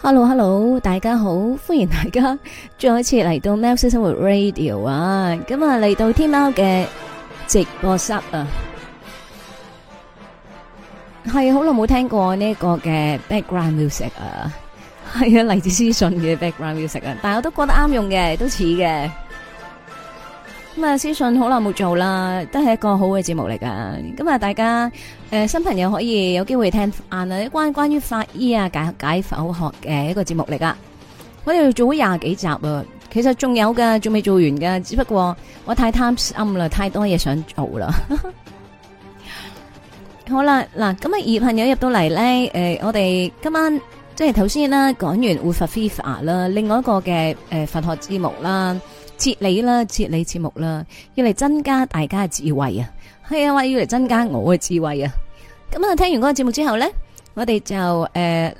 Hello Hello，大家好，歡迎大家再一次嚟到喵式生活 Radio 啊，咁啊，嚟到天貓嘅直播室啊，係好耐冇聽過呢個嘅 Background Music 啊，係啊，嚟自資訊嘅 Background Music 啊，但係我都覺得啱用嘅，都似嘅。咁啊！屍訊好耐冇做啦，都係一個好嘅節目嚟噶。咁啊，大家誒、呃，新朋友可以有機會聽下關關於法醫啊解解剖學嘅一個節目嚟噶。我哋做咗廿幾集，啊，其實仲有嘅，仲未做完嘅，只不過我太貪心啦，太多嘢想做啦。 好啦，嗱，咁啊，葉朋友入到嚟咧，誒、呃，我哋今晚即係頭先啦，講完活佛 f i f 啦，另外一個嘅誒佛學節目啦。切理啦，切理節目啦，要嚟增加大家嘅智慧啊！係啊，話要嚟增加我嘅智慧啊！咁啊，聽完嗰個節目之後呢，我哋就誒嚟、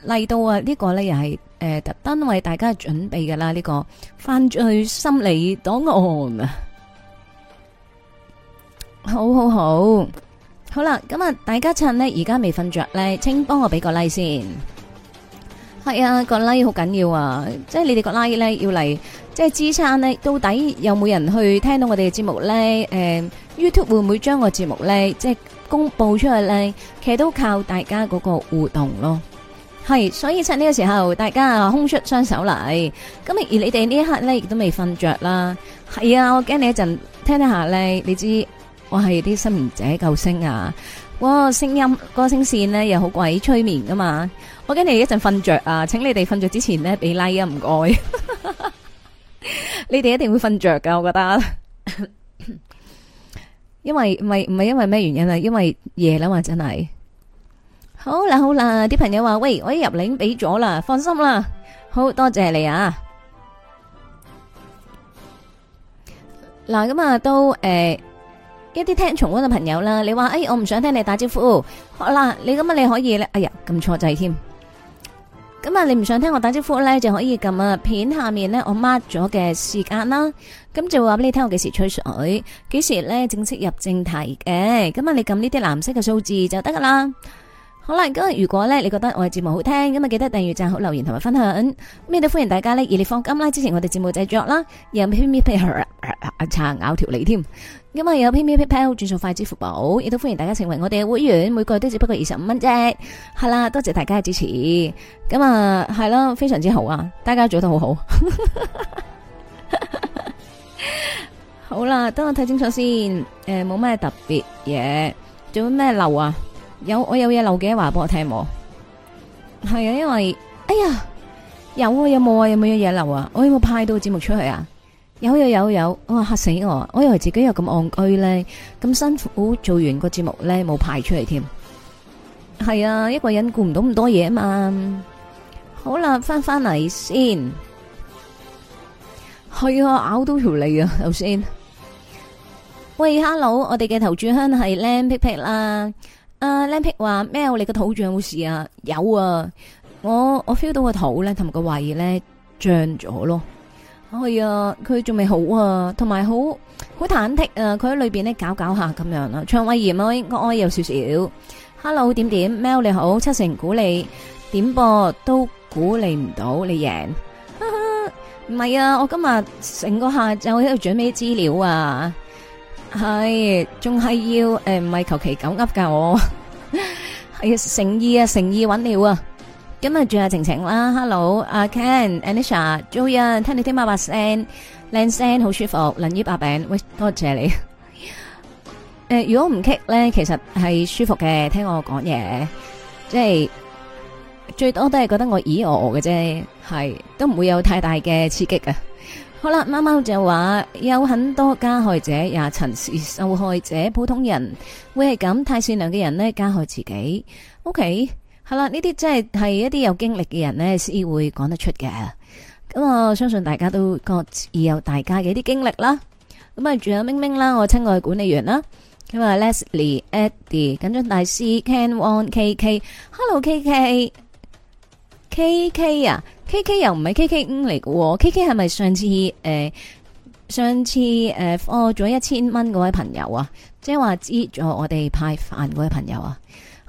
呃、到啊呢個呢，又係誒、呃、特登為大家準備㗎啦呢、這個犯罪心理檔案啊！好好好，好啦，咁啊，大家趁呢而家未瞓着呢，請幫我俾個 like 先。係啊，個 like 好緊要啊！即係你哋個 like 咧，要嚟即係支撐咧。到底有冇人去聽到我哋嘅節目咧？誒，YouTube 會唔會將個節目咧即係公布出去咧？其實都靠大家嗰個互動咯。係，所以趁呢個時候，大家啊，空出雙手嚟。咁而你哋呢一刻咧，亦都未瞓着啦。係啊，我驚你一陣聽一下咧，你知我係啲失眠者，救星啊！哇，聲音個聲線咧又好鬼催眠噶嘛～我驚你一陣瞓着啊！請你哋瞓着之前咧俾 like 啊，唔該。你哋一定會瞓着噶，我覺得。因為唔係唔係因為咩原因啊？因為夜啦嘛，真係。好啦，好啦，啲朋友話：喂，我一入嚟已經俾咗啦，放心啦，好多謝你啊。嗱，咁啊，都誒一啲聽重溫嘅朋友啦。你話誒，我唔想聽你打招呼。好啦，你咁啊，你可以咧。哎呀，撳錯掣添。咁啊、嗯，你唔想聽我打招呼咧，就可以撳啊片下面咧我 mark 咗嘅時間啦。咁就會話俾你聽我幾時吹水，幾時咧正式入正題嘅。咁啊，你撳呢啲藍色嘅數字就得噶啦。好啦，咁如果咧你覺得我嘅節目好聽，咁啊記得訂閱、贊好、留言同埋分享。咩都歡迎大家咧，而你放心啦，之前我哋節目製作啦，有咪咪咩、呃、啊叉咬條脷添。今日有 p a y p a y p a y p a 轉數快寶，支付寶亦都歡迎大家成為我哋嘅會員，每個月都只不過二十五蚊啫。係啦，多謝大家嘅支持。咁啊，係咯，非常之好啊，大家做得好好。好啦，等我睇清楚先。誒、呃，冇咩特別嘢，仲有咩漏啊？有我有嘢漏嘅話，話俾我聽。冇？係啊，因為，哎呀，有啊，有冇啊？有冇有嘢漏啊？我有冇派到節目出去啊？有有有有，我、哦、嚇死我！我以為自己又咁戇居咧，咁辛苦做完個節目咧，冇排出嚟添。係啊，一個人顧唔到咁多嘢啊嘛。好啦，翻翻嚟先。係啊，咬到條脷啊，頭先。喂，Hello，我哋嘅頭注香係靚皮皮啦。啊、uh，靚皮話咩？我哋個肚仲好事啊？有啊，我我 feel 到個肚咧，同埋個胃咧脹咗咯。係啊，佢仲未好啊，同埋好好忐忑啊，佢喺裏邊咧搞搞下咁樣啦。腸胃炎啊，我我有少少。Hello 點點，喵你好，七成鼓勵點播都鼓勵唔到你贏，唔係啊，我今日成個下晝喺度準備資料啊，係仲係要誒唔係求其咁噏噶，我係誠意啊誠意揾料啊。今日住下晴晴啦，Hello，阿 Ken、Anisha、Joan，聽你聽埋把聲，靚聲好舒服，林依伯餅，喂，多謝你。誒、呃，如果唔 kick 咧，其實係舒服嘅，聽我講嘢，即係最多都係覺得我耳我嘅啫，係都唔會有太大嘅刺激呀。好啦，貓貓就話，有很多加害者也曾是受害者，普通人會係咁太善良嘅人咧，加害自己。OK。係啦，呢啲真係係一啲有經歷嘅人呢先會講得出嘅。咁我相信大家都各自有大家嘅啲經歷啦。咁啊，仲有明明啦，我親愛嘅管理員啦。咁啊，Leslie，Eddie，緊張大師，Ken，Wan，K K，Hello，K K，K K 啊，K K 又唔係 K K 五嚟嘅喎，K K 係咪上次誒、呃，上次誒，科咗一千蚊嗰位朋友啊，即係話知咗我哋派飯嗰位朋友啊。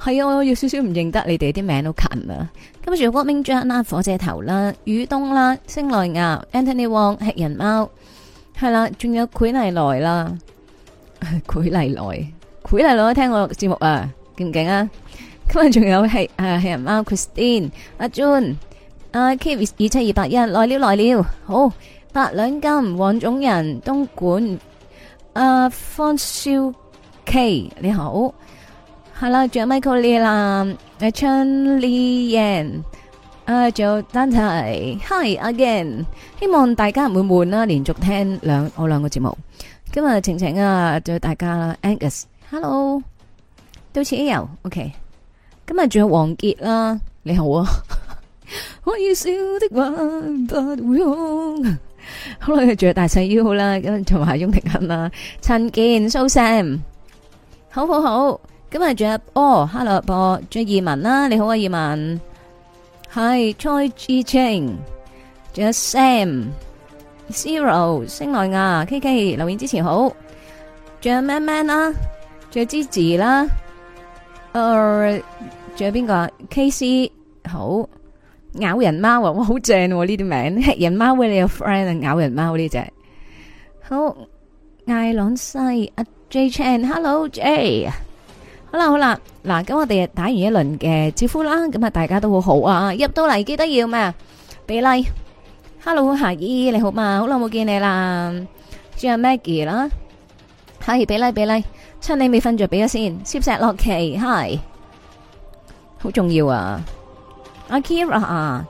係啊，我有少少唔認得你哋啲名都近啊。跟住，Ming 郭明 Jia 啦、火箭頭啦、宇東啦、星來雅、Anthony Wong 吃、啊 啊行行啊啊、吃人貓，係啦，仲有蒯麗來啦。蒯麗來，蒯麗來，聽我節目啊，勁唔勁啊？今日仲有係啊黑人貓 Christine、阿 John、阿 Kevis 二七二八一來了來了，好八兩金黃種人東莞阿 f o n s 方少 K 你好。係啦，仲有 Michael Lee 啦，阿 Chun Li Yan，啊，仲有單仔，Hi again，希望大家唔會悶啦，連續聽兩我兩個節目。今日晴晴啊，仲有大家 Angus，Hello，到此一遊，OK。今日仲有王傑啦，你好啊。可以笑的話不會哭。好啦，仲有大細腰啦，跟住仲有楊迪克啦，陳健、蘇 Sam，好好好。今日仲有哦，Hello，阿波仲有義文啦。你好啊，義文。係 Choi Ching，仲有 Sam、Zero、星奈亞、K K 留言之前好。仲有咩咩啦？仲、啊、有芝治啦。誒，仲、uh, 有邊個？K C 好咬人貓，哇，好正喎！呢啲名，人貓喂你有 friend 啊，咬人貓呢隻好。艾朗西，J 阿 Chan, Hello, Jay。Chan, Hello, Jay。好啦好啦，嗱，咁我哋打完一輪嘅招呼啦，咁啊，大家都好好啊，入到嚟記得要咩啊？俾 like，Hello，霞姨你好嘛？好耐冇見你有啦，轉下 Maggie 啦，係。俾 like，俾 like，趁你未瞓着俾咗先，鑽石洛奇，Hi，好重要啊，阿 Kira 啊、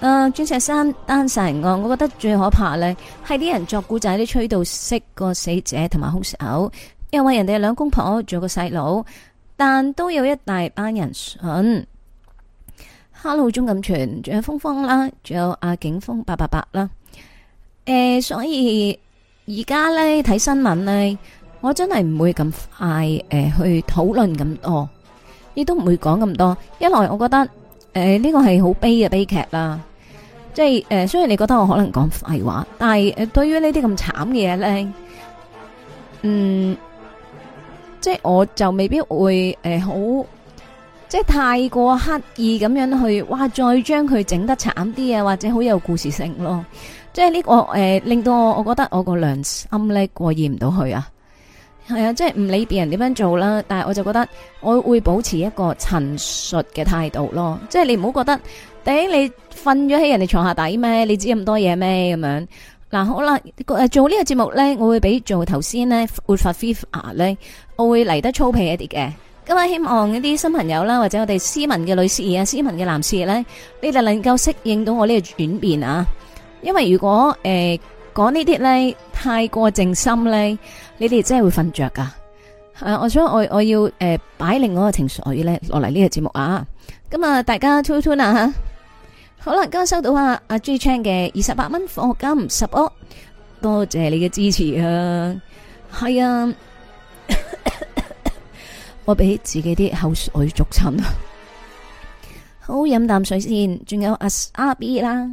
呃，誒，鑽石山單殺人案，我覺得最可怕咧，係啲人作故仔，啲吹到識個死者同埋兇手，又為人哋兩公婆做個個細佬。但都有一大班人想。Hello，鍾錦泉，仲有峰峰啦，仲有阿、啊、景峰八八八啦，誒、呃，所以而家咧睇新聞咧，我真係唔會咁快誒、呃、去討論咁多，亦都唔會講咁多。一來我覺得誒呢個係好悲嘅悲劇啦，即係誒、呃、雖然你覺得我可能講廢話，但係誒對於呢啲咁慘嘅嘢咧，嗯。即係我就未必會誒、呃、好，即係太過刻意咁樣去，哇！再將佢整得慘啲啊，或者好有故事性咯。即係、這、呢個誒、呃、令到我我覺得我個良心咧過意唔到去啊。係、嗯、啊，即係唔理別人點樣做啦，但係我就覺得我會保持一個陳述嘅態度咯。即係你唔好覺得，頂你瞓咗喺人哋床下底咩？你知咁多嘢咩咁樣？嗱，好啦，誒做呢個節目咧，我會比做頭先咧會發 fever 咧，我會嚟得粗鄙一啲嘅。咁啊希望一啲新朋友啦，或者我哋斯文嘅女士啊，斯文嘅男士咧，你哋能夠適應到我呢個轉變啊！因為如果誒講呢啲咧太過靜心咧，你哋真係會瞓着噶。啊，我想我我要誒擺另外個情緒咧落嚟呢個節目啊！咁啊大家 turn turn 啊吓～好啦，今日收到啊阿 J Chang 嘅二十八蚊課金十哦，多謝你嘅支持啊！係啊， 我俾自己啲口水嗆親啊！好飲啖水先，仲有阿 R B 啦，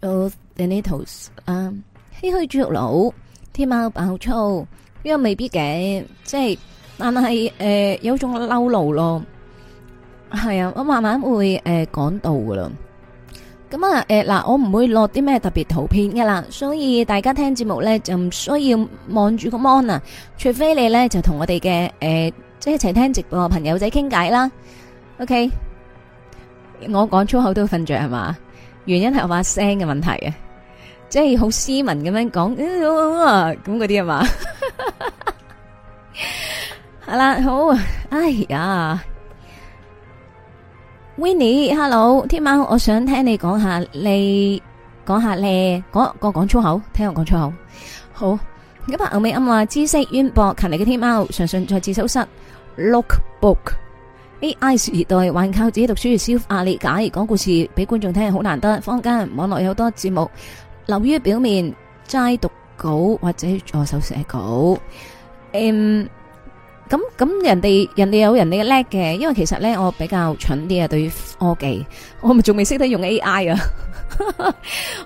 做呢啲圖啊唏嘘豬肉佬，天貓爆粗，呢個未必嘅，即係但係誒、呃、有種嬲怒咯。係啊，我慢慢會誒講到噶啦。咁啊誒，嗱，我唔會落啲咩特別圖片噶啦，所以大家聽節目咧就唔需要望住個 mon 啊。除非你咧就同我哋嘅誒，即係一齊聽直播朋友仔傾偈啦。OK，我講粗口都瞓着係嘛？原因係我把聲嘅問題啊，即係好斯文咁樣講咁啊咁嗰啲係嘛？係啦，好，哎呀～Winnie，hello，天貓，我想聽你講下你講下你講我講粗口，聽我講粗口，好。今日歐美暗話知識淵博，勤力嘅天貓，常常再次消失。Look book，A I 時代還靠自己讀書消壓力，講故事俾觀眾聽係好難得。坊間網絡有好多節目流於表面，齋讀稿或者助手寫稿。嗯。咁咁人哋，人哋有人哋叻嘅，因為其實咧，我比較蠢啲啊，對於科技，我咪仲未識得用 AI 啊，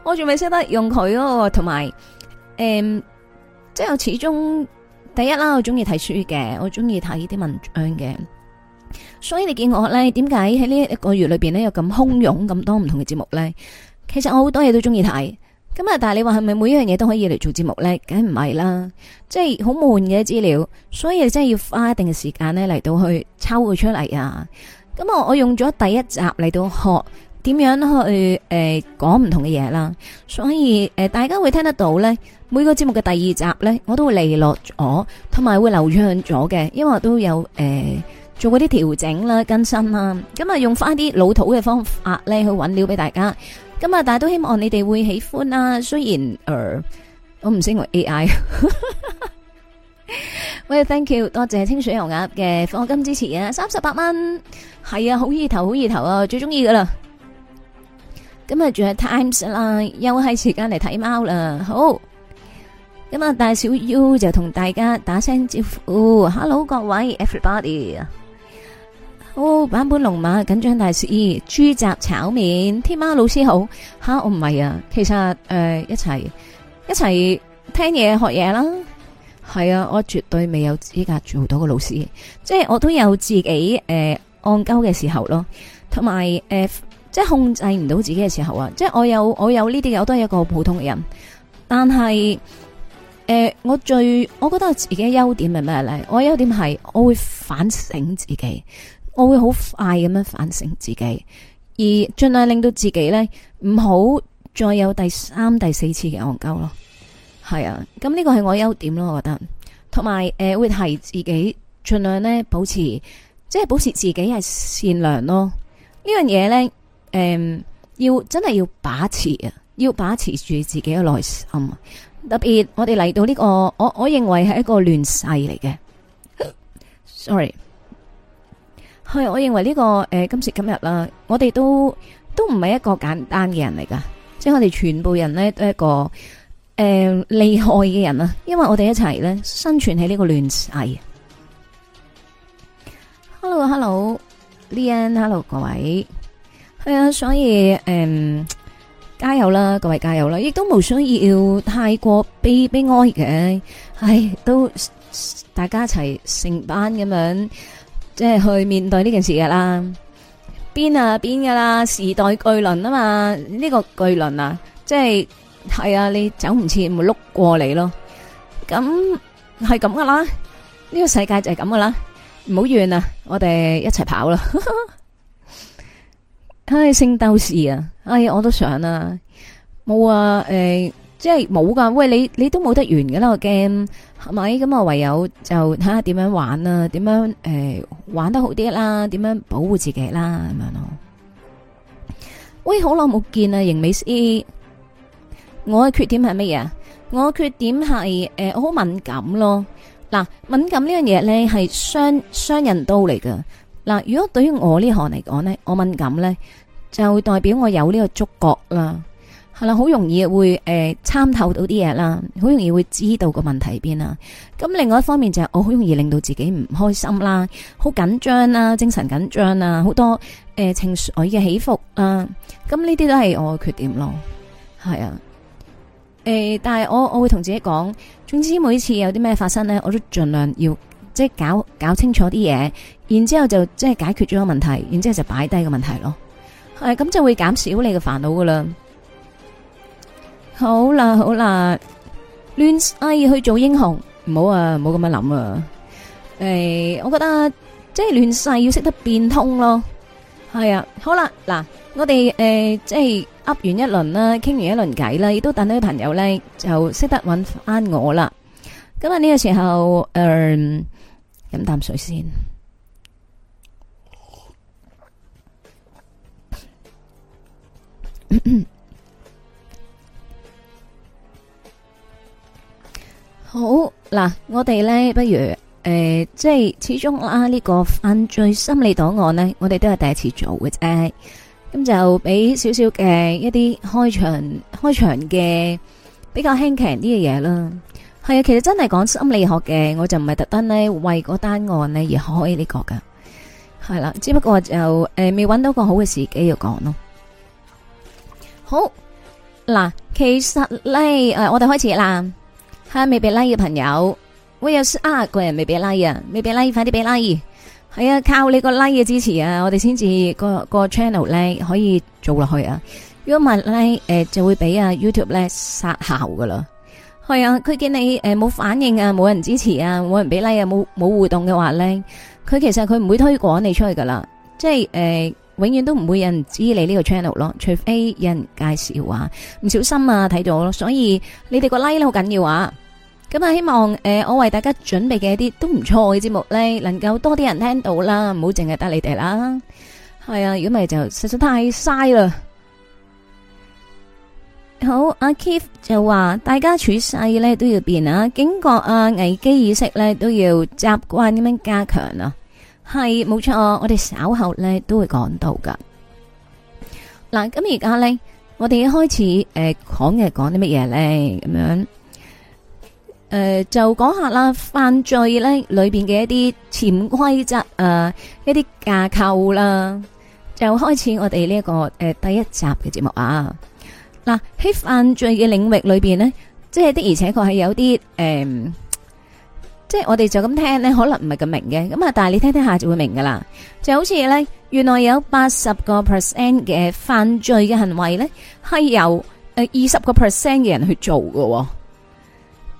我仲未識得用佢咯，同埋誒，即係我始終第一啦，我中意睇書嘅，我中意睇呢啲文章嘅，所以你見我咧，點解喺呢一個月裏邊咧有咁洶湧咁多唔同嘅節目咧？其實我好多嘢都中意睇。咁啊，但係你話係咪每一樣嘢,都可以嚟做節目呢？梗唔係啦，即係好悶嘅資料，所以真係要花一定嘅時間呢嚟到去抽佢出嚟啊。咁啊，我用咗第一集嚟到學點樣去誒講唔同嘅嘢啦，所以誒、呃、大家會聽得到呢，每個節目嘅第二集呢，我都會利落咗，同埋會流暢咗嘅，因為我都有誒、呃、做嗰啲調整啦、更新啦。咁、嗯、啊，用翻啲老土嘅方法呢去揾料俾大家。今日大家都希望你哋會喜歡啊！雖然，誒，我唔識用 A I。喂，Thank you，多謝清水牛鴨嘅課金支持啊！三十八蚊，係啊，好意頭，好意頭啊，最中意噶啦！今日仲有 Times 啦，又係時間嚟睇貓啦，好。咁啊，大小 U 就同大家打聲招呼，Hello 各位，Everybody。好、哦、版本龍馬緊張大師豬雜炒麵天貓老師好吓、啊？我唔係啊，其實誒、呃、一齊一齊聽嘢學嘢啦，係啊，我絕對未有資格做到個老師，即係我都有自己誒戇鳩嘅時候咯，同埋誒即係控制唔到自己嘅時候啊，即係我有我有呢啲我都係一個普通嘅人。但係誒、呃，我最我覺得自己嘅優點係咩咧？我優點係我會反省自己。我會好快咁樣反省自己，而盡量令到自己呢，唔好再有第三、第四次嘅戇鳩咯。係啊，咁呢個係我優點咯，我覺得。同埋誒，會提自己盡量保持，即係保持自己係善良咯。呢樣嘢呢，誒，要真係要把持啊，要把持住自己嘅內心。特別我哋嚟到呢個，我我認為係一個亂世嚟嘅。 Sorry。係、嗯，我認為呢、這個誒、呃、今時今日啦，我哋都都唔係一個簡單嘅人嚟噶，即係我哋全部人咧都係一個誒利、呃、害嘅人啦，因為我哋一齊咧生存喺呢個亂世。Hello，Hello，Leon，Hello，Hello, Hello, 各位，係、嗯、啊，所以誒、嗯、加油啦，各位加油啦，亦都冇需要太過悲悲哀嘅，係，都大家一齊成班咁樣。即係去面對呢件事嘅啦，變啊變嘅啦，時代巨輪啊嘛，呢、這個巨輪啊，即係係啊，你走唔切會碌過嚟咯，咁係咁噶啦，呢、這個世界就係咁噶啦，唔好怨啊，我哋一齊跑啦，唉、 哎，聖鬥士啊，唉、哎，我都想啊，冇啊，誒、欸。即係冇噶，喂，你你都冇得完噶啦，我驚，係咪？咁啊唯有就睇下點樣玩啦，啊，點樣誒、呃、玩得好啲啦，點樣保護自己啦咁樣咯。喂，好耐冇見啊，盈美思。我嘅缺點係乜嘢？我嘅缺點係誒我好敏感咯。嗱，敏感呢樣嘢咧係雙雙刃刀嚟噶。嗱，如果對於我呢行嚟講咧，我敏感咧就代表我有呢個觸覺啦。係啦，好、嗯、容易會誒參、呃、透到啲嘢啦，好容易會知道個問題邊啦。咁另外一方面就係我好容易令到自己唔開心啦，好緊張啦，精神緊張啦，好多誒、呃、情緒嘅起伏啦。咁呢啲都係我嘅缺點咯。係啊，誒、欸，但係我我會同自己講，總之每次有啲咩發生呢，我都盡量要即係搞搞清楚啲嘢，然之後就即係解決咗個問題，然之後就擺低個問題咯。係咁、啊、就會減少你嘅煩惱噶啦。好啦好啦，亂世去做英雄，唔好啊，唔好咁樣諗啊！誒，我覺得即係亂世要識得變通咯。係啊，好啦，嗱，我哋誒即係噏完一輪啦，傾完一輪偈啦，亦都等啲朋友咧就識得揾翻我啦。噉啊呢個時候誒，飲啖水先。好嗱，我哋咧不如誒，即係始終啦呢個犯罪心理檔案呢，我哋都係第一次做嘅啫。咁就俾少少嘅一啲開場開場嘅比較輕奇啲嘅嘢啦。係啊，其實真係講心理學嘅，我就唔係特登呢為嗰單案呢而開呢個噶。係啦，只不過就誒未揾到個好嘅時機要講咯。好嗱，其實咧誒，我哋開始啦。係未俾 like 嘅朋友，我有啊個人未俾 like 啊，未俾 like 快啲俾 like 係啊，靠你個 e、like、嘅支持啊，我哋先至個個 channel 咧可以做落去啊！如果唔係 like 誒，就會俾啊 YouTube 咧殺效噶啦。係啊，佢、啊、見你誒冇、呃、反應啊，冇人支持啊，冇人俾 e、like、啊，冇冇互動嘅話咧，佢其實佢唔會推廣你出去噶啦。即係誒、呃，永遠都唔會有人知你呢個 channel 咯，除非有人介紹啊，唔小心啊睇到咯。所以你哋個 like 咧好緊要啊！咁啊！希望誒，我為大家準備嘅一啲都唔錯嘅節目咧，能夠多啲人聽到啦，唔好淨係得你哋啦。係啊，如果唔係就實在太嘥啦。好，阿 K 就話大家處世咧都要變啊，警覺啊危機意識咧都要習慣咁樣加強啊。係冇錯，我哋稍後咧都會講到噶。嗱，咁而家咧，我哋開始誒講嘅講啲乜嘢咧咁樣。誒、呃，就講下啦，犯罪咧裏邊嘅一啲潛規則，啊，一啲架構啦、啊，就開始我哋呢一個誒、呃、第一集嘅節目啊。嗱喺犯罪嘅領域裏邊呢，即係的而且確係有啲誒、呃，即係我哋就咁聽呢，可能唔係咁明嘅。咁啊，但係你聽聽下就會明噶啦。就好似咧，原來有八十個 percent 嘅犯罪嘅行為咧，係由誒二十個 percent 嘅人去做噶。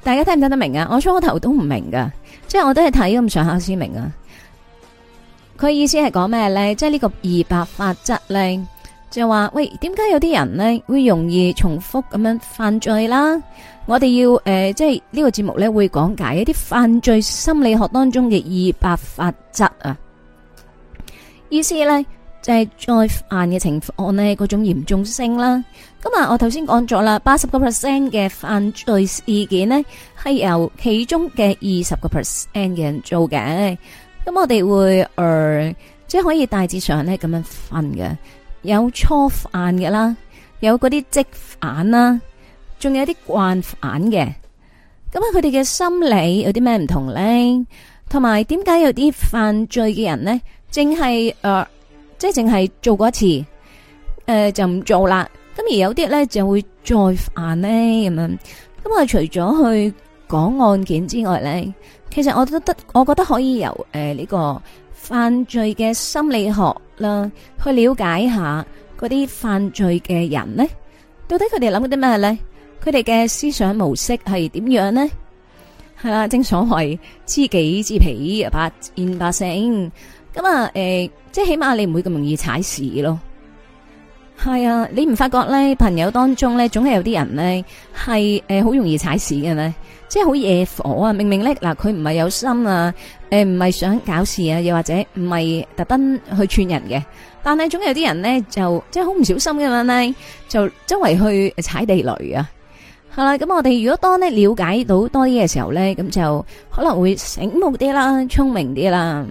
大家聽唔聽得明啊？我初頭都唔明噶，即係我都係睇咁上下先明啊。佢意思係講咩咧？即係呢個二八法則咧，就係話喂，點解有啲人咧會容易重複咁樣犯罪啦？我哋要誒、呃，即係呢個節目咧會講解一啲犯罪心理學當中嘅二八法則啊。意思咧。即係再犯嘅情況咧，嗰種嚴重性啦。咁啊，我頭先講咗啦，八十個 percent 嘅犯罪事件咧，係由其中嘅二十個 percent 嘅人做嘅。咁我哋會誒、呃，即係可以大致上咧咁樣分嘅，有初犯嘅啦，有嗰啲積犯啦，仲有啲慣犯嘅。咁啊，佢哋嘅心理有啲咩唔同咧？同埋點解有啲犯罪嘅人咧，淨係誒，呃即係淨係做過一次，誒、呃、就唔做啦。咁而有啲咧就會再犯呢。咁樣。咁啊，除咗去講案件之外咧，其實我都得我覺得可以由誒呢、呃，這個犯罪嘅心理學啦，去了解下嗰啲犯罪嘅人呢，到底佢哋諗啲咩咧？佢哋嘅思想模式係點樣呢？係啦，正所謂知己知彼，百戰百勝。咁啊，誒，即、呃、係起碼你唔會咁容易踩屎咯。係啊，你唔發覺咧，朋友當中咧，總係有啲人咧係誒好容易踩屎嘅咩？即係好惹火啊！明明咧嗱，佢唔係有心啊，誒唔係想搞事啊，又或者唔係特登去串人嘅。但係總係有啲人咧就即係好唔小心㗎嘛。咧就周圍去踩地雷啊。係啦、啊，咁我哋如果當咧了解到多啲嘅時候咧，咁就可能會醒目啲啦，聰明啲啦。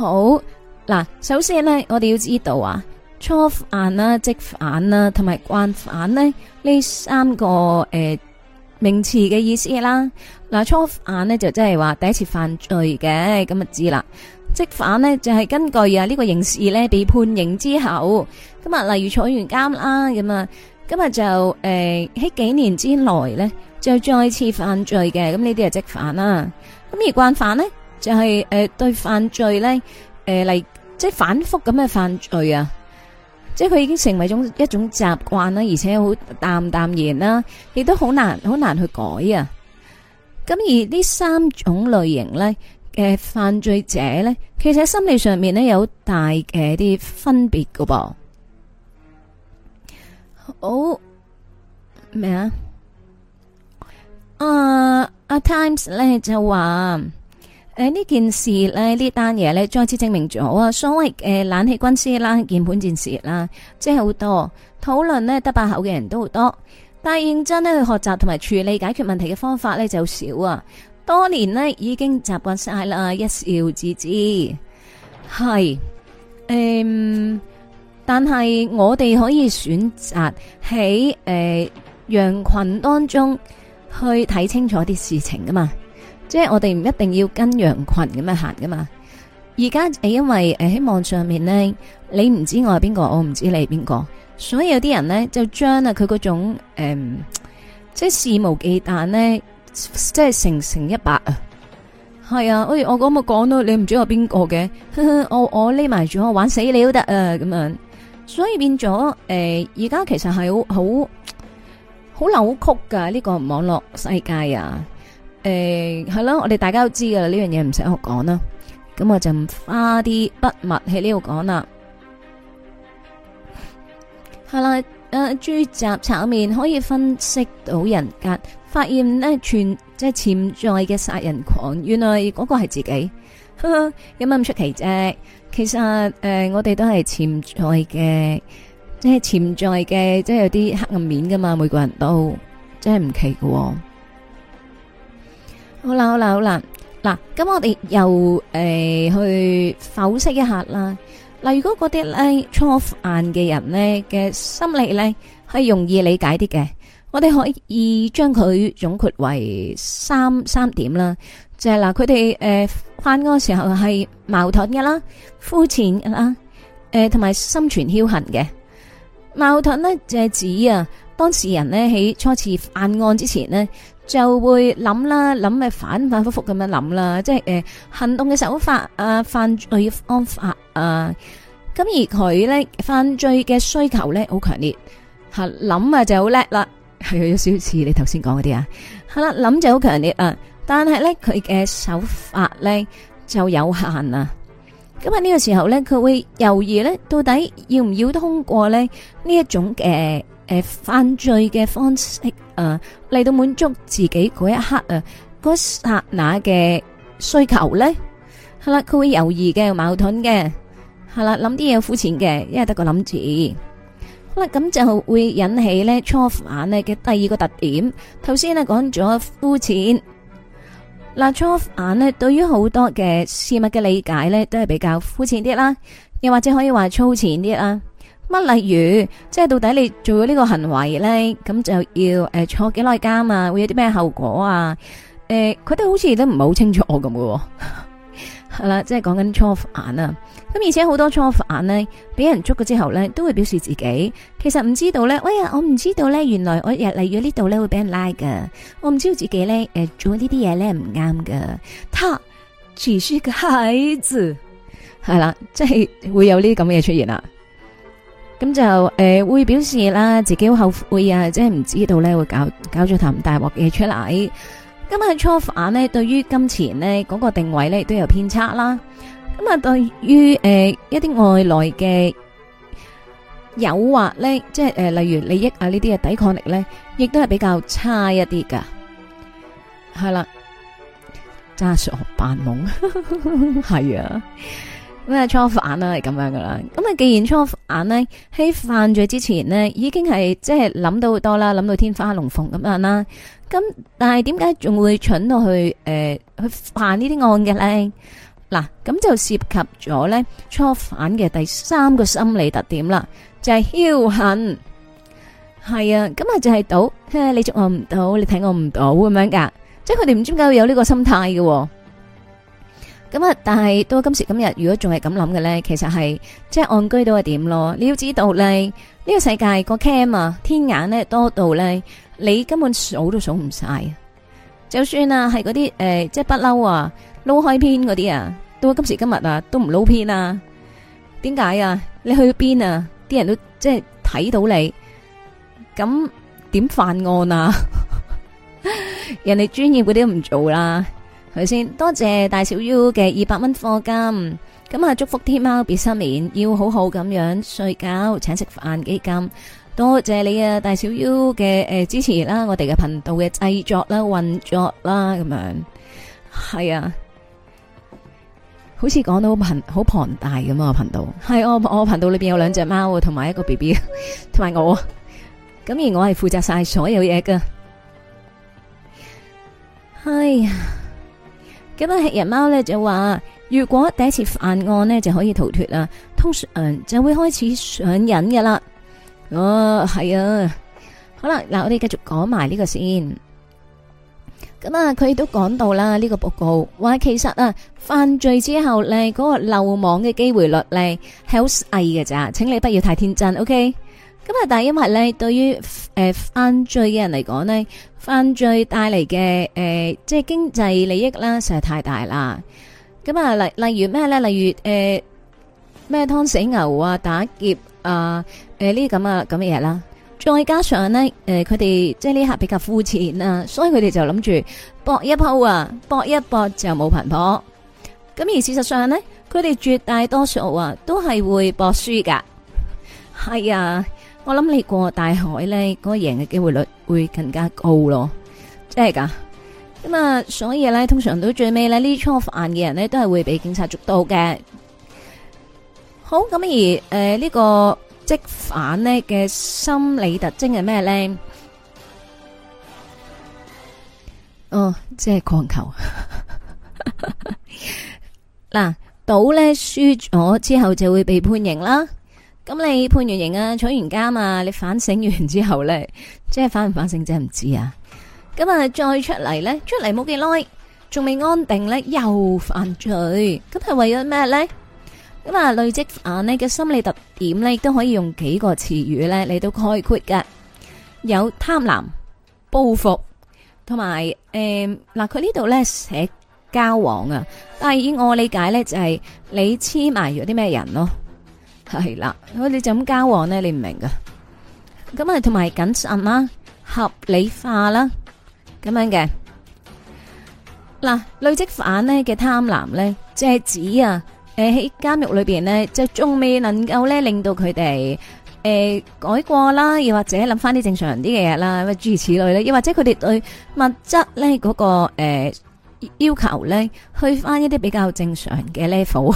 好嗱，首先咧，我哋要知道啊，初犯啦、積犯啦同埋慣犯呢，呢三個誒、呃、名詞嘅意思啦。嗱，初犯呢，就即係話第一次犯罪嘅，咁就知啦。積犯呢，就係根據啊呢個刑事咧被判刑之後，咁啊例如坐完監啦，咁啊，今日就誒喺幾年之內呢，就再次犯罪嘅，咁呢啲係積犯啦。咁而慣犯呢？就係誒對犯罪咧誒嚟，即係反覆咁嘅犯罪啊，即係佢已經成為一種一種習慣啦，而且好淡淡然啦，亦都好難好難去改啊。咁而呢三種類型咧嘅犯罪者咧，其實喺心理上面咧有大嘅啲分別噶噃。好咩啊？阿阿 Times 咧就話。誒，呢件事咧，呢單嘢咧，再次證明咗啊！所謂誒冷氣軍師啦，鍵盤戰士啦，即係好多討論呢得把口嘅人都好多，但係認真呢去學習同埋處理解決問題嘅方法呢，就少啊！多年呢已經習慣晒啦，一笑置之。係誒、嗯，但係我哋可以選擇喺誒、呃、羊群當中去睇清楚啲事情噶嘛。即係我哋唔一定要跟羊群咁樣行噶嘛，而家誒因為誒喺網上面咧，你唔知我係邊個，我唔知你係邊個，所以有啲人咧就將啊佢嗰種誒、嗯、即係肆無忌憚咧，即係成成一百啊，係、欸、啊，喂我咁啊講咯，你唔知我邊個嘅，我我匿埋住我玩死你都得啊咁樣，所以變咗誒而家其實係好好好扭曲噶呢、呢個網絡世界啊。誒，係啦、欸，我哋大家都知噶啦，呢樣嘢唔使學講啦。咁我就唔花啲筆墨喺呢度講啦。係啦，誒、啊，豬雜炒麵可以分析到人格，發現呢存即係潛在嘅殺人狂，原來嗰個係自己，有乜咁出奇啫？其實誒、呃，我哋都係潛在嘅，即係潛在嘅，即係有啲黑暗面噶嘛，每個人都真係唔奇噶喎。好啦，好啦，好啦，嗱，咁我哋又誒去剖析一下啦。嗱、呃，如果嗰啲咧初犯嘅人呢嘅心理呢，係容易理解啲嘅，我哋可以將佢總括為三三點，就是呃、啦，就係嗱，佢哋誒犯案嘅時候係矛盾嘅啦、膚淺嘅啦、誒同埋心存僥倖嘅。矛盾呢，就係指啊當事人呢，喺初次犯案之前呢。就會諗啦，諗咪反反复复咁樣諗啦，即係誒、呃、行動嘅手法啊，犯罪方法啊，咁、啊、而佢咧犯罪嘅需求咧好強烈，吓諗啊就好叻啦，係有少少似你頭先講嗰啲啊，係啦諗就好、啊啊啊、強烈啊，但係咧佢嘅手法咧就有限啦，咁啊呢、呢個時候咧佢會猶豫咧到底要唔要通過咧呢一種嘅。呃誒，犯罪嘅方式啊嚟到滿足自己嗰一刻啊，嗰剎那嘅需求咧，係、啊、啦，佢會猶豫嘅，矛盾嘅，係、啊、啦，諗啲嘢膚淺嘅，因為得個諗住，好、啊、啦，咁就會引起咧初犯嘅第二個特點。頭先呢講咗膚淺，嗱、啊、初犯呢對於好多嘅事物嘅理解咧都係比較膚淺啲啦，又或者可以話粗淺啲啦乜？例如，即係到底你做咗呢個行為咧，咁就要誒、呃、坐幾耐監啊？會有啲咩後果啊？誒、呃，佢哋好似都唔係好清楚咁喎。係 啦。即係講緊初犯啊。咁而且好多初犯咧，俾人捉咗之後咧，都會表示自己其實唔知道咧。喂呀，我唔知道咧。原來我入嚟咗呢度咧，會俾人拉㗎。我唔知道自己咧，誒，做呢啲嘢咧唔啱㗎。他持書嘅孩子係啦， 嗯、即係會有呢啲咁嘅嘢出現啦。咁就誒會表示啦，自己好後悔啊，即係唔知道咧會搞搞咗壇大鑊嘢出嚟。今日初犯咧，對於金錢咧嗰個定位咧亦都有偏差啦。咁啊，對於誒一啲外來嘅誘惑咧，即係誒例如利益啊呢啲嘅抵抗力咧，亦都係比較差一啲噶。係啦，扮傻扮懵係啊。咁啊，初犯啦，係咁樣噶啦。咁啊，既然初犯咧，喺犯罪之前咧，已經係即係諗到好多啦，諗到天花龍鳳咁樣啦。咁但係點解仲會蠢到去誒、呃、去犯呢啲案嘅咧？嗱，咁就涉及咗咧初犯嘅第三個心理特點啦，就係僥幸。係啊，咁啊就係賭，你捉我唔到，你睇我唔到咁樣噶。即係佢哋唔知點解會有呢個心態嘅。咁啊，但係到今時今日，如果仲係咁諗嘅咧，其實係即係按居都係點咯？你要知道咧，呢個世界個 cam 啊，天眼咧多到咧，你根本數都數唔晒。就算啊，係嗰啲誒，即係不嬲啊，撈開篇嗰啲啊，到今時今日啊，都唔撈篇啊。點解啊？你去邊啊？啲人都即係睇到你，咁點犯案啊？ 人哋專業嗰啲都唔做啦。佢先，多謝大小 U 嘅二百蚊課金。咁啊，祝福天貓別失眠，要好好咁樣睡覺，請食飯基金，多謝你啊大小 U 嘅誒、呃、支持啦，我哋嘅頻道嘅製作啦、運作啦咁樣，係啊，好似講到好貧好龐大咁啊，頻道係我我頻道裏邊有兩隻貓同埋一個 B B，同埋我，咁而我係負責晒所有嘢㗎，係呀、啊。咁啊，食人貓咧就話，如果第一次犯案咧就可以逃脱啦，通常就會開始上癮噶啦。哦、啊，係啊，好啦，嗱，我哋繼續講埋呢個先。咁、嗯、啊，佢亦都講到啦，呢個報告，話，其實啊，犯罪之後咧，嗰、那個漏網嘅機會率咧係好細㗎咋，請你不要太天真，OK？咁啊！但係因為咧，對於誒犯罪嘅人嚟講咧，犯罪帶嚟嘅誒，即係經濟利益啦，實在太大啦。咁啊，例例如咩咧？例如誒咩湯死牛啊，打劫啊，誒呢啲咁啊咁嘅嘢啦。再加上咧，誒佢哋即係呢刻比較膚淺啊，所以佢哋就諗住搏一鋪啊，搏一搏就冇貧婆。咁而事實上咧，佢哋絕大多數啊，都係會搏輸噶。係啊。我諗你過大海咧，嗰個贏嘅機會率會更加高咯，即係噶！咁啊，所以咧，通常到最尾咧，呢初犯嘅人咧，都係會俾警察捉到嘅。好，咁而誒呢個積犯咧嘅心理特徵係咩咧？哦，即係狂求嗱賭咧輸咗之後就會被判刑啦。咁你判完刑啊，坐完監啊，你反省完之後呢？即係反唔反省，真係唔知啊。咁啊，再出嚟呢？出嚟冇幾耐，仲未安定呢，又犯罪。咁係為咗咩呢？咁啊，累積犯呢嘅心理特點呢，亦都可以用幾個詞語、呃、呢，你都概括㗎：有貪婪、報復，同埋誒，嗱，佢呢度呢，寫交往啊，但係以我理解呢，就係、是、你黐埋咗啲咩人咯。係啦，我哋就咁交往咧，你唔明噶。咁啊，同埋謹慎啦，合理化啦，咁樣嘅。嗱，累積犯咧嘅貪婪咧，即係指啊，誒喺監獄裏邊咧，就仲未能夠咧令到佢哋誒改過啦，又或者諗翻啲正常啲嘅嘢啦，咁啊諸如此類咧，又或者佢哋對物質咧嗰個誒要求咧，去翻一啲比較正常嘅 level。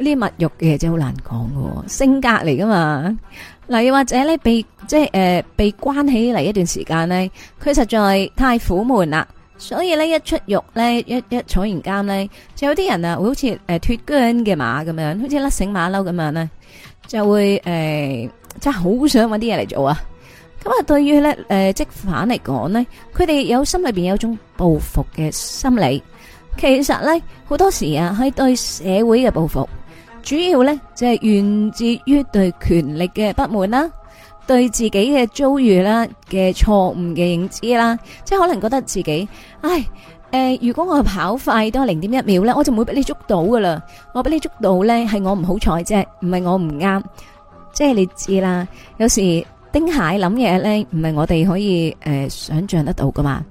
呢啲物欲嘅真係好難講喎。性格嚟㗎嘛？嗱，又或者咧被即係、呃、被關起嚟一段時間咧，佢實在太苦悶啦，所以咧一出獄咧一一坐完監咧，就有啲人啊會好似誒、呃、脫韁嘅馬咁樣，好似甩繩馬騮咁樣咧，就會誒即係好想搵啲嘢嚟做啊。咁啊，對於咧積犯嚟講咧，佢哋有心裏面有一種報復嘅心理，其實咧好多時啊係對社會嘅報復。主要咧，就係源自於對權力嘅不滿啦，對自己嘅遭遇啦嘅錯誤嘅認知啦，即係可能覺得自己，唉，誒，如果我跑快都零點一秒咧，我就唔會俾你捉到噶啦，我俾你捉到咧，係我唔好彩啫，唔係我唔啱，即係你知啦，有時丁蟹諗嘢咧，唔係我哋可以誒想象得到噶嘛，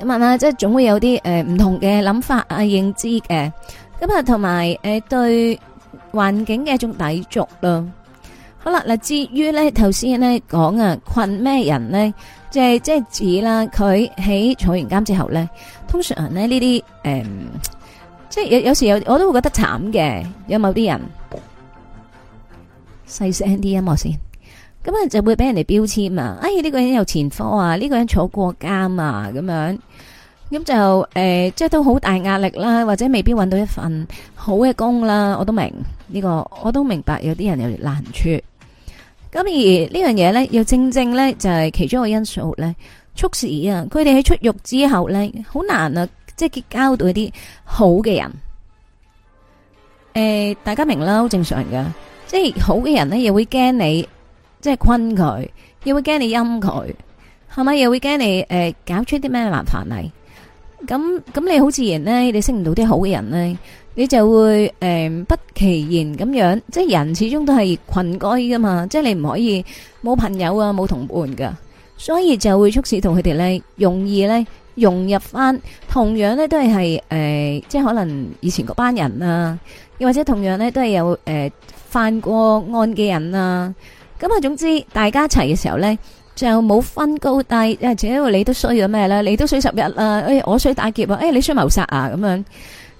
咁啊，即係總會有啲誒唔同嘅諗法啊，認知嘅。咁啊，同埋誒，對環境嘅一種抵觸咯。好啦，嗱，至於咧，頭先咧講啊，困咩人咧，即係即係指啦，佢喺坐完監之後咧，通常咧呢啲誒，即係有有時有，我都會覺得慘嘅，有某啲人細聲啲音樂先，咁啊，就會俾人哋標籤啊，哎，呢個人有前科啊，呢個人坐過監啊，咁樣。咁就誒、呃，即係都好大壓力啦，或者未必揾到一份好嘅工啦，我都明呢、呢個，我都明白有啲人有難處。咁而呢樣嘢呢，又正正呢，就係其中一個因素呢促使啊，佢哋喺出獄之後呢，好難啊，即係結交到一啲好嘅人。誒、呃，大家明啦，好正常噶，即係好嘅人呢，又會驚你，即係昆佢，又會驚你陰佢，係咪？又會驚你誒、呃，搞出啲咩麻煩嚟？咁咁你好自然咧，你識唔到啲好嘅人咧，你就會誒不其然咁樣，即係人始終都係群居噶嘛，即係你唔可以冇朋友啊，冇同伴噶，所以就會促使同佢哋咧，容易咧融入翻，同樣咧都係係誒，即係可能以前嗰班人啊，又或者同樣咧都係有誒犯過案嘅人啊，咁啊總之大家一齊嘅時候咧。就冇分高低，因為只係你都衰咗咩呢？你都衰十日啦、啊，誒、欸、我衰打劫啊，誒、欸、你衰謀殺啊咁樣，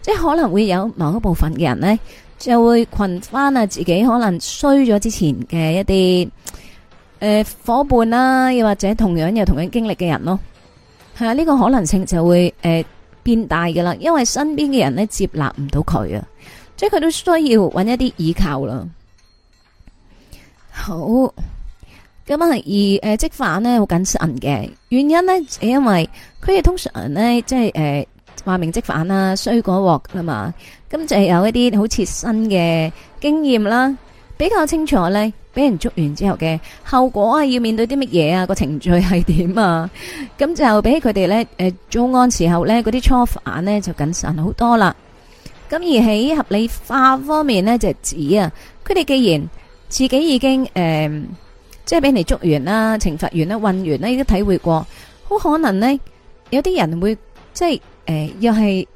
即係可能會有某一部分嘅人呢，就會群翻啊自己可能衰咗之前嘅一啲誒、呃、伙伴啦、啊，又或者同樣有同樣經歷嘅人咯，係啊呢、這個可能性就會誒、呃、變大噶啦，因為身邊嘅人呢，接納唔到佢啊，即係佢都需要揾一啲依靠啦。好。咁啊，而誒，積犯咧好謹慎嘅原因咧，係因為佢哋通常咧，即係誒、呃、話名積犯啦，衰果鑊啦嘛，咁就有一啲好切身嘅經驗啦，比較清楚咧，俾人捉完之後嘅後果啊，要面對啲乜嘢啊，個程序係點啊，咁就俾佢哋咧誒，早、呃、安時候咧，嗰啲初犯咧就謹慎好多啦。咁而喺合理化方面咧，就指啊，佢哋既然自己已經誒。呃即係俾你捉完啦，懲罰完啦，運完呢，亦都體會過。好可能呢，有啲人會即係誒、呃，又係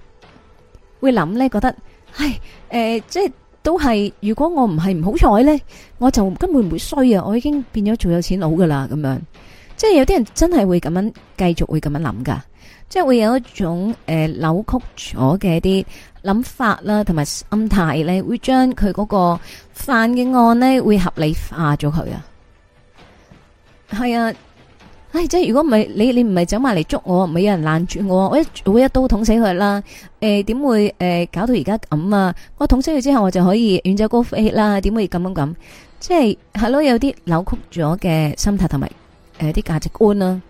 會諗呢，覺得唉誒、呃，即係都係。如果我唔係唔好彩呢，我就根本唔會衰啊。我已經變咗做有錢佬噶啦，咁樣即係有啲人真係會咁樣繼續會咁樣諗噶，即係會有一種誒、呃、扭曲咗嘅一啲諗法啦，同埋心態呢，會將佢嗰個犯嘅案呢會合理化咗佢啊。係啊！唉，即係如果唔係你，你唔係走埋嚟捉我，唔係有人攔住我，我一我一刀捅死佢啦！誒，點會誒搞到而家咁啊？我捅死佢之後，我就可以遠走高飛啦！點會咁樣咁？即係係咯，有啲扭曲咗嘅心態同埋誒啲價值觀啊。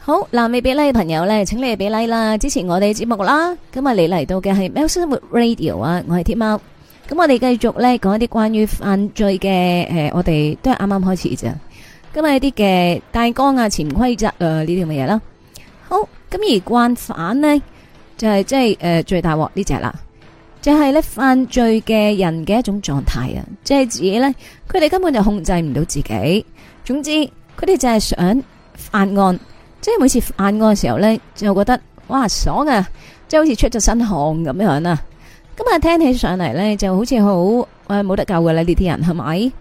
好，嗱，未俾 like 嘅朋友咧，請你哋俾 like 啦，支持我哋節目啦。今日你嚟到嘅係喵式生活 Radio 啊，我係天喵。咁我哋繼續咧講一啲關於犯罪嘅、誒、呃，我哋都係啱啱開始啫。今日一啲嘅大綱啊、潛規則啊呢啲咁嘅嘢啦，好。咁而慣犯咧就係即係誒最大鑊呢隻啦，就係咧犯罪嘅人嘅一種狀態啊，即係自己咧，佢哋根本就控制唔到自己。總之，佢哋就係想犯案，即係每次犯案嘅時候咧，就覺得哇爽啊，即係好似出咗身汗咁樣樣啊。咁啊，聽起上嚟咧就好似好誒冇得救嘅啦，呢啲人係咪？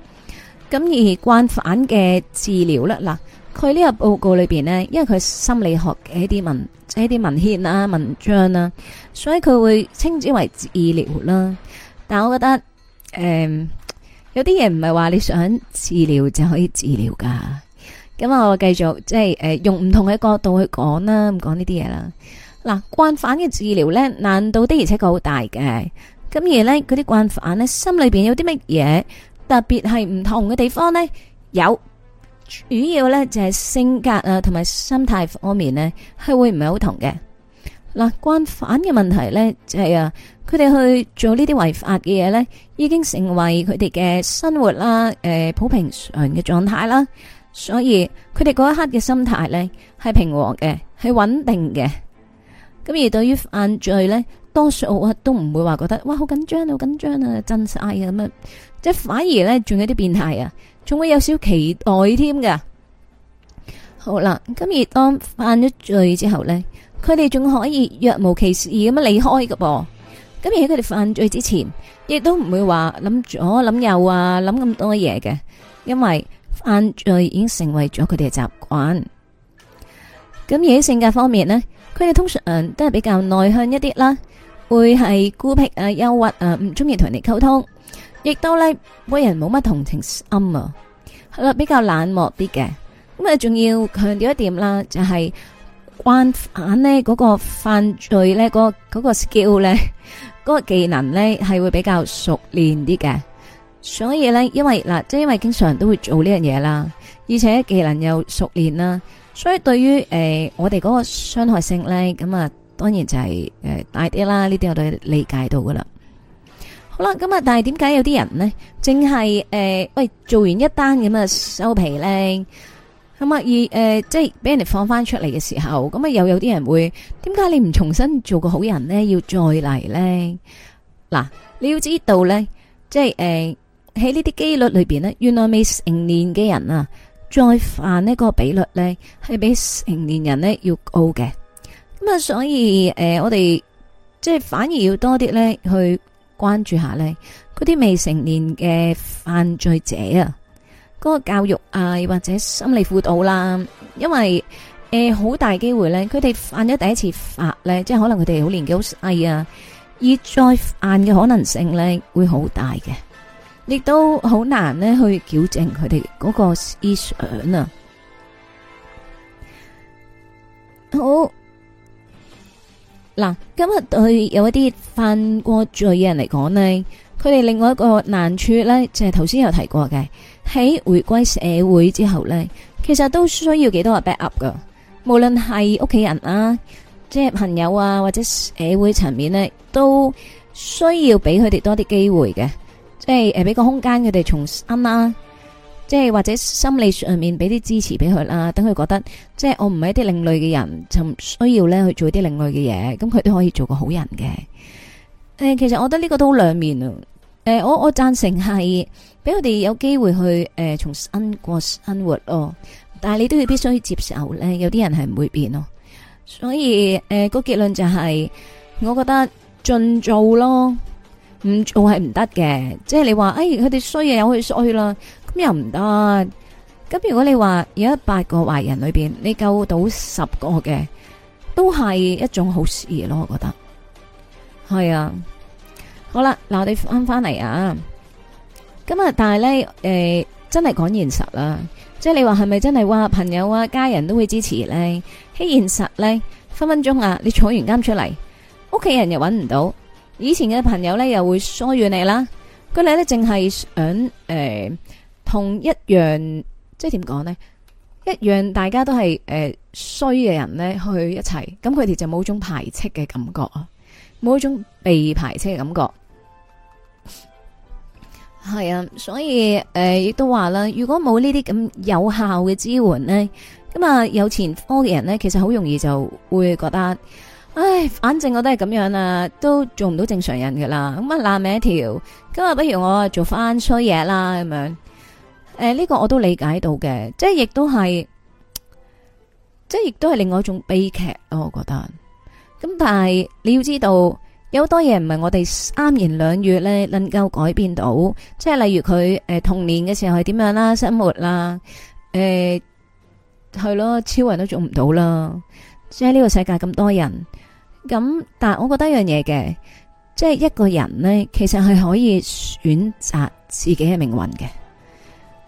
咁而慣犯嘅治療咧，嗱，佢呢個報告裏邊咧，因為佢心理學嘅一啲文即係一啲文獻啊文章啊，所以佢會稱之為治療啦。但係我覺得誒，有啲嘢唔係話你想治療就可以治療噶。咁啊，我繼續即係誒用唔同嘅角度去講啦，唔講呢啲嘢啦。嗱，慣犯嘅治療呢，難度的而且確好大嘅。咁而呢，佢啲慣犯呢，心裏邊有啲乜嘢特別係唔同嘅地方呢？有主要呢，就係性格啊，同埋心態方面呢，係會唔係好同嘅。嗱，慣犯嘅問題呢，就是，就係啊，佢哋去做呢啲違法嘅嘢呢，已經成為佢哋嘅生活啦，誒、呃，普平常嘅狀態啦。所以佢哋嗰一刻嘅心態呢，係平和嘅，係穩定嘅。咁而對於犯罪呢，多數啊都唔會話覺得哇好緊張，好緊張啊，震晒啊！咁樣即反而呢，仲有啲變態啊，仲會有少期待添㗎。好啦，咁而當犯咗罪之後呢，佢哋仲可以若無其事咁樣離開噶噃。咁而喺佢哋犯罪之前，亦都唔會話諗左諗右啊，諗咁多嘢嘅，因為犯罪已經成為咗佢哋嘅習慣。咁而喺性格方面呢。佢哋通常誒都係比較內向一啲啦，會係孤僻啊、憂鬱啊，唔中意同人哋溝通，亦都咧為人冇乜同情心啊，係啦，比較冷漠啲嘅。咁啊，仲要強調一點啦，就係慣犯咧嗰個犯罪咧個嗰個 skill 咧，嗰個技能咧係會比較熟練啲嘅。所以咧，因為嗱，即係因為經常都會做呢樣嘢啦，而且技能又熟練啦。所以對於誒、呃、我哋嗰個傷害性咧，咁啊當然就係、是、誒、呃、大啲啦，呢啲我都理解到噶啦。好啦，咁啊，但係點解有啲人呢？淨係誒喂，做完一單咁啊收皮咧，咁啊而誒即係俾人哋放翻出嚟嘅時候，咁啊又有啲人會，點解你唔重新做個好人呢？要再嚟呢？嗱，你要知道咧，即係誒喺呢啲機率裏邊咧，原來未成年嘅人啊。再犯呢個比率呢，係比成年人呢要高嘅。咁啊，所以誒、呃，我哋即係反而要多啲呢去關注下呢，嗰啲未成年嘅犯罪者啊，嗰、嗰個教育啊，或者心理輔導啦、啊，因為誒好、呃、大機會呢，佢哋犯咗第一次法呢，即係可能佢哋好年紀好細啊，而再犯嘅可能性呢，會好大嘅。亦都好難呢去矯正佢哋嗰個思想啊！好嗱，今日對有一啲犯過罪嘅人嚟講呢，佢哋另外一個難處呢，就係頭先有提過嘅，喺回歸社會之後呢，其實都需要幾多個 back up 㗎。無論係屋企人啊、即係朋友啊，或者社會層面呢，都需要俾佢哋多啲機會嘅。即係誒，俾個空間佢哋重新啦，即係或者心理上面俾啲支持俾佢啦，等佢覺得即係我唔係一啲另類嘅人，就唔需要咧去做啲另類嘅嘢，咁佢都可以做個好人嘅。誒，其實我覺得呢個都好兩面啊。誒，我我贊成係俾佢哋有機會去誒重新過生活咯，但係你都要必須接受咧，有啲人係唔會變咯。所以誒、個結論就係、是，我覺得盡做咯。唔做係唔得嘅，即係你話，哎，佢哋衰嘢，又去衰啦，咁又唔得。咁如果你話有一百個壞人裏邊，你救到十個嘅，都係一種好事嚟咯。我覺得係啊。好啦，嗱，我哋翻翻嚟啊。咁啊，但係咧，誒、欸，真係講現實啦。即係你話係咪真係話朋友啊、家人都會支持咧？喺現實咧，分分鐘啊，你坐完監出嚟，屋企人又揾唔到。以前嘅朋友咧，又會疏遠你啦。佢哋咧淨係想誒、呃，同一樣，即係點講呢？一樣大家都係誒衰嘅人咧，去一齊，咁佢哋就冇種排斥嘅感覺啊，冇一種被排斥嘅感覺。係啊，所以誒亦、呃、都話啦，如果冇呢啲咁有效嘅支援呢，咁啊有前科嘅人呢，其實好容易就會覺得。唉，反正我都係咁樣啦，都做唔到正常人噶啦，咁啊爛命一條。今日不如我做翻衰嘢啦，咁樣。誒、呃，呢個我都理解到嘅，即係亦都係，即係亦都係另外一種悲劇咯。我覺得。咁但係你要知道，有好多嘢唔係我哋三言兩語咧能夠改變到，即係例如佢誒、呃、童年嘅時候係點樣啦，生活啦，誒、呃，係咯，超人都做唔到啦。即係呢個世界咁多人。咁，但係我覺得一樣嘢嘅，即係一個人呢，其實係可以選擇自己嘅命運嘅。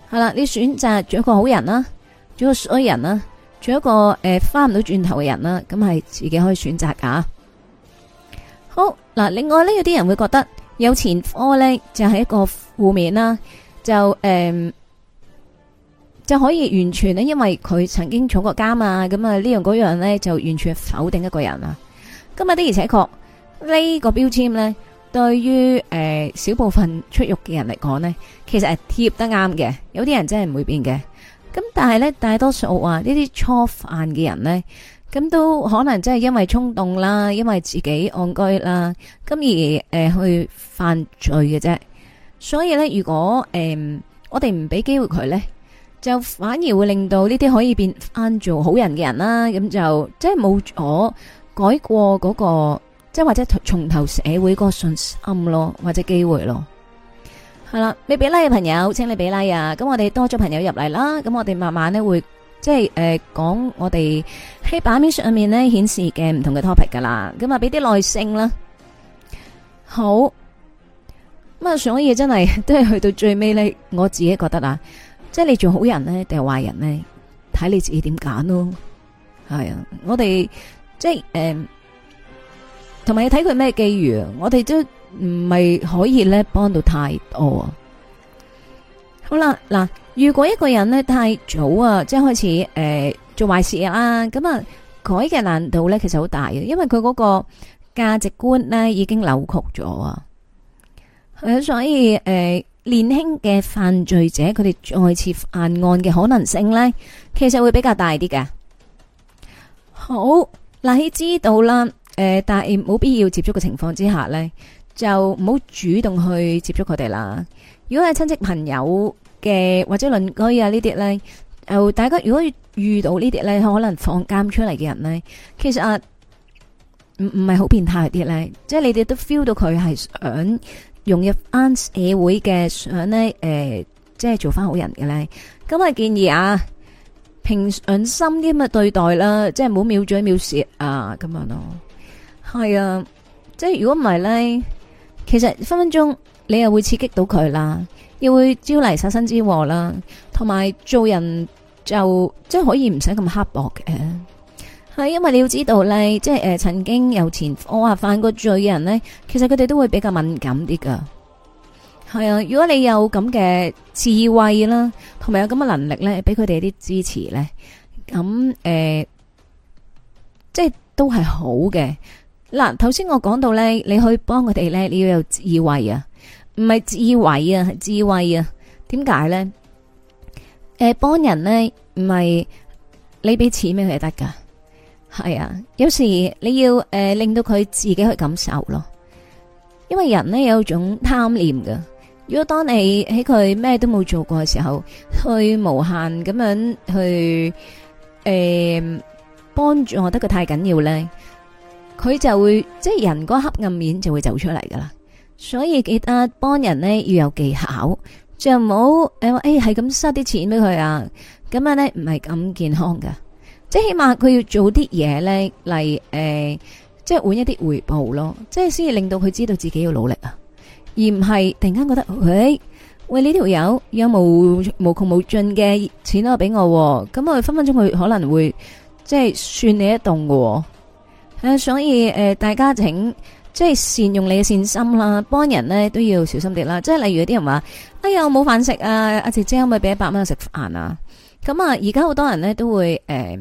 係啦，你選擇做一個好人啦，做一個衰人啦，做一個誒翻唔到轉頭嘅人啦，咁係自己可以選擇噶。好嗱，另外呢，有啲人會覺得有前科呢，就係、是、一個負面啦，就誒、呃，就可以完全呢因為佢曾經坐過監啊，咁啊呢樣嗰樣呢，就完全否定一個人啊。今日的而且確呢個標籤呢，對於誒、呃、小部分出獄嘅人嚟講呢，其實係貼得啱嘅。有啲人真係唔會變嘅。咁但係呢，大多數話呢啲初犯嘅人呢，咁都可能真係因為衝動啦，因為自己戇居啦，咁而誒、呃、去犯罪嘅啫。所以呢，如果誒、呃、我哋唔俾機會佢呢，就反而會令到呢啲可以變翻做好人嘅人啦。咁就即係冇咗。改過嗰、嗰個，即係或者從頭社會嗰個信心咯，或者機會咯，係啦。你畀 like 嘅朋友，請你畀拉、like、啊！咁我哋多咗朋友入嚟啦，咁我哋慢慢咧會即係誒講我哋喺版面上面咧顯示嘅唔同嘅 topic 噶啦，咁啊俾啲耐性啦。好，咁啊，所以真係都係去到最尾咧，我自己覺得啊，即係你做好人咧，定係壞人咧，睇你自己點揀咯。係啊，我哋。即係誒，同埋要睇佢咩機遇，我哋都唔係可以咧幫到太多。好啦，嗱，如果一個人咧太早啊，即係開始誒、呃、做壞事啊，咁啊改嘅難度咧其實好大嘅，因為佢嗰個價值觀咧已經扭曲咗啊。咁所以誒、呃，年輕嘅犯罪者佢哋再次犯案嘅可能性咧，其實會比較大啲嘅。好。嗱，知道啦，誒，但係冇必要接觸嘅情況之下咧，就唔好主動去接觸佢哋啦。如果係親戚朋友嘅或者鄰居啊呢啲咧，誒，大家如果遇到呢啲咧，可能放監出嚟嘅人咧，其實唔唔係好變態啲咧，即係你哋都 feel 到佢係想融入翻社會嘅，想咧，誒、呃、即、就、係、是、做翻好人嘅咧。咁啊，建議啊。平常心啲咁對待啦，即係唔好藐嘴藐舌啊，咁樣咯。係啊，即係如果唔係呢，其實分分鐘你又會刺激到佢啦，又會招嚟殺身之禍啦。同埋做人就即係可以唔使咁刻薄嘅，係、啊、因為你要知道呢，即係誒曾經有前科下犯過罪嘅人呢，其實佢哋都會比較敏感啲噶。係啊，如果你有咁嘅智慧啦，同埋有咁嘅能力咧，俾佢哋一啲支持咧，咁誒、呃，即係都係好嘅。嗱，頭先我講到咧，你去幫佢哋咧，你要有智慧啊，唔係智慧啊，智慧啊。點解咧？誒、呃，幫人咧唔係你俾錢咩佢係得噶？係啊，有時你要誒、呃、令到佢自己去感受咯，因為人咧有種貪念噶。如果當你喺佢咩都冇做過嘅時候，去無限咁樣去誒幫、欸、助我，得佢太緊要咧，佢就會即係人嗰黑暗面就會走出嚟噶啦。所以記得幫人咧要有技巧，就唔好誒誒係咁塞啲錢俾佢啊。咁樣咧唔係咁健康噶。即係起碼佢要做啲嘢咧，嚟誒、欸、即係換一啲回報咯。即係先至令到佢知道自己要努力啊。而唔係突然間覺得，喂喂，呢條友有冇無窮無盡嘅錢啊？俾我，咁啊分分鐘佢可能會即係算你一棟喎。啊、呃，所以誒、呃、大家請即係善用你嘅善心啦，幫人咧都要小心啲啦。即係例如有啲人話，哎呀我冇飯食啊，阿姐姐可唔可以俾一百蚊我食飯啊？咁啊而家好多人咧都會誒。呃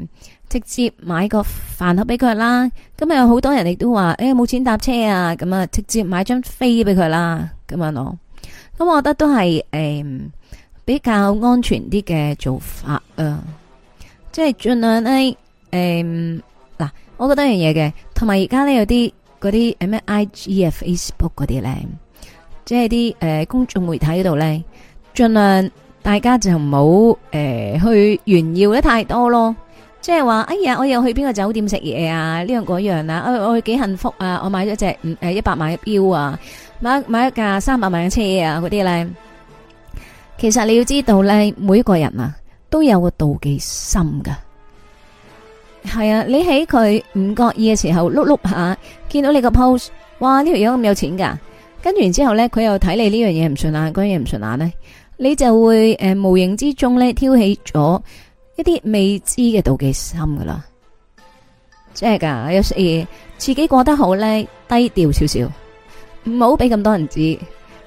直接買個飯盒俾佢啦。咁啊，有好多人亦都話誒冇錢搭車啊，咁啊，直接買張飛俾佢啦。咁樣咯，咁我覺得都係誒、嗯、比較安全啲嘅做法啊。即係盡量呢，誒、嗯，嗱、啊，我覺得一樣嘢嘅，同埋而家呢，有啲嗰啲誒咩 I G 啊、Facebook 嗰啲呢，即係啲誒公眾媒體嗰度呢，盡量大家就唔好誒去炫耀得太多咯。即係話，哎呀，我又去邊個酒店食嘢啊？呢樣嗰樣呀、啊？我去幾幸福啊！我買咗隻誒一百萬嘅表啊，買買一架三百萬嘅車啊，嗰啲咧。其實你要知道咧，每一個人啊都有個妒忌心噶。係啊，你喺佢唔覺意嘅時候碌碌下，見到你 post、這個 pose，哇呢條樣咁有錢噶，跟住之後咧，佢又睇你呢樣嘢唔順眼，嗰樣嘢唔順眼咧，你就會誒、呃、無形之中咧挑起咗。一啲未知嘅妒忌心噶啦，即係噶有時自己過得好咧，低調少少，唔好俾咁多人知，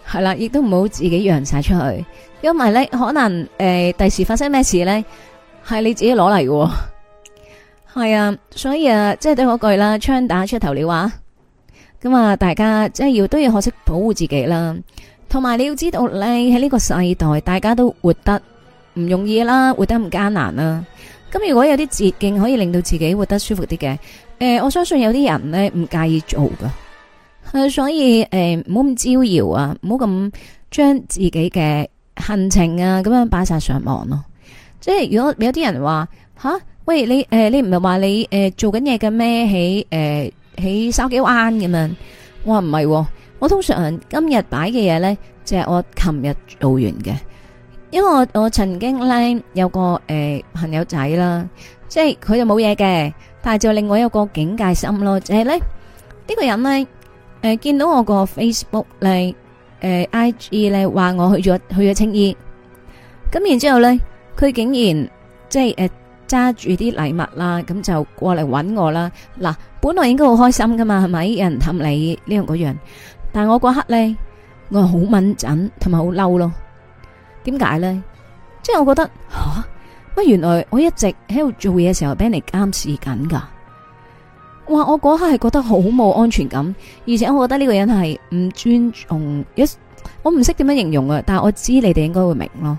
係啦，亦都唔好自己揚晒出去，因為咧可能誒第、欸、時發生咩事咧，係你自己攞嚟喎。係 啊，所以啊，即係對嗰句啦，槍打出頭鳥啊，咁啊，大家即係要都要學識保護自己啦，同埋你要知道咧喺呢個世代，大家都活得唔容易啦，活得唔艱難啦。咁如果有啲捷徑可以令到自己活得舒服啲嘅，誒、呃，我相信有啲人咧唔介意做噶、呃。所以誒，唔好咁招搖啊，唔好咁將自己嘅行程啊咁樣擺晒上網咯。即係如果有啲人話吓，喂你誒，你唔係話你誒、呃、做緊嘢嘅咩？喺誒喺筲箕灣咁樣，我話唔係，我通常今日擺嘅嘢咧，就係、是、我琴日做完嘅。因為我我曾經咧有個誒朋友仔啦，即係佢就冇嘢嘅，但係就令我有個警戒心咯。就係咧呢個人咧，誒見到我個 Facebook 咧，誒 IG 咧話我去咗去咗青衣，咁然之後咧佢竟然即係誒揸住啲禮物啦，咁就過嚟搵我啦。嗱本來應該好開心噶嘛，係咪？有人氹你呢樣嗰樣，但我嗰刻咧我係好敏感同埋好嬲咯。點解呢？即係我覺得吓，乜原來我一直喺度做嘢嘅時候，俾人哋監視緊噶。哇！我嗰刻係覺得好冇安全感，而且我覺得呢個人係唔尊重一，我唔識點樣形容啊。但係我知你哋應該會明咯。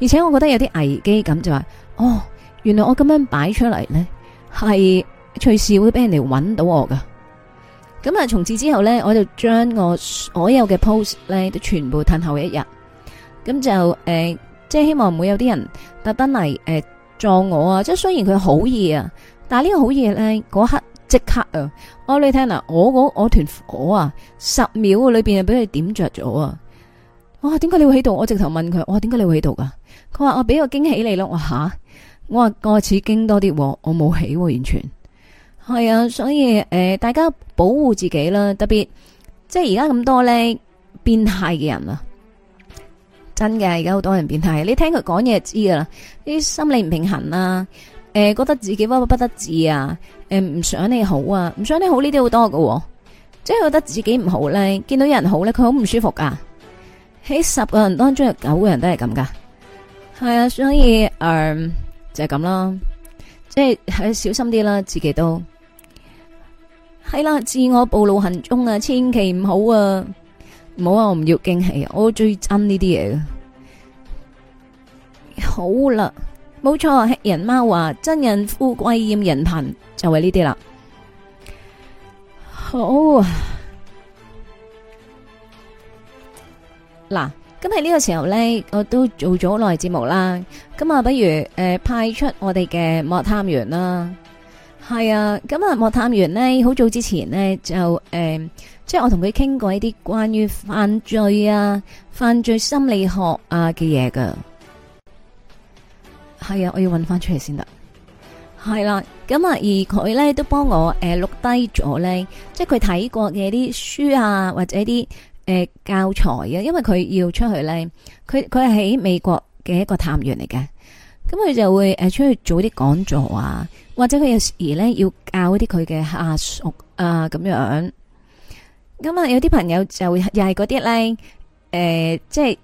而且我覺得有啲危機感，就是，就話哦，原來我咁樣擺出嚟，呢係隨時會俾人哋揾到我噶。咁啊，從此之後呢，我就將我所有嘅 post 呢，都全部褪後一日。咁就誒、呃，即係希望唔會有啲人特登嚟誒撞我啊！即係雖然佢好意啊，但係呢個好意咧，嗰刻即刻啊，我話你聽啦，我嗰我團火啊，十秒裏邊啊，俾佢點着咗啊！哇，點解你會喺度？我直頭問佢，我點解你會喺度噶佢話我俾個驚喜你咯，哇吓，我話我似驚多啲，我冇起完全係啊，所以誒、呃，大家保護自己啦，特別即係而家咁多咧變態嘅人啊！真嘅，而家好多人變態，你聽佢講嘢知噶啦，啲心理唔平衡啦、啊，誒、呃、覺得自己鬱鬱不得志啊，誒、呃、唔想你好啊，唔想你好呢啲好多噶、啊，即係覺得自己唔好咧，見到有人好咧，佢好唔舒服㗎。喺十個人當中，有九個人都係咁噶，係啊，所以嗯、呃、就係咁囉，即係小心啲啦，自己都係啦、啊，自我暴露行蹤啊，千祈唔好啊。唔好啊！我唔要驚喜，我最憎呢啲嘢嘅。好啦，冇錯，人貓話真人富貴厭人貧，就係呢啲啦。好啊，嗱，咁喺呢個時候咧，我都做咗好耐節目啦。咁啊，不如誒、呃、派出我哋嘅莫探員啦。係啊，咁啊，莫探員咧好早之前咧就誒、呃，即係我同佢傾過一啲關於犯罪啊、犯罪心理學啊嘅嘢噶。係啊，我要搵翻出嚟先得。係啦，咁啊，而佢咧都幫我誒錄低咗咧，即係佢睇過嘅啲書啊，或者啲誒、呃、教材啊，因為佢要出去咧，佢佢係喺美國嘅一個探員嚟嘅。咁佢就會誒出去做啲講座啊，或者佢有時咧要教啲佢嘅下屬啊咁樣。咁啊，有啲朋友就會又係嗰啲咧，誒即係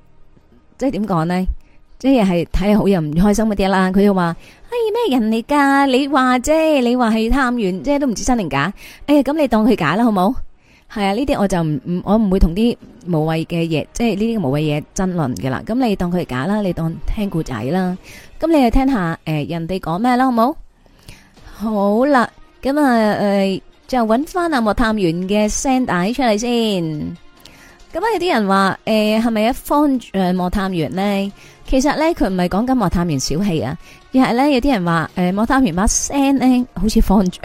即係點講咧，即係係睇下好人唔開心嗰啲啦。佢又話哎，咩人嚟噶？你話啫，你話係探員啫，都唔知真定假。哎呀，咁你當佢假啦，好冇？係啊，呢啲我就唔唔，我唔會同啲無謂嘅嘢，即係呢啲無謂嘢爭論噶啦。咁你當佢係假啦，你當聽故仔啦。咁你去聽下誒、呃，人哋講咩啦，好冇？好啦，咁啊誒，就搵翻阿莫探員嘅聲帶出嚟先。咁啊，有啲人話誒，係、呃、咪方丈莫探員呢？其實咧，佢唔係講緊莫探員小氣、呃、啊，而係咧有啲人話誒，莫探員把聲咧好似方丈，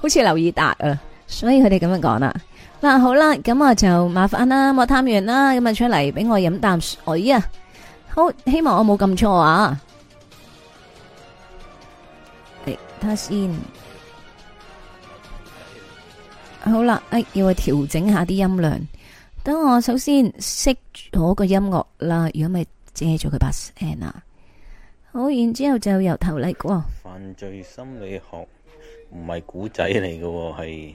好似劉以達啊。所以佢哋咁樣講啦，嗱好啦，咁我就麻煩啦，我探完啦，咁啊出嚟俾我飲啖水啊，好希望我冇咁錯啊，誒，睇下先，好啦，哎要調整下啲音量，等我首先熄咗個音樂啦，如果咪遮咗佢把聲啊，好，然之後就由頭嚟過。犯罪心理學唔係古仔嚟喎，係。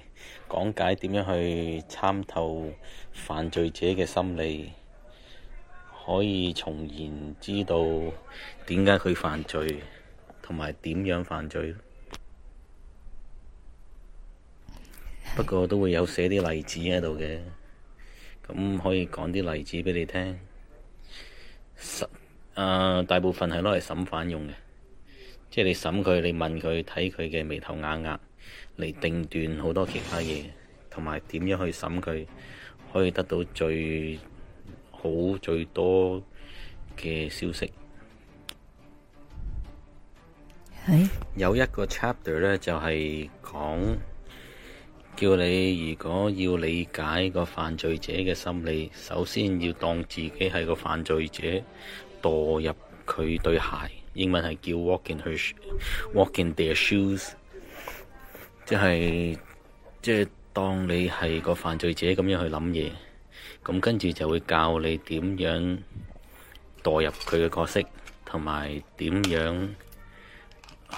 講解點樣去參透犯罪者嘅心理，可以從言知道點解佢犯罪，同埋點樣犯罪。不過都會有寫啲例子喺度嘅，咁可以講啲例子畀你聽。呃，大部分係攞嚟審犯用嘅，即係你審佢，你問佢，睇佢嘅眉頭眼額。嚟定斷好多其他嘢，同埋點樣去審佢，可以得到最好最多嘅消息。係是有一個 chapter 呢，就係、是、講叫你如果要理解個犯罪者嘅心理，首先要當自己係個犯罪者，墮入佢對鞋。英文係叫 walk in his walk in their shoes。即係，即係當你係個犯罪者咁樣去諗嘢，咁跟住就會教你點樣墮入佢嘅角色，同埋點樣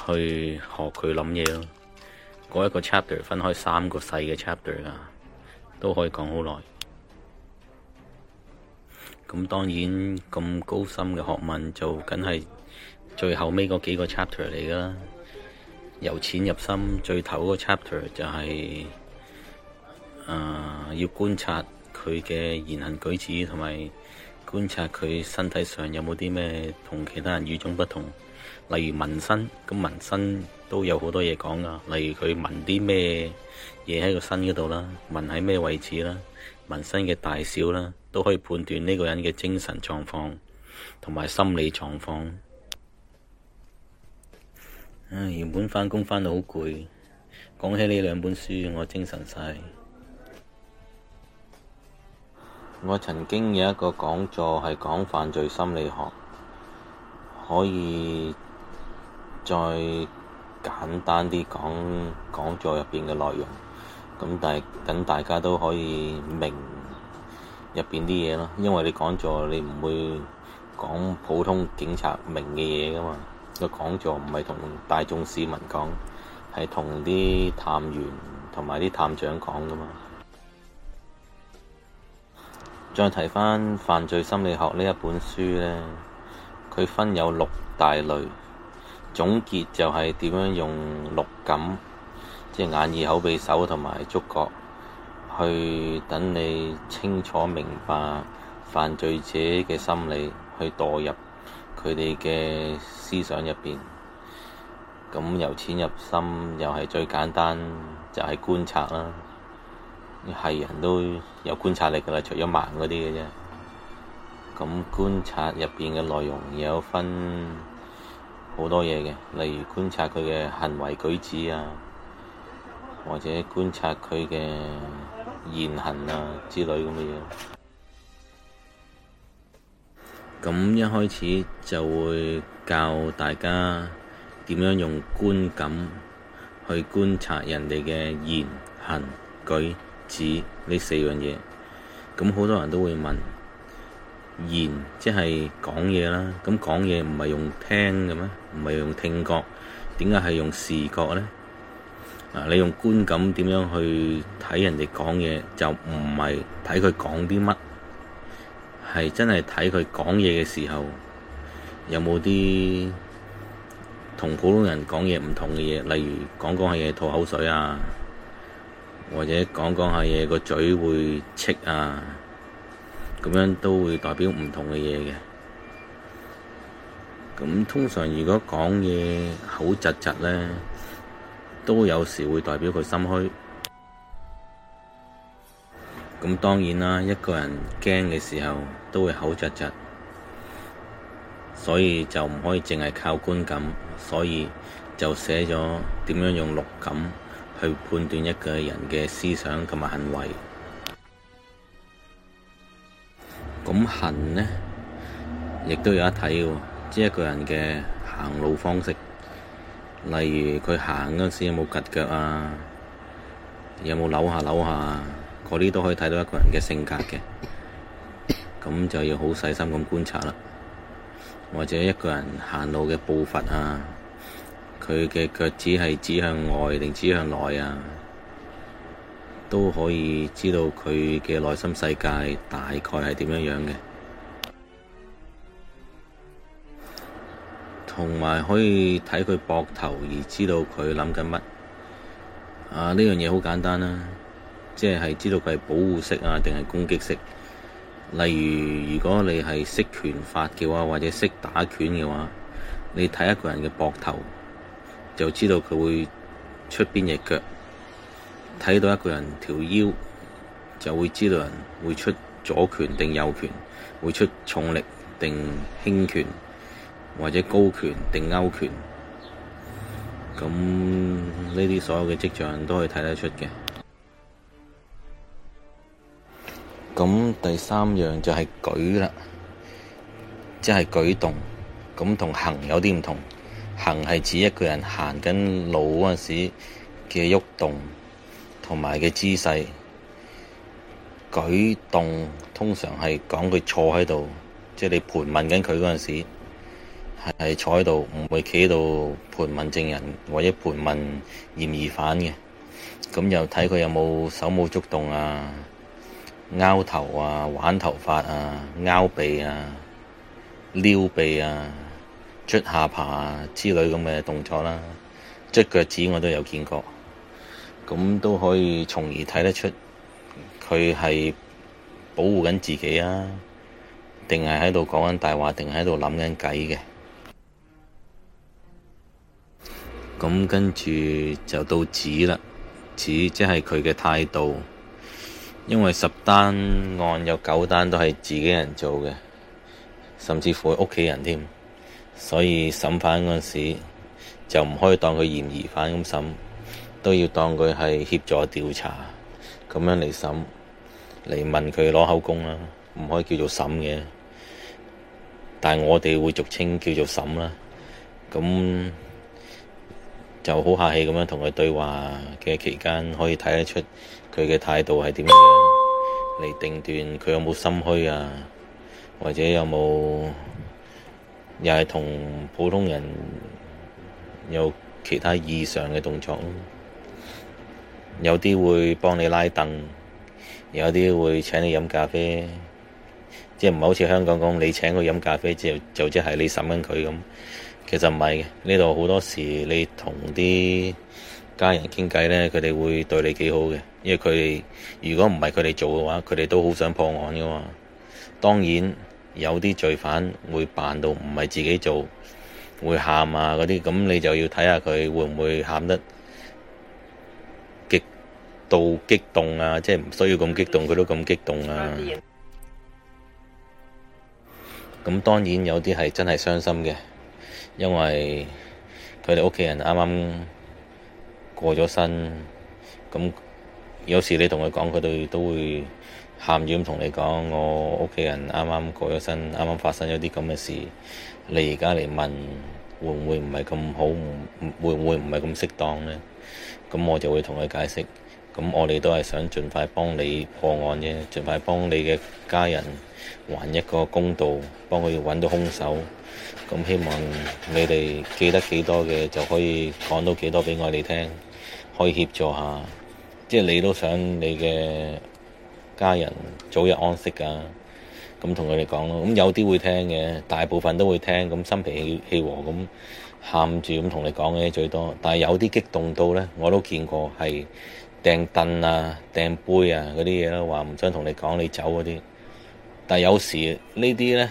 去學佢諗嘢咯。嗰一個 chapter 分開三個細嘅 chapter 噶，都可以講好耐。咁當然咁高深嘅學問就梗係最後尾嗰幾個 chapter 嚟㗎啦。由淺入深，最頭嗰 chapter 就係、是、誒、呃、要觀察佢嘅言行舉止，同埋觀察佢身體上有冇啲咩同其他人與眾不同。例如紋身，咁紋身都有好多嘢講㗎。例如佢紋啲咩嘢喺個身嗰度啦，紋喺咩位置啦，紋身嘅大小啦，都可以判斷呢個人嘅精神狀況同埋心理狀況。原本返工返到好攰，講起呢兩本書，我精神晒。我曾經有一個講座係講犯罪心理學，可以再簡單啲講講座入邊嘅內容，咁但等大家都可以明入邊啲嘢咯。因為你講座你唔會講普通警察明嘅嘢㗎嘛。個講座唔係同大眾市民講，係同啲探員同埋啲探長講噶嘛。再提翻《犯罪心理學》呢一本書咧，佢分有六大類，總結就係點樣用六感，即係眼、耳、口、鼻、手同埋觸覺，去等你清楚明白犯罪者嘅心理，去墮入。佢哋嘅思想入邊，咁由淺入深又係最簡單，就係觀察啦。係人都有觀察力噶啦，除咗盲嗰啲嘅啫。咁觀察入邊嘅內容有分好多嘢嘅，例如觀察佢嘅行為舉止啊，或者觀察佢嘅言行啊之類咁嘅嘢。咁一開始就會教大家點樣用觀感去觀察人哋嘅言、行、舉、止呢四樣嘢。咁好多人都會問：言即係講嘢啦，咁講嘢唔係用聽嘅咩？唔係用聽覺，點解係用視覺咧？嗱，你用觀感點樣去睇人哋講嘢，就唔係睇佢講啲乜。係真係睇佢講嘢嘅時候，有冇啲同普通人講嘢唔同嘅嘢，例如講講下嘢吐口水啊，或者講講下嘢個嘴會戚啊，咁樣都會代表唔同嘅嘢嘅。咁通常如果講嘢口窒窒咧，都有時會代表佢心虛。咁當然啦，一個人驚嘅時候都會口窒窒，所以就唔可以淨係靠觀感，所以就寫咗點樣用六感去判斷一個人嘅思想同埋行為。咁行呢，亦都有得睇嘅，即係一個人嘅行路方式，例如佢行嗰陣時候有冇趌腳啊，有冇扭下扭下。我呢都可以睇到一個人嘅性格嘅，咁就要好細心咁觀察啦。或者一個人行路嘅步伐啊，佢嘅腳趾係指向外定指向內啊，都可以知道佢嘅內心世界大概係點樣樣嘅。同埋可以睇佢膊頭而知道佢諗緊乜啊！呢樣嘢好簡單啦，啊。即係知道佢係保護式啊，定係攻擊式。例如，如果你係識拳法嘅話，或者識打拳嘅話，你睇一個人嘅膊頭，就知道佢會出邊隻腳。睇到一個人條腰，就會知道人會出左拳定右拳，會出重力定輕拳，或者高拳定勾拳。咁呢啲所有嘅跡象都可以睇得出嘅。咁第三樣就係舉啦，即係舉動。咁同行有啲唔同，行係指一個人行緊路嗰陣時嘅喐動同埋嘅姿勢。舉動通常係講佢坐喺度，即係你盤問緊佢嗰陣時，係坐喺度，唔會企喺度盤問證人或者盤問嫌疑犯嘅。咁又睇佢有冇手舞足動啊？撓頭啊，玩頭髮啊，撓鼻啊，撩鼻啊，捽下巴啊之類咁嘅動作啦，啊，捽腳趾我都有見過，咁都可以從而睇得出佢係保護緊自己啊，定係喺度講緊大話，定係喺度諗緊計嘅。咁跟住就到指啦，指即係佢嘅態度。因為十單案有九單都係自己人做嘅，甚至乎屋企人添，所以審犯嗰時就唔可以當佢嫌疑犯咁審，都要當佢係協助調查咁樣嚟審，嚟問佢攞口供啦，唔可以叫做審嘅，但係我哋會俗稱叫做審啦，咁就好客氣咁樣同佢對話嘅期間，可以睇得出。佢嘅態度係點樣嚟定斷，佢有冇心虛啊？或者有冇又係同普通人有其他異常嘅動作咯？有啲會幫你拉凳，有啲會請你飲咖啡，即係唔係好似香港講你請佢飲咖啡，之後就即係你審問佢咁？其實唔係嘅，呢度好多時你同啲家人傾偈呢，佢哋會對你幾好嘅，因為佢如果唔係佢哋做嘅話，佢哋都好想破案㗎嘛、哦。當然有啲罪犯會扮到唔係自己做，會喊啊嗰啲，咁你就要睇下佢會唔會喊得極到激動啊！即係唔需要咁激動，佢都咁激動啊。咁當然有啲係真係傷心嘅，因為佢哋屋企人啱啱過咗身，咁有時你同佢講，佢哋都會喊住咁同你講：我屋企人啱啱過咗身，啱啱發生咗啲咁嘅事，你而家嚟問會唔會唔係咁好，會唔會唔係咁適當呢？咁我就會同佢解釋。咁我哋都係想盡快幫你破案啫，盡快幫你嘅家人還一個公道，幫佢搵到兇手。咁希望你哋記得幾多嘅就可以講到幾多俾我哋聽。可以協助下，即係你都想你嘅家人早日安息啊！咁同佢哋講咯。咁有啲會聽嘅，大部分都會聽。咁心平氣氣和咁喊住咁同你講嘅最多。但係有啲激動到咧，我都見過係掟凳啊、掟杯啊嗰啲嘢啦，話唔想同你講，你走嗰啲。但係有時呢啲咧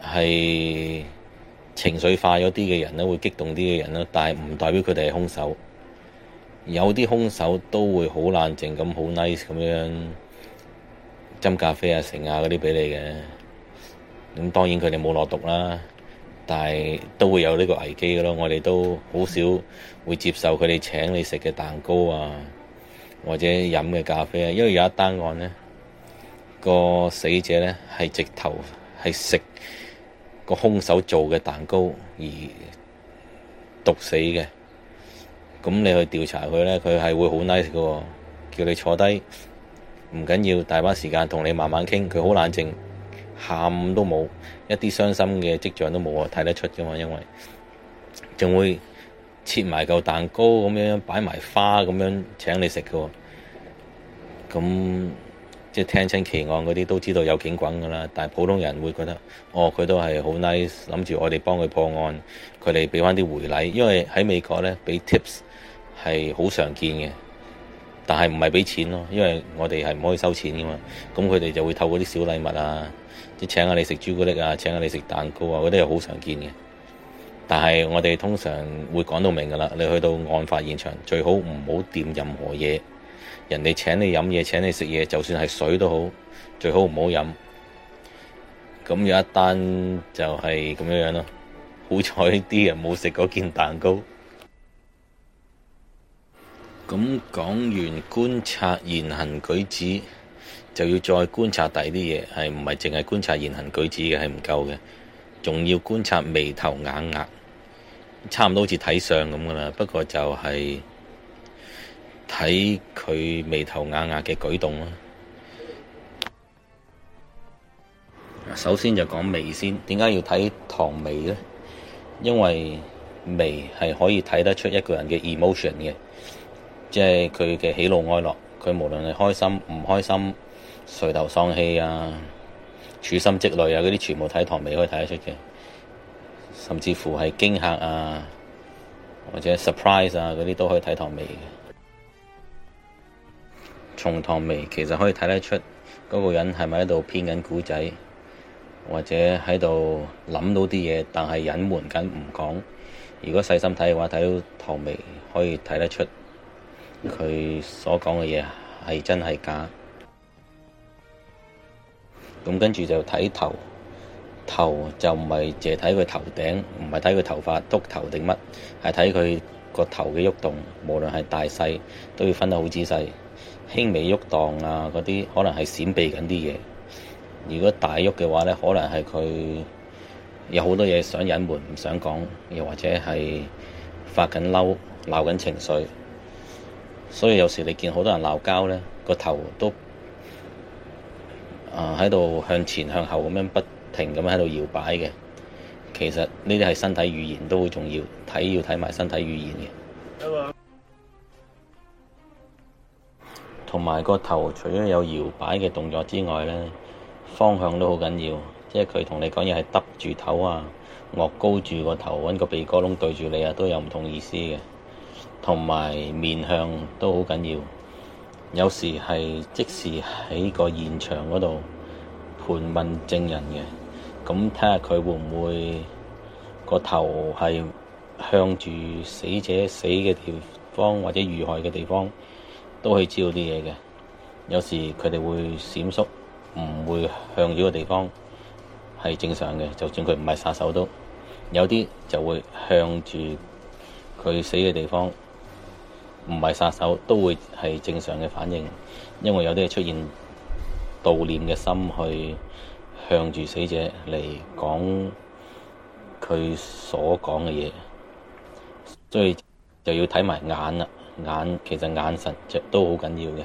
係情緒化咗啲嘅人咧，會激動啲嘅人咧，但係唔代表佢哋係兇手。有啲兇手都會好冷靜咁，好 nice 咁樣斟咖啡啊、食啊嗰啲畀你嘅。咁當然佢哋冇落毒啦，但係都會有呢個危機嘅咯。我哋都好少會接受佢哋請你食嘅蛋糕啊，或者飲嘅咖啡啊。因為有一單案呢，個死者呢係直頭係食個兇手做嘅蛋糕而毒死嘅。咁你去調查佢咧，佢係會好 nice 㗎喎，叫你坐低，唔緊要大把時間同你慢慢傾。佢好冷靜，喊都冇，一啲傷心嘅跡象都冇啊，睇得出嘅嘛。因為仲會切埋嚿蛋糕咁樣，擺埋花咁樣請你食㗎喎。咁即係聽清奇案嗰啲都知道有警棍㗎啦。但係普通人會覺得，哦，佢都係好 nice，諗住我哋幫佢破案，佢哋俾翻啲回禮，因為喺美國咧俾 tips。係好常見嘅，但係唔係畀錢咯，因為我哋係唔可以收錢嘅嘛。咁佢哋就會透過啲小禮物啊，即係請下你食朱古力啊，請下你食蛋糕啊，嗰啲係好常見嘅。但係我哋通常會講到明噶啦，你去到案發現場最好唔好掂任何嘢。人哋請你飲嘢，請你食嘢，就算係水都好，最好唔好飲。咁有一單就係咁樣樣咯。好彩啲人冇食嗰件蛋糕。咁講完觀察言行舉止，就要再觀察第二啲嘢，係唔係淨係觀察言行舉止嘅係唔夠嘅，仲要觀察眉頭眼額，差唔多好似睇相咁嘅啦。不過就係睇佢眉頭眼額嘅舉動啦。首先就講眉先，點解要睇唐眉咧？因為眉係可以睇得出一個人嘅 emotion 嘅。即係佢嘅喜怒哀樂，佢無論係開心唔開心、垂頭喪氣啊、處心積慮啊，嗰啲全部睇唐微可以睇得出嘅。甚至乎係驚嚇啊，或者 surprise 啊，嗰啲都可以睇唐微。從唐微其實可以睇得出嗰個人係咪喺度編緊古仔，或者喺度諗到啲嘢，但係隱瞞緊唔講。如果細心睇嘅話，睇到唐微可以睇得出。佢所講嘅嘢係真係假的，咁跟住就睇頭。頭就唔係淨係睇佢頭頂，唔係睇佢頭髮督頭定乜，係睇佢個頭嘅喐動，動。無論係大細，都要分得好仔細，輕微喐動，動啊，嗰啲可能係閃避緊啲嘢。如果大喐嘅話呢，可能係佢有好多嘢想隱瞞，唔想講，又或者係發緊嬲、鬧緊情緒。所以有時你見好多人鬧交呢，個頭都喺度、呃、向前向後咁樣不停咁喺度搖擺嘅，其實呢啲係身體語言都好重要，睇要睇埋身體語言嘅。同埋個頭除咗有搖擺嘅動作之外呢，方向都好緊要，即係佢同你講嘢係耷住頭啊，昂高住個頭，揾個鼻哥窿對住你啊，都有唔同的意思嘅。同埋面向都好緊要，有時係即時喺個現場嗰度盤問證人嘅，咁睇下佢會唔會個頭，係向住死者死嘅地方或者遇害嘅地方，都可以知道啲嘢嘅。有時他們，佢哋會閃縮，唔會向住個地方，係正常嘅，就算佢唔係殺手都。有啲就會向住佢死嘅地方。唔係殺手都會係正常嘅反應，因為有啲係出現悼念嘅心去向住死者嚟，講佢所講嘅嘢，所以就要睇埋眼啦。眼其實眼神都好緊要嘅。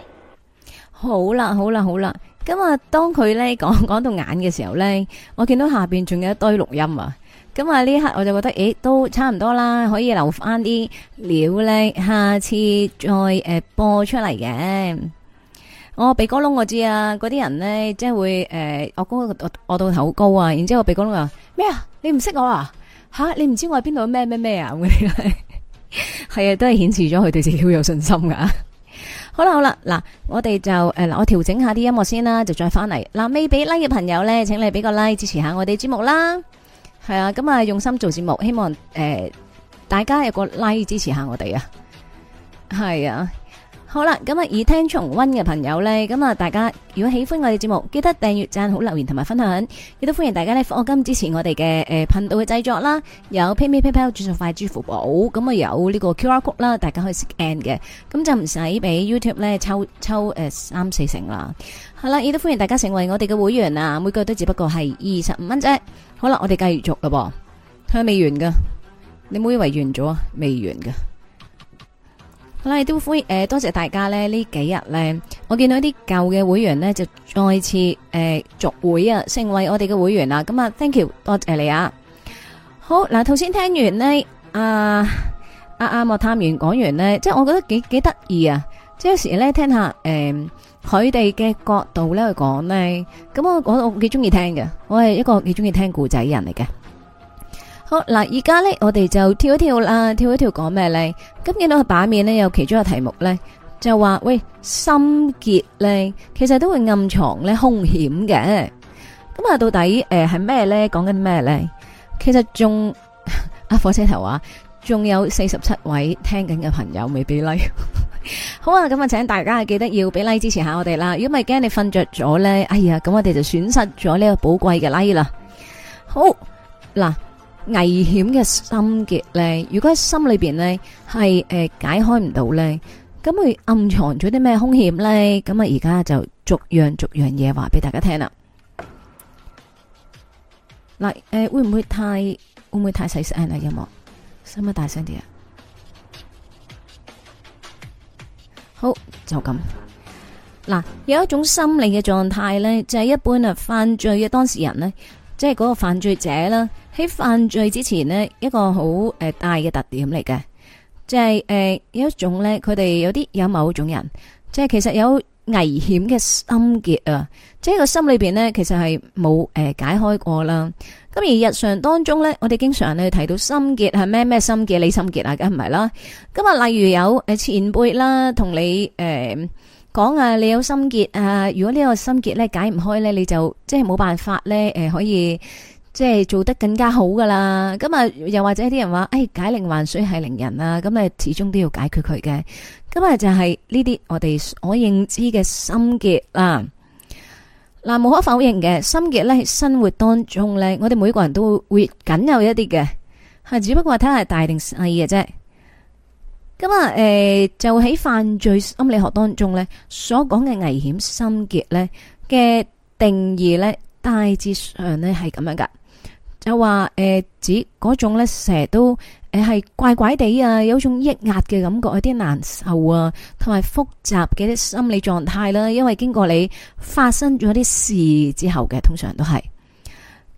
好啦，好啦，好啦，今日當佢咧講講到眼嘅時候咧，我見到下邊仲有一堆錄音啊。咁啊！呢刻我就覺得，誒，都差唔多啦，可以留翻啲料咧，下次再誒播出嚟嘅、呃。我鼻哥窿我知啊，嗰啲人咧即係會誒，我哥我我到頭好高啊，然之後我鼻哥窿話咩啊？你唔識我啊？吓你唔知我喺邊度咩咩咩啊？咁樣係啊，都係顯示咗佢哋自己好有信心噶。 好啦，好啦，嗱，我哋就誒，嗱，我調整下啲音樂先啦，就再翻嚟。嗱，未俾 like 嘅朋友咧，請你俾個 like 支持下我哋節目啦。.係啊，咁、嗯、啊用心做節目，希望誒、呃、大家有個 like 支持下我哋啊。係啊，好啦，咁啊耳聽重溫嘅朋友呢，咁、嗯、啊大家如果喜歡我哋節目，記得訂閱、讚好、留言同埋分享，亦都歡迎大家呢，課金支持我哋嘅誒頻道嘅製作啦。有 PayMe、PayPal、轉數快、支付寶，咁、嗯、啊有呢個 QR Code 啦，大家可以 scan 嘅，咁、嗯、就唔使俾 YouTube 呢抽抽誒、呃、三四成啦。好啦，亦都歡迎大家成為我哋嘅會員啊，每個月都只不過係二十五蚊啫。好啦，我哋繼續噶噃，佢未完噶，你以為完咗啊？未完噶，好啦，都歡迎。誒、呃，多謝大家咧，幾呢幾日咧，我見到啲舊嘅會員咧，就再次誒、呃、續會啊，成為我哋嘅會員啦。咁啊，thank you，多謝你啊。好嗱，頭、呃、先聽完呢，啊啊啊，啊啊莫探員講完呢，即係我覺得幾幾得意啊，即係有時咧聽下誒。呃佢哋嘅角度咧去講呢，咁我我我幾中意聽嘅，我係一個幾中意聽故仔人嚟嘅。好嗱，而家呢，我哋就跳一跳啦，跳一跳講咩呢？今見到個版面呢，有其中一個題目呢，就話喂，心結呢，其實都會暗藏呢，兇險嘅。咁啊，到底誒係咩呢？講緊咩呢？其實仲啊，火車頭啊，仲有四十七位聽緊嘅朋友未俾禮、like。好啊，咁啊，請大家記得要俾 like 支持下我哋啦。如果唔係，驚你瞓着咗咧，哎呀，咁我哋就損失咗呢個寶貴嘅 like 啦。好嗱，危險嘅心結咧，如果喺心裏邊咧係誒解開唔到咧，咁佢暗藏咗啲咩凶險咧？咁啊，而家就逐樣逐樣嘢話俾大家聽啦。嗱，誒，會唔會太會唔會太細聲啊？音樂，使唔使大聲啲啊？好就咁嗱，有一種心理嘅狀態呢，就係、是、一般啊犯罪嘅當事人呢，即係嗰個犯罪者啦。喺犯罪之前呢，一個好誒、呃、大嘅特點嚟嘅，即係誒有一種呢，佢哋有啲有某種人，即、就、係、是、其實有。危險嘅心結啊，即係個心裏邊呢，其實係冇誒解開過啦。咁而日常當中呢，我哋經常去提到心結係咩咩心結，你心結啊，梗係唔係啦。咁啊，例如有誒前輩啦，同你誒講啊，你有心結啊，如果呢個心結咧解唔開咧，你就即係冇辦法咧，誒、呃、可以。即係做得更加好噶啦，咁啊又或者啲人話，誒解鈴還須繫鈴人啦，咁啊始終都要解決佢嘅。咁啊就係呢啲我哋所認知嘅心結啦。嗱，無可否認嘅心結咧，喺生活當中咧，我哋每個人都會僅有一啲嘅，係只不過睇下係大定細嘅啫。咁啊誒，就喺犯罪心理學當中咧，所講嘅危險心結咧嘅定義咧，大致上咧係咁樣噶。就話誒，指、呃、嗰種咧，成日都誒係怪怪地啊，有一種抑壓嘅感覺，有啲難受啊，同埋複雜嘅啲心理狀態啦。因為經過你發生咗啲事之後嘅，通常都係。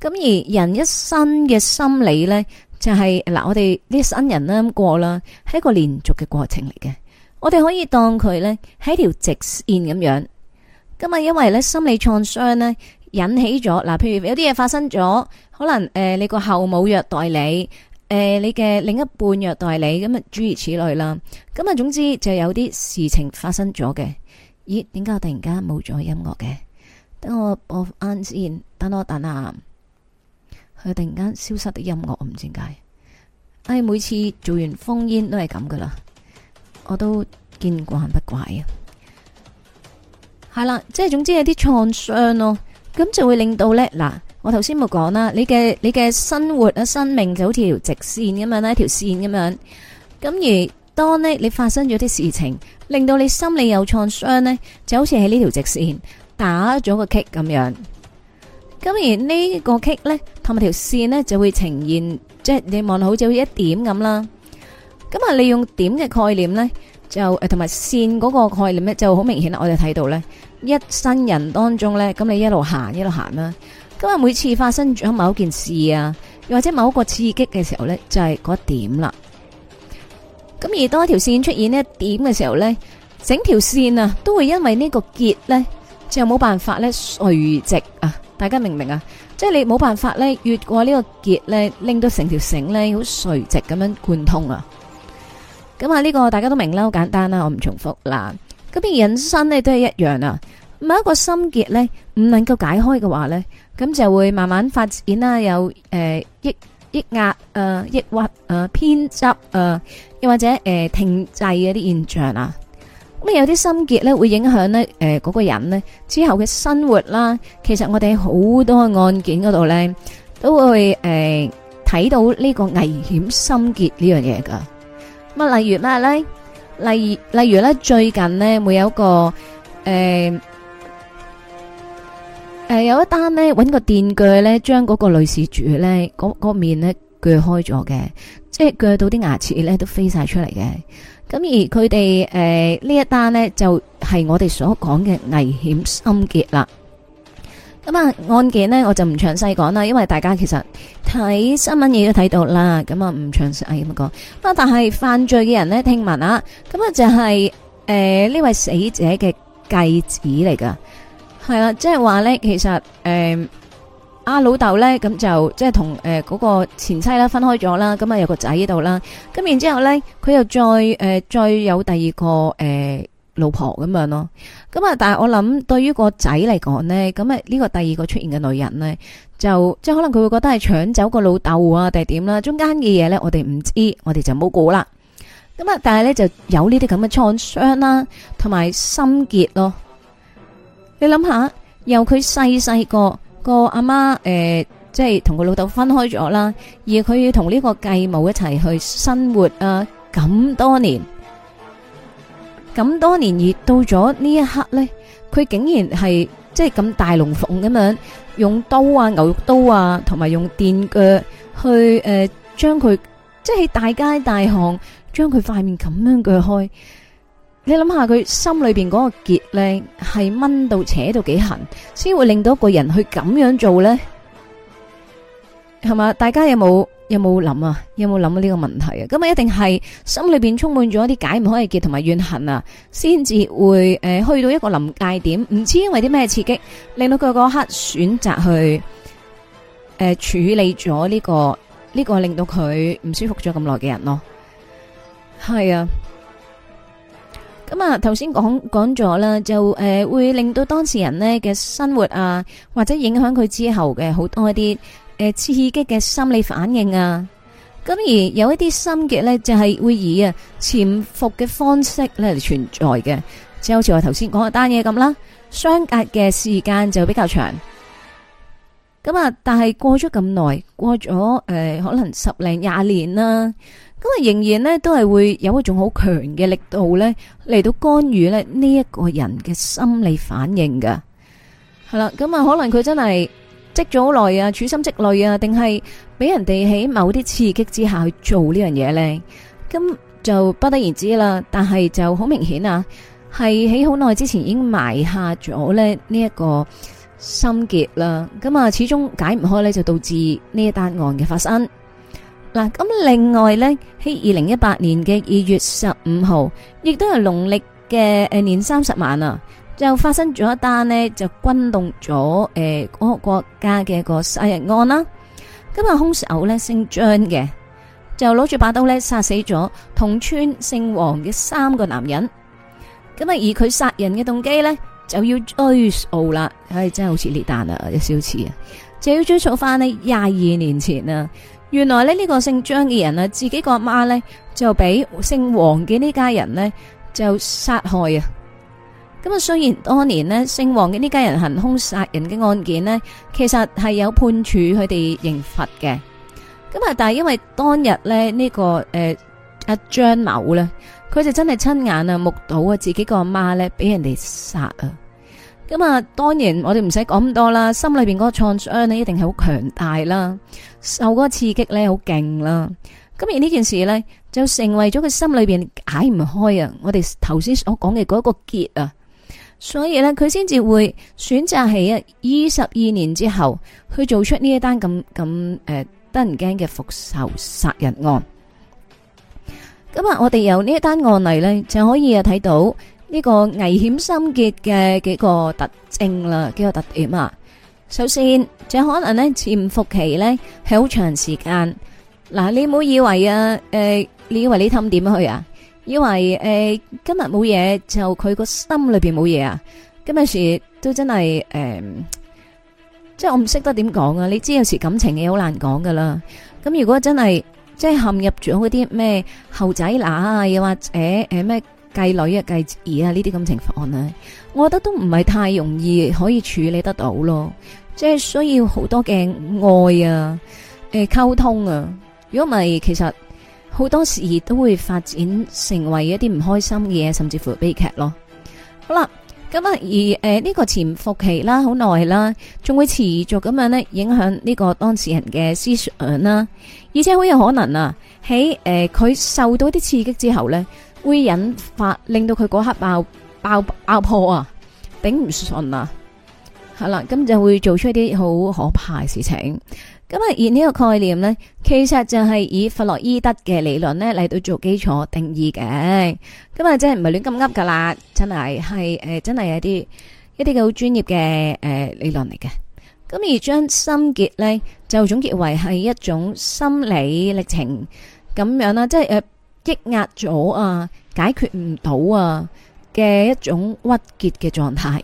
咁而人一生嘅心理咧，就係、是、嗱、呃，我哋呢一生人啦咁過啦，係一個連續嘅過程嚟嘅。我哋可以當佢咧係一條直線咁樣。咁啊，因為咧心理創傷咧。引起咗嗱，譬如有啲嘢發生咗，可能誒、呃，你個後母虐待你，誒、呃，你嘅另一半虐待你，咁啊諸如此類啦。咁啊，總之就有啲事情發生咗嘅。咦？點解我突然間冇咗音樂嘅？等我播翻先，等我等下，佢突然間消失的音樂，我唔知點解。唉，每次做完封煙都係咁噶啦，我都見慣不怪啊。係啦，即係總之有啲創傷咯。咁就會令到呢嗱，我頭先冇講啦，你嘅你嘅生活啊、生命就好似條直線咁樣咧，條線咁樣。咁而當呢你發生咗啲事情，令到你心理有創傷呢，就好似喺呢條直線打咗個結咁樣。咁而呢個結呢，同埋條線呢就會呈現，即係你望好似一點咁啦。咁啊，利用點嘅概念呢，就誒同埋線嗰個概念呢就好明顯啦，我哋睇到呢。一生人當中咧，咁你一路行一路行啦。咁啊，每次發生咗某一件事啊，或者某一個刺激嘅時候咧，就係嗰點啦。咁而當一條線出現呢一點嘅時候咧，整條線啊都會因為呢個結咧就冇辦法咧垂直啊！大家明唔明啊？即係你冇辦法咧越過呢個結咧，拎到成條繩咧好垂直咁樣貫通啊！咁啊，呢個大家都明啦，好簡單啦，我唔重複啦。咁邊人生咧都係一樣啊！某一個心結咧唔能夠解開嘅話咧，咁就會慢慢發展啦、呃呃呃呃呃，有誒抑抑壓誒抑鬱偏執誒，又或者誒停滯嗰啲現象啊！咁有啲心結咧會影響咧誒嗰個人呢之後嘅生活啦。其實我哋好多案件嗰度咧都會誒睇到呢個危險心結呢樣嘢噶。乜例如咩咧？例如，例如咧，最近呢，會有一個誒誒、呃呃，有一單咧，搵個電鋸咧，將嗰個女事主咧，個面呢鋸開咗嘅，即係鋸到啲牙齒呢都飛晒出嚟嘅。咁而佢哋誒呢一單呢，就係我哋所講嘅危險心結啦。咁啊，案件咧我就唔詳細講啦，因為大家其實睇新聞亦都睇到啦。咁啊，唔詳細係咁講。不但係犯罪嘅人咧，聽聞啊，咁啊就係誒呢位死者嘅繼子嚟噶，係啦，即係話咧，其實誒阿老豆咧，咁、呃啊、就即係同誒嗰個前妻啦分開咗啦，咁啊有個仔喺度啦，咁然之後咧，佢又再誒、呃、再有第二個誒。呃老婆咁樣咯，咁啊，但係我諗對於個仔嚟講呢，咁啊呢個第二個出現嘅女人呢，就即係可能佢會覺得係搶走個老豆啊，定係點啦？中間嘅嘢呢，我哋唔知，我哋就冇估啦。咁啊，但係呢就有呢啲咁嘅創傷啦，同埋心結咯。你諗下，由佢細細個個阿媽誒，即係同個老豆分開咗啦，而佢要同呢個繼母一齊去生活啊，咁多年。咁多年，而到咗呢一刻咧，佢竟然係即係咁大龍鳳咁樣用刀啊、牛肉刀啊，同埋用電鋸去誒將佢即係大街大巷將佢塊面咁樣鋸開。你諗下佢心裏邊嗰個結咧，係掹到扯到幾痕，先會令到一個人去咁樣做咧？係嘛？大家有冇有冇諗啊？有冇諗過呢個問題啊？咁啊，一定係心裏邊充滿咗一啲解唔開嘅結同埋怨恨啊，先至會誒去到一個臨界點。唔知因為啲咩刺激，令到佢嗰刻選擇去誒、呃、處理咗呢個呢個，這個，令到佢唔舒服咗咁耐嘅人咯。係啊，咁啊，頭先講講咗啦，就誒、呃、會令到當事人呢嘅生活啊，或者影響佢之後嘅好多一啲。誒，刺激嘅心理反應啊，咁而有一啲心結咧，就係會以啊潛伏嘅方式咧嚟存在嘅，即係好似我頭先講嘅單嘢咁啦，相隔嘅時間就比較長，咁啊，但係過咗咁耐，過咗誒可能十零廿年啦，咁啊仍然呢都係會有一種好強嘅力度咧嚟到干預咧呢一個人嘅心理反應噶，係啦，咁啊可能佢真係。積咗好耐啊，處心積慮啊，定係俾人哋喺某啲刺激之下去做呢樣嘢呢？咁就不得而知啦。但係就好明顯啊，係喺好耐之前已經埋下咗呢呢一個心結啦。咁啊，始終解唔開呢，就導致呢一單案嘅發生。嗱，咁另外呢喺二零一八年嘅二月十五號，亦都係農曆嘅誒年三十晚啊。就發生咗一單呢，就轟動咗誒，嗰、呃、個國家嘅個殺人案啦。今日凶手咧姓張嘅，就攞住把刀咧殺死咗同村姓王嘅三個男人。咁啊，而佢殺人嘅動機呢，就要追溯啦。唉、哎，真係好似列旦啊，有少似啊，就要追溯翻呢廿二年前啊。原來呢，呢、這個姓張嘅人啊，自己個阿媽呢，就俾姓王嘅呢家人呢，就殺害啊。咁啊，雖然當年呢，姓王嘅呢家人行兇殺人嘅案件呢，其實係有判處佢哋刑罰嘅。咁啊，但係因為當日呢，呢個誒阿張某呢，佢就真係親眼啊目睹啊自己個阿媽呢俾人哋殺啊。咁啊，當然我哋唔使講咁多啦，心裏邊嗰個創傷呢，一定係好強大啦，受嗰個刺激呢，好勁啦。咁而呢件事呢，就成為咗佢心裏邊解唔開啊，我哋頭先所講嘅嗰個結啊。所以咧，佢先至會選擇喺一二十二年之後去做出呢一單咁咁誒得人驚嘅復仇殺人案。咁啊，我哋由呢一單案例咧，就可以啊睇到呢個危險心結嘅幾個特徵啦，幾個特點啊。首先，就可能咧潛伏期咧係好長時間。嗱，你唔好以為啊，誒、呃，你以為你氹點去啊？因為誒、呃、今日冇嘢，就佢個心裏面冇嘢啊。今日時都真係誒、呃，即係我唔識得點講啊。你知有時感情嘢好難講噶啦。咁如果真係即係陷入咗嗰啲咩後仔乸啊，又或者誒咩、呃、繼女啊、繼兒啊呢啲咁情況啊，我覺得都唔係太容易可以處理得到咯。即係需要好多嘅愛啊，誒、呃、溝通啊。如果唔係，其實。好多時都會發展成為一啲唔開心嘅嘢，甚至乎悲劇咯。好啦，咁啊而誒呢、呃這個潛伏期啦，好耐啦，仲會持續咁樣咧影響呢個當事人嘅思想啦，而且好有可能啊，喺誒佢受到啲刺激之後咧，會引發令到佢嗰刻爆爆爆破啊，頂唔順啊，係啦，咁就會做出一啲好可怕嘅事情。咁啊，而呢個概念咧，其實就係以弗洛伊德嘅理論咧嚟到做基礎定義嘅。咁啊，即係唔係亂咁噏噶啦，真係係誒，真係一啲一啲嘅好專業嘅誒理論嚟嘅。咁而將心結咧就總結為係一種心理歷程咁樣啦，即係誒抑壓咗啊，解決唔到啊嘅一種鬱結嘅狀態。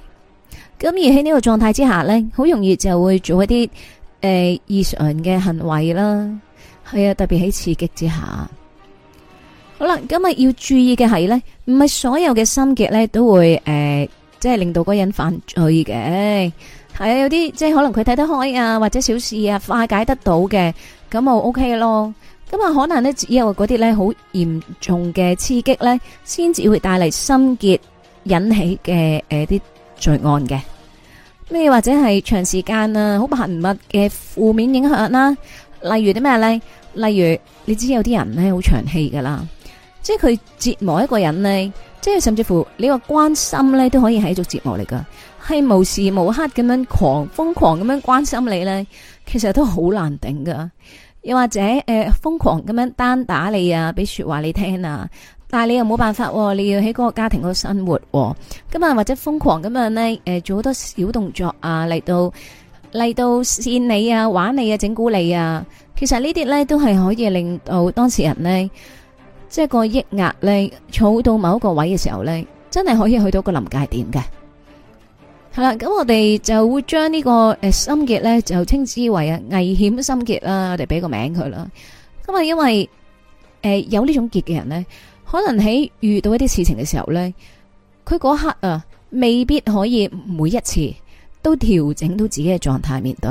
咁而喺呢個狀態之下咧，好容易就會做一啲。誒，異常嘅行為啦，係啊，特別喺刺激之下。好啦，咁啊要注意嘅係咧，唔係所有嘅心結咧都會誒、呃，即係令到嗰人犯罪嘅。係啊，有啲即係可能佢睇得開啊，或者小事啊化解得到嘅，咁就 OK 咯。咁啊，可能咧只有嗰啲咧好嚴重嘅刺激咧，先至會帶嚟心結引起嘅誒啲罪案嘅。咩或者係長時間啊好頻密嘅負面影響啦，例如啲咩咧？例如你知有啲人咧好長氣噶啦，即係佢折磨一個人咧，即係甚至乎你話關心咧都可以係一種折磨嚟噶，係無時無刻咁樣狂瘋狂咁樣關心你咧，其實都好難頂噶，又或者誒瘋狂咁樣單打你啊，俾說話你聽啊。但係你又冇辦法，你要喺嗰個家庭個生活咁啊，或者瘋狂咁啊，咧誒，做好多小動作啊，嚟到嚟到扇你啊，玩你啊，整蠱你啊。其實呢啲咧都係可以令到當事人咧，即係個抑壓咧，儲到某一個位嘅時候咧，真係可以去到個臨界點嘅。係啦，咁我哋就會將呢個誒心結咧，就稱之為啊危險心結啦。我哋俾個名佢啦。咁啊，因為誒有呢種結嘅人咧。可能喺遇到一啲事情嘅時候呢，佢嗰刻啊，未必可以每一次都調整到自己嘅狀態面對。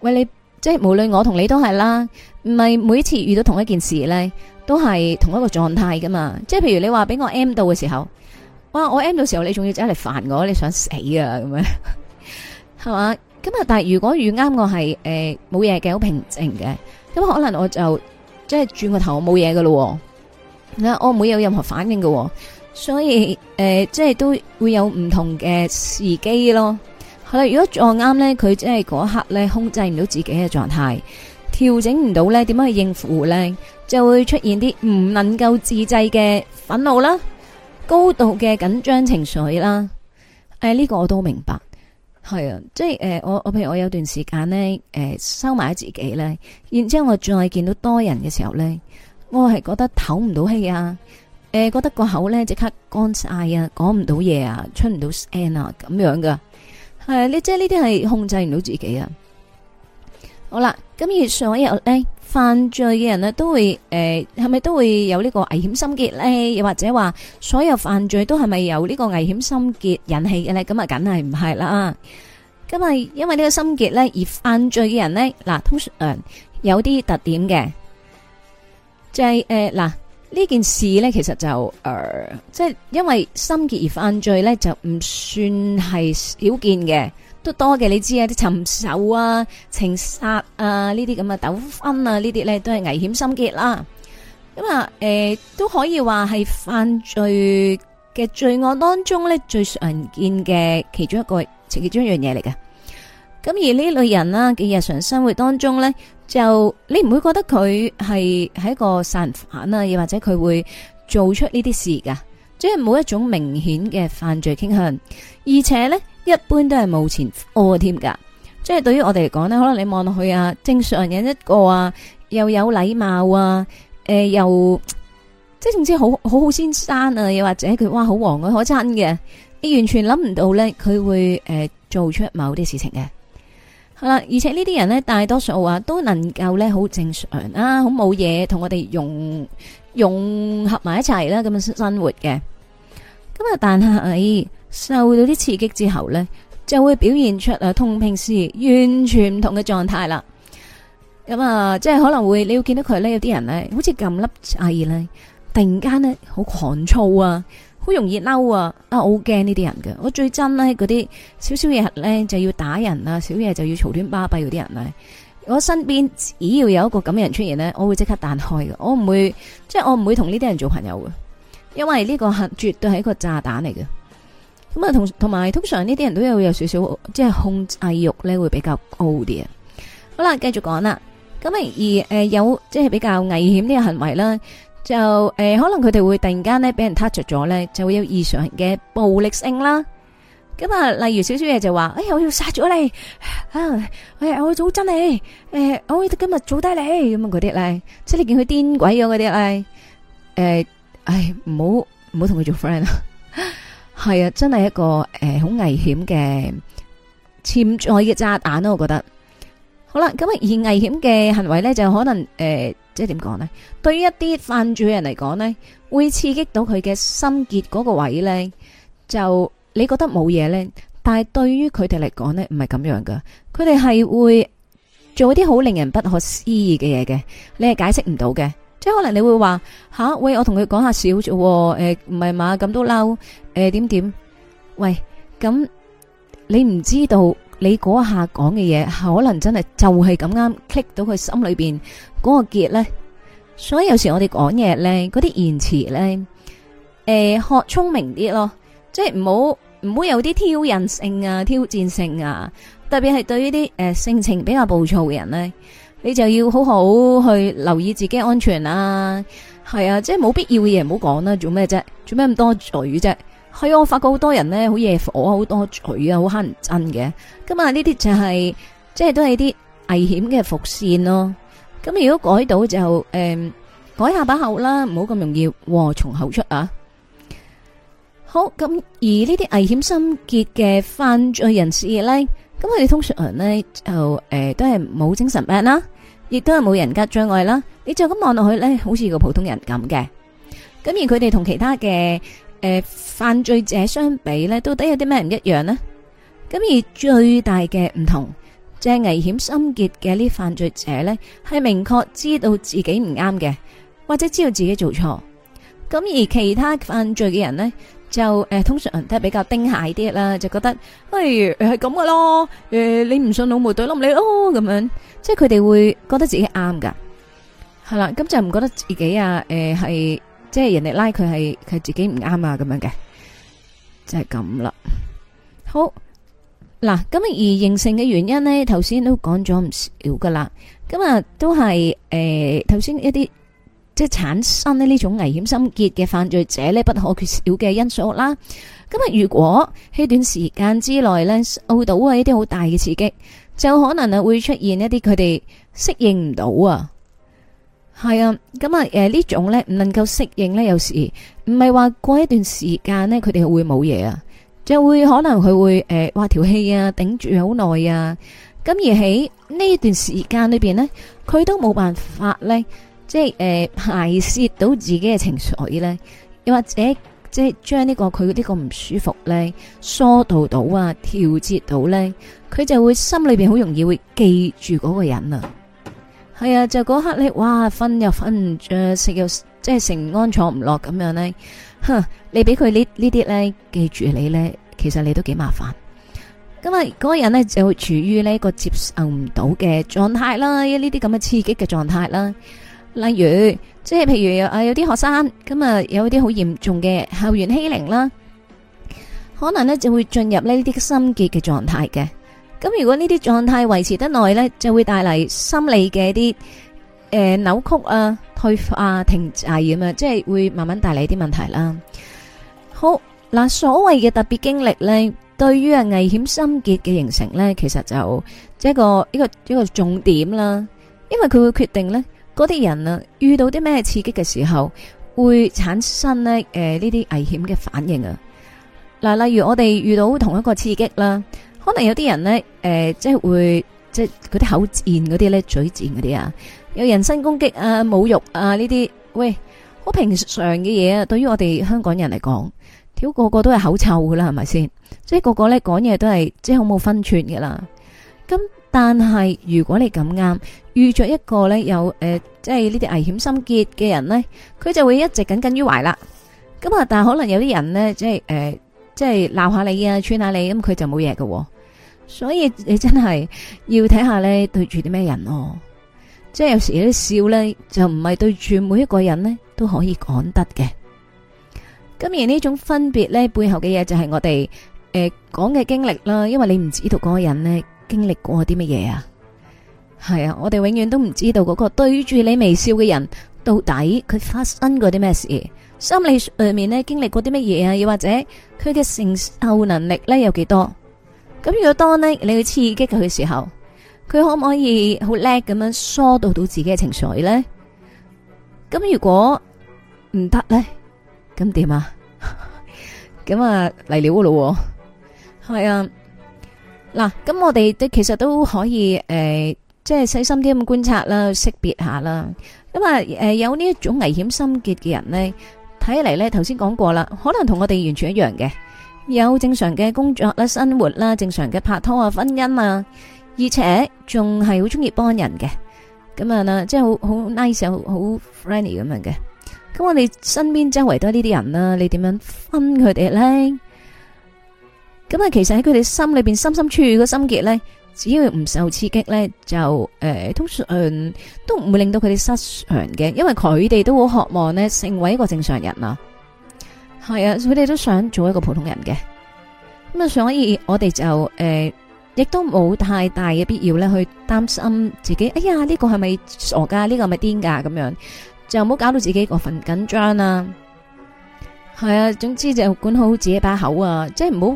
喂，你即係無論我同你都係啦，唔係每次遇到同一件事呢，都係同一個狀態噶嘛？即係譬如你話俾我 M 到嘅時候，哇，我 M 到時候你仲要走嚟煩我，你想死啊？咁樣係嘛？咁 啊，但係如果遇啱我係誒冇嘢嘅，好、呃、平靜嘅，咁可能我就即係轉個頭冇嘢噶咯。我唔會有任何反應嘅，所以誒、呃，即係都會有唔同嘅時機咯。係啦，如果撞啱呢，佢即係嗰刻呢，控制唔到自己嘅狀態，調整唔到呢，點樣去應付呢，就會出現啲唔能夠自制嘅憤怒啦，高度嘅緊張情緒啦。誒、呃，呢、這個我都明白，係啊，即係誒、呃，我我譬如我有段時間呢誒，收、呃、埋自己呢，然之後我再見到多人嘅時候呢。我係覺得唞唔到氣啊，誒，覺得個口咧即刻乾晒啊，講唔到嘢啊，出唔到聲啊，咁樣噶，係咧即係呢啲係控制唔到自己啊。好啦，咁而所有咧犯罪嘅人咧都會誒，係咪都會有呢個危險心結咧？又或者話所有犯罪都係咪由呢個危險心結引起嘅咧？咁啊，梗係唔係啦。咁啊，因為呢個心結咧而犯罪嘅人咧，嗱，通常誒有啲特點嘅。就係誒嗱呢件事咧，其實就誒即係因為心結而犯罪咧，就唔算係少見嘅，都多嘅。你知啊，啲尋仇啊、情殺啊呢啲咁嘅糾紛啊，這些呢啲咧都係危險心結啦。咁、嗯、啊，誒、呃、都可以話係犯罪嘅罪案當中咧最常見嘅其中一個其中一樣嘢嚟嘅。咁而呢類人啦嘅日常生活當中咧，就你唔會覺得佢係喺個殺人犯啊，又或者佢會做出呢啲事噶？即係冇一種明顯嘅犯罪傾向，而且咧一般都係冇前科添噶。即係對於我哋嚟講呢，可能你望落去啊，正常人一個啊，又有禮貌啊，誒、呃，又即係總之好好好先生啊，又或者佢哇好和藹可親嘅，你完全諗唔到咧，佢會誒做出某啲事情嘅。係啦，而且呢啲人咧，大多數啊都能夠咧好正常啊，好冇嘢，同我哋融融合埋一齊啦，咁樣生活嘅。咁啊，但係受到啲刺激之後咧，就會表現出啊同平時完全唔同嘅狀態啦。咁、嗯、啊，即係可能會你會見到佢咧，有啲人咧好似撳粒掣咧，突然間咧好狂躁啊。好容易嬲啊！啊，我好驚呢啲人嘅。我最憎咧，嗰啲少少嘢咧就要打人啊，少嘢就要嘈端巴閉嗰啲人咧。我身邊只要有一個咁嘅人出現咧，我會即刻彈開嘅。我唔會，即係我唔會同呢啲人做朋友嘅，因為呢個係絕對係一個炸彈嚟嘅。咁啊，同同埋通常呢啲人都有有少少，即係控制欲咧會比較高啲啊。好啦，繼續講啦。咁啊，而誒有、呃、即係比較危險呢個行為啦。就誒，可能佢哋會突然間咧俾人 touch 咗咧，就會有異常嘅暴力性啦。咁啊，例如少少嘢就話，哎，我要殺咗你啊！我我做真你誒，我今日做低你咁啊，嗰啲咧，即係你見佢癲鬼樣嗰啲咧，誒，唉，唔好唔好同佢做 friend 啊！係啊，真係一個誒好危險嘅潛在嘅炸彈咯，我覺得。好啦，咁啊，而危險嘅行為咧，就可能誒。即係點講呢？對於一啲犯罪人嚟講呢，會刺激到佢嘅心結嗰個位呢，就你覺得冇嘢呢？但係對於佢哋嚟講呢，唔係咁樣噶佢哋係會做啲好令人不可思議嘅嘢嘅，你係解釋唔到嘅。即係可能你會話吓，喂，我同佢講下笑啫，誒、呃，唔係嘛，咁都嬲，誒、呃，點點？喂，咁你唔知道。你嗰下講嘅嘢，可能真係就係咁啱 click 到佢心裏邊嗰個結咧，所以有時我哋講嘢咧，嗰啲言辭咧，誒學聰明啲咯，即係唔好唔好有啲挑釁性啊、挑戰性啊，特別係對於啲誒性情比較暴躁嘅人咧，你就要好好去留意自己安全啊。係啊，即係冇必要嘅嘢唔好講啦，做咩啫？做咩咁多嘴啫？係啊，我發覺好多人咧，好夜火，好多嘴啊，好乞人憎嘅。咁啊、就是，呢啲就係即係都係啲危險嘅伏綫咯。咁如果改到就誒、嗯，改下把口啦，唔好咁容易禍從口出啊。好，咁而呢啲危險心結嘅犯罪人士咧，咁佢哋通常咧就誒、呃、都係冇精神病啦，亦都係冇人格障礙啦。你就咁望落去咧，好似個普通人咁嘅。咁而佢哋同其他嘅。誒，犯罪者相比咧，到底有啲咩唔一樣呢？咁而最大嘅唔同，即係危險心結嘅呢犯罪者咧，係明確知道自己唔啱嘅，或者知道自己做錯。咁而其他犯罪嘅人咧，就誒，通常人都係比較丁蟹啲啦，就覺得，喂、hey，係咁嘅咯，誒你唔信老糊塗，冧你咯，咁樣，即係佢哋會覺得自己啱噶，係啦，咁就唔覺得自己啊，誒係。即係人哋拉佢係佢自己唔啱啊，咁樣嘅，即係咁啦。好嗱，咁而形成嘅原因呢，頭先都講咗唔少噶啦。咁啊，都係誒，頭、呃、先一啲即係產生呢種危險心結嘅犯罪者呢，不可缺少嘅因素啦。咁啊，如果喺短時間之內呢，受到啊呢啲好大嘅刺激，就可能啊會出現一啲佢哋適應唔到啊。係啊，咁、嗯、啊，誒，呢種咧唔能夠適應咧，有時唔係話過一段時間咧，佢哋會冇嘢啊，就會可能佢會誒話條氣啊，頂住好耐啊，咁而喺呢段時間裏邊咧，佢都冇辦法咧，即係誒排泄到自己嘅情緒咧，又或者即係將呢個佢啲個唔舒服咧疏導到啊，調節到咧，佢就會心裏邊好容易會記住嗰個人啊。係啊，就嗰刻你哇，瞓又瞓唔着，食又即係成安坐唔落咁樣呢。哼，你俾佢呢呢啲呢，記住你呢，其實你都幾麻煩。咁啊，嗰個人呢就會處於呢個接受唔到嘅狀態啦，呢啲咁嘅刺激嘅狀態啦，例如即係譬如啊，有啲學生咁啊，有啲好嚴重嘅校園欺凌啦，可能呢就會進入呢啲心結嘅狀態嘅。咁如果呢啲狀態維持得耐呢，就會帶嚟心理嘅一啲誒扭曲啊、退化、停滯咁啊，即係會慢慢帶嚟啲問題啦。好嗱，所謂嘅特別經歷呢，對於啊危險心結嘅形成呢，其實就即係一個一個一個重點啦。因為佢會決定呢，嗰啲人啊遇到啲咩刺激嘅時候會產生呢誒呢啲危險嘅反應啊。嗱，例如我哋遇到同一個刺激啦。可能有啲人咧，誒、呃，即係會即係嗰啲口賤嗰啲咧，嘴賤嗰啲啊，有人身攻擊啊，侮辱啊呢啲，喂，好平常嘅嘢啊，對於我哋香港人嚟講，挑個個都係口臭噶啦，係咪先？即係個個咧講嘢都係即係好冇分寸噶啦。咁但係如果你咁啱遇着一個咧有誒、呃，即係呢啲危險心結嘅人咧，佢就會一直耿耿於懷啦。咁啊，但係可能有啲人咧，即係誒、呃，即係鬧下你啊，串下你，咁佢就冇嘢噶。所以你真係要睇下咧，對住啲咩人咯，即係有時啲笑呢，就唔係對住每一個人呢都可以講得嘅。咁而呢種分別呢，背後嘅嘢就係我哋誒講嘅經歷啦。因為你唔知道嗰個人呢經歷過啲乜嘢啊，係啊，我哋永遠都唔知道嗰個對住你微笑嘅人到底佢發生過啲咩事，心理上面呢經歷過啲乜嘢啊，又或者佢嘅承受能力呢？有幾多？咁如果當呢，你去刺激佢嘅時候，佢可唔可以好叻咁樣疏導到自己嘅情緒咧？咁如果唔得咧，咁點啊？咁啊，嚟料嘅咯，係啊。嗱，咁我哋都其實都可以誒，即係細心啲咁觀察啦，識別下啦。咁啊，誒，有呢一種危險心結嘅人咧，睇嚟咧，頭先講過啦，可能同我哋完全一樣嘅。有正常嘅工作啦、生活啦、正常嘅拍拖啊、婚姻啊，而且仲係好中意幫人嘅，咁啊，即係好好 nice、好 friendly 咁樣嘅。咁我哋身邊周圍都係呢啲人啦，你點樣分佢哋呢？咁啊，其實喺佢哋心裏邊深深處嘅心結呢，只要唔受刺激呢，就誒，通常都唔會令到佢哋失常嘅，因為佢哋都好渴望呢成為一個正常人啊。係啊，佢哋都想做一個普通人嘅咁啊，所以我哋就誒、呃，亦都冇太大嘅必要咧，去擔心自己。哎呀，呢、這個係咪傻噶？呢、這個係咪癲噶？咁樣就唔好搞到自己個份緊張啊。係啊，總之就管好自己把口啊，即係唔好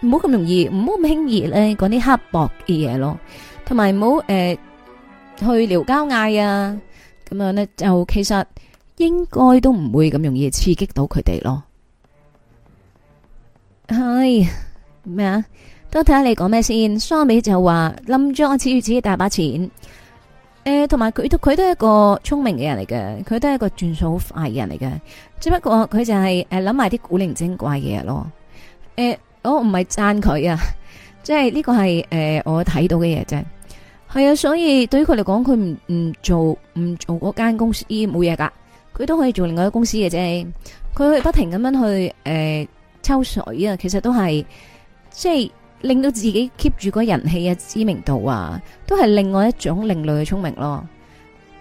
唔好咁容易，唔好咁輕易咧講啲刻薄嘅嘢咯。同埋唔好誒去撩交嗌啊，咁樣咧就其實應該都唔會咁容易刺激到佢哋咯。係咩啊？都睇下你講咩先。梳尾就話冧咗，自己自己大把錢。誒、呃，同埋佢都佢都係一個聰明嘅人嚟嘅，佢都係一個轉數好快嘅人嚟嘅。只不過佢就係誒諗埋啲古靈精怪嘅嘢咯。誒、呃，我唔係讚佢啊，即係呢個係誒、呃、我睇到嘅嘢啫。係啊，所以對於佢嚟講，佢唔唔做唔做嗰間公司冇嘢噶，佢都可以做另外一個公司嘅啫。佢不停咁樣去誒。呃抽水啊，其實都係即係令到自己 keep 住嗰人氣啊、知名度啊，都係另外一種另類嘅聰明咯。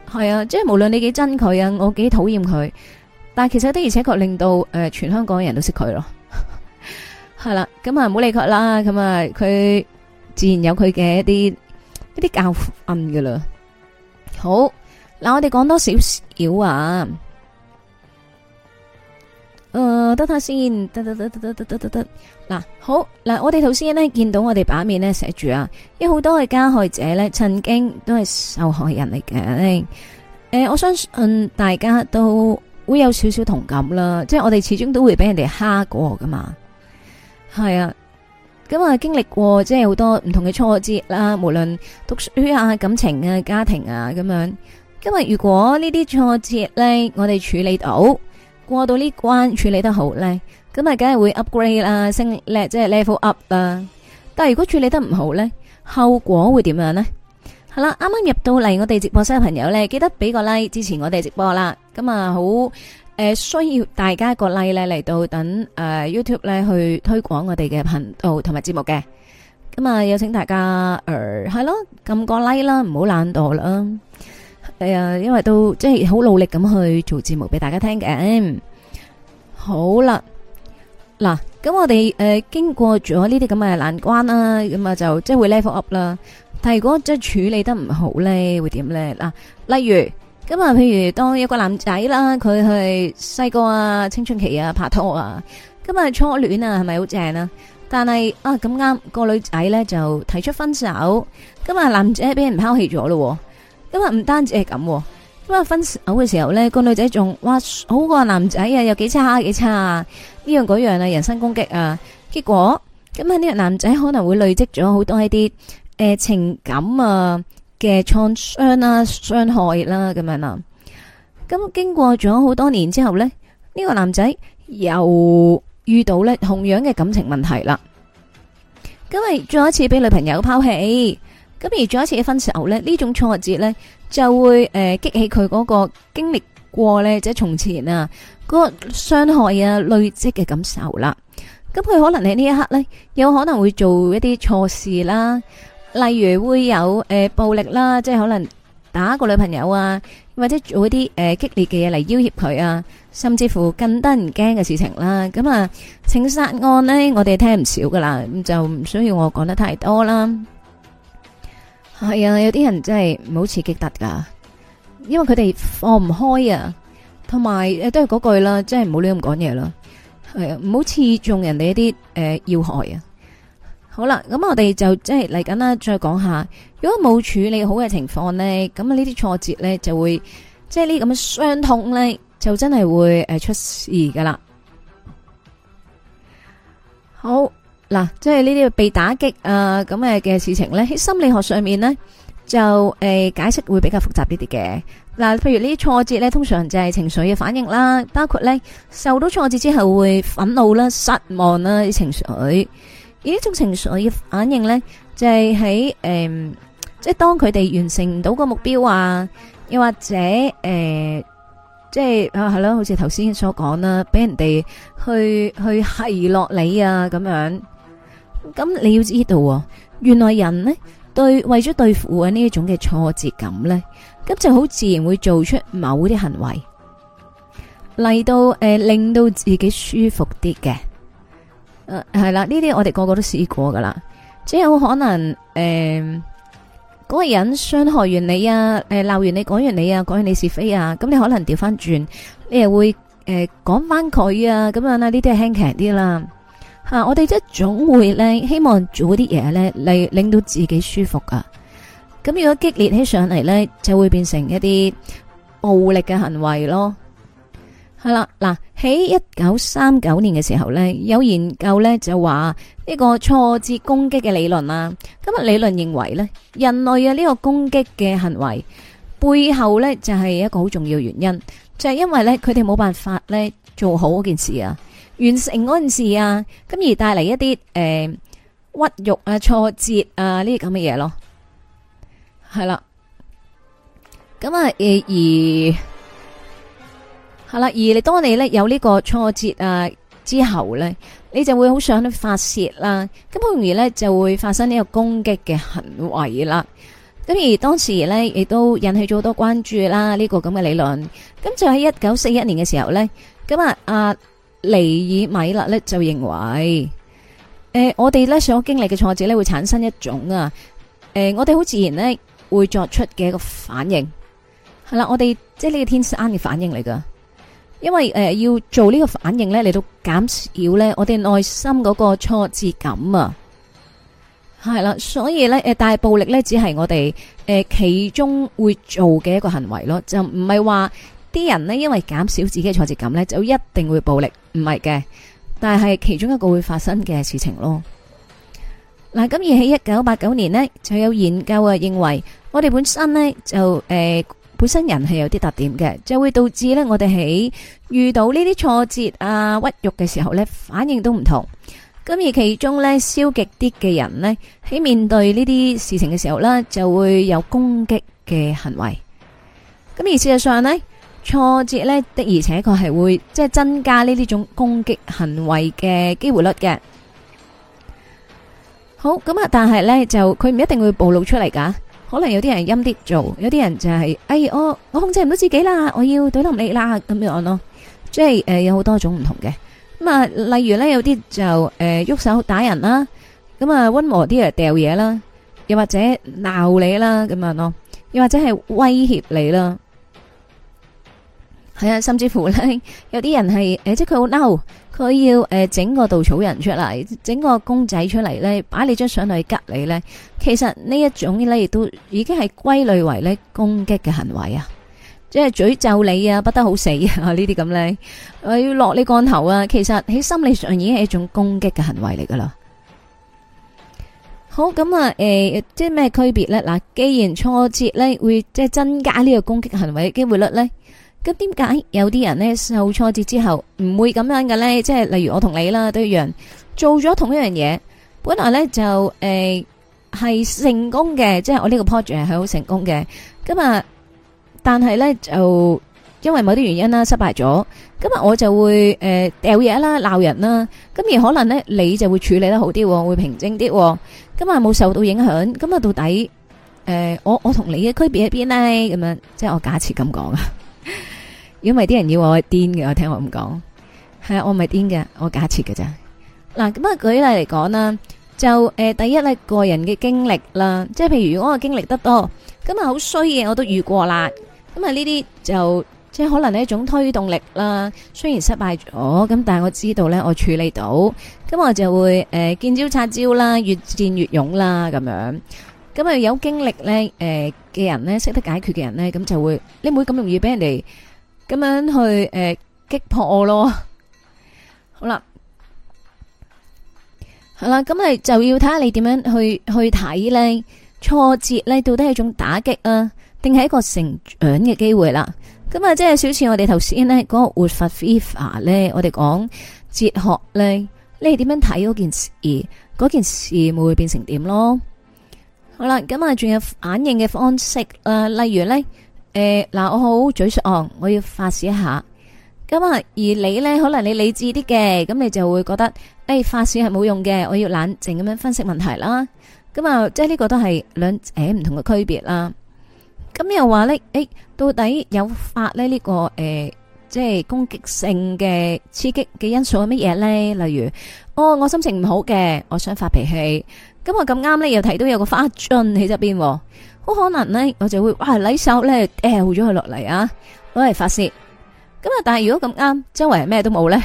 係啊，即係無論你幾憎佢啊，我幾討厭佢，但係其實的而且確令到誒全香港嘅人都識佢咯。係啦，咁啊唔好理佢啦，咁啊佢自然有佢嘅一啲一啲教訓噶啦。好，嗱我哋講多少少啊。誒，得下，呃，先看看，得得得得得得得得得。嗱，好，嗱，我哋頭先呢見到我哋版面呢寫住啊，有好多嘅加害者呢曾經都係受害人嚟嘅。誒，我相信大家都會有少少同感啦，即係我哋始終都會俾人哋蝦過噶嘛。係啊，咁、嗯、啊經歷過即係好多唔同嘅挫折啦，無論讀書啊、感情啊、家庭啊咁樣。因為如果呢啲挫折咧，我哋處理到。過到呢關，處理得好咧，咁啊梗係會 upgrade 啦，升呢即係 level up 啦。但係如果處理得唔好咧，後果會點樣咧？係啦，啱啱入到嚟我哋直播室嘅朋友咧，記得俾個 like 支持我哋直播啦。咁啊好誒，需要大家個 like 咧嚟到等誒 YouTube 咧去推廣我哋嘅頻道同埋節目嘅。咁啊，有請大家誒係咯，撳個 like 啦，唔好懶惰啦。係啊，因為都即係好努力咁去做節目俾大家聽嘅。好啦，嗱，咁我哋誒經過咗呢啲咁嘅難關啦，咁啊就即係會 level up 啦。但係如果即係處理得唔好咧，會點咧？嗱，例如今日譬如當一個男仔啦，佢係細個啊，青春期啊，拍拖啊，今日初戀啊，係咪好正啊？但係啊咁啱個女仔咧就提出分手，今日男仔俾人拋棄咗咯。咁啊，唔單止係咁，咁啊分手嘅時候咧，個女仔仲哇好過男仔啊，又幾差幾差啊，呢樣嗰樣啊，人身攻擊啊，結果咁啊呢個男仔可能會累積咗好多一啲誒情感啊嘅創傷啦、傷害啦咁樣啦。咁經過咗好多年之後咧，呢個男仔又遇到咧同樣嘅感情問題啦，因為再一次俾女朋友拋棄。咁而再一次嘅分手咧，呢種挫折咧就會誒激起佢嗰個經歷過咧，即係從前啊，嗰個傷害啊累積嘅感受啦。咁佢可能喺呢一刻咧，有可能會做一啲錯事啦，例如會有誒暴力啦，即係可能打個女朋友啊，或者做一啲誒激烈嘅嘢嚟要挾佢啊，甚至乎更得人驚嘅事情啦。咁啊，情殺案咧，我哋聽唔少噶啦，咁就唔需要我講得太多啦。係啊，有啲人真係唔好刺激得噶，因為佢哋放唔開啊，同埋誒都係嗰句啦，即係唔好亂咁講嘢啦，係啊，唔好刺中人哋一啲誒要害啊。好啦，咁我哋就即係嚟緊啦，再講下，如果冇處理好嘅情況呢，咁呢啲挫折呢，就會，即係呢啲咁嘅傷痛呢，就真係會誒出事噶啦。好。嗱，即係呢啲被打擊啊咁樣嘅事情呢，喺心理學上面呢，就誒解釋會比較複雜啲啲嘅。嗱，譬如呢啲挫折呢，通常就係情緒嘅反應啦，包括呢受到挫折之後會憤怒啦、失望啦啲情緒。而呢種情緒嘅反應呢，就係喺誒，即係當佢哋完成唔到個目標啊，又或者誒，即係係咯，好似頭先所講啦，俾人哋去去奚落你啊咁樣。咁你要知道，原來人呢，對為咗對付呢一種嘅挫折感呢，咁就好自然會做出某啲行為嚟到誒、呃，令到自己舒服啲嘅。係係啦，呢啲我哋個個都試過噶啦，即係有可能誒，嗰、呃那個人傷害完你啊，誒鬧完你，講完你啊，講完，完你是非啊，咁你可能調翻轉，你又會誒講翻佢啊，咁樣呢啲係輕騎啲啦。吓、啊，我哋即係總會咧，希望做啲嘢咧嚟令到自己舒服噶。咁如果激烈起上嚟咧，就會變成一啲暴力嘅行為咯。係啦，嗱、啊，喺一九三九年嘅時候咧，有研究咧就話呢、這個挫折攻擊嘅理論啦、啊。咁個理論認為咧，人類嘅呢個攻擊嘅行為背後咧就係、是、一個好重要原因，就係、是、因為咧佢哋冇辦法咧做好嗰件事啊。完成嗰陣時啊，咁而帶嚟一啲誒、呃、屈辱啊、挫折啊呢啲咁嘅嘢咯，係啦，咁啊誒而係啦，而你當你咧有呢個挫折啊之後咧，你就會好想去發洩啦，咁好容易咧就會發生呢個攻擊嘅行為啦。咁而當時咧亦都引起咗好多關注啦，呢、這個咁嘅理論。咁就喺一九四一年嘅時候咧，咁啊，啊尼爾米勒咧就認為，誒、呃，我哋咧所經歷嘅挫折咧會產生一種啊，誒、呃，我哋好自然咧會作出嘅一個反應，係啦，我哋即係呢個天生嘅反應嚟噶，因為誒、呃、要做呢個反應咧嚟到減少咧我哋內心嗰個挫折感啊，係啦，所以咧誒，呃、大暴力咧只係我哋誒、呃、其中會做嘅一個行為咯，就唔係話。啲人呢，因為減少自己嘅挫折感呢，就一定會暴力，唔係嘅。但係其中一個會發生嘅事情咯。嗱，咁而喺一九八九年呢，就有研究啊認為，我哋本身呢就誒本身人係有啲特點嘅，就會導致呢我哋喺遇到呢啲挫折啊屈辱嘅時候呢，反應都唔同。咁而其中呢消極啲嘅人呢，喺面對呢啲事情嘅時候呢，就會有攻擊嘅行為。咁而事實上呢。挫折咧，的而且確係會即係增加呢啲種攻擊行為嘅機會率嘅。好咁啊，但係咧就佢唔一定會暴露出嚟噶，可能有啲人陰啲做，有啲人就係誒，我我控制唔到自己啦，我要懟冧你啦咁樣咯，即係誒有好多種唔同嘅。咁啊，例如咧有啲就誒喐手打人啦，咁啊溫和啲嚟掉嘢啦，又或者鬧你啦咁樣咯，又或者係威脅你啦。係啊，甚至乎咧，有啲人係誒，即係佢好嬲，佢要誒、呃、整個稻草人出嚟，整個公仔出嚟咧，擺你張相去吉你咧。其實呢一種咧，亦都已經係歸類為咧攻擊嘅行為啊！即係詛咒你啊，不得好死啊！呢啲咁咧，我要落你降頭啊！其實喺心理上已經係一種攻擊嘅行為嚟噶啦。好咁啊，誒、呃，即係咩區別咧？嗱，既然挫折咧會即係增加呢個攻擊行為嘅機會率咧。咁點解有啲人呢，受挫折之後唔會咁樣嘅呢？即係例如我同你啦，都一樣做咗同一樣嘢，本來呢就誒係、呃、成功嘅，即係我呢個 project 係好成功嘅。咁啊但係呢就因為某啲原因啦，失敗咗。咁啊我就會誒掉嘢啦，鬧人啦。咁而可能呢，你就會處理得好啲，會平靜啲。咁啊冇受到影響。咁啊到底誒、呃、我我同你嘅區別喺邊呢？咁樣即係我假設咁講啊。如果唔係啲人以為我係癲嘅，我聽我咁講，係啊，我唔係癲嘅，我假設嘅咋。嗱咁啊，舉例嚟講啦，就誒、呃，第一咧個人嘅經歷啦，即係譬如如果我經歷得多，咁啊好衰嘅我都遇過啦，咁啊呢啲就即係可能一種推動力啦。雖然失敗咗，咁但係我知道咧，我處理到，咁我就會誒、呃、見招拆招啦，越戰越勇啦，咁樣。咁啊有經歷咧誒嘅人咧，識得解決嘅人咧，咁就會你唔會咁容易俾人哋。咁樣去誒擊、呃、破我咯，好啦，係啦，咁、嗯、咪就要睇下你點樣去去睇呢挫折呢，到底係一種打擊啊，定係一個成長嘅機會啦？咁啊，嗯、即係少似我哋頭先咧個活法 three 法咧，我哋講哲學呢，你點樣睇嗰件事？嗰件事會變成點咯？好啦，咁、嗯、啊，仲有反應嘅方式啊，例如呢誒，嗱，我好嘴碎，哦，我要發洩一下。咁啊，而你咧，可能你理智啲嘅，咁你就會覺得，誒，發洩係冇用嘅，我要冷靜咁樣分析問題啦。咁啊，即係呢個都係兩誒唔同嘅區別啦。咁又話咧，誒，到底有發咧呢個誒，即係攻擊性嘅刺激嘅因素係乜嘢咧？例如，哦，我心情唔好嘅，我想發脾氣。咁我咁啱咧，又睇到有個花樽喺側邊。好可能呢，我就會哇，禮手咧，誒，掟咗佢落嚟啊，攞嚟發洩。咁啊，但係如果咁啱，周圍係咩都冇咧，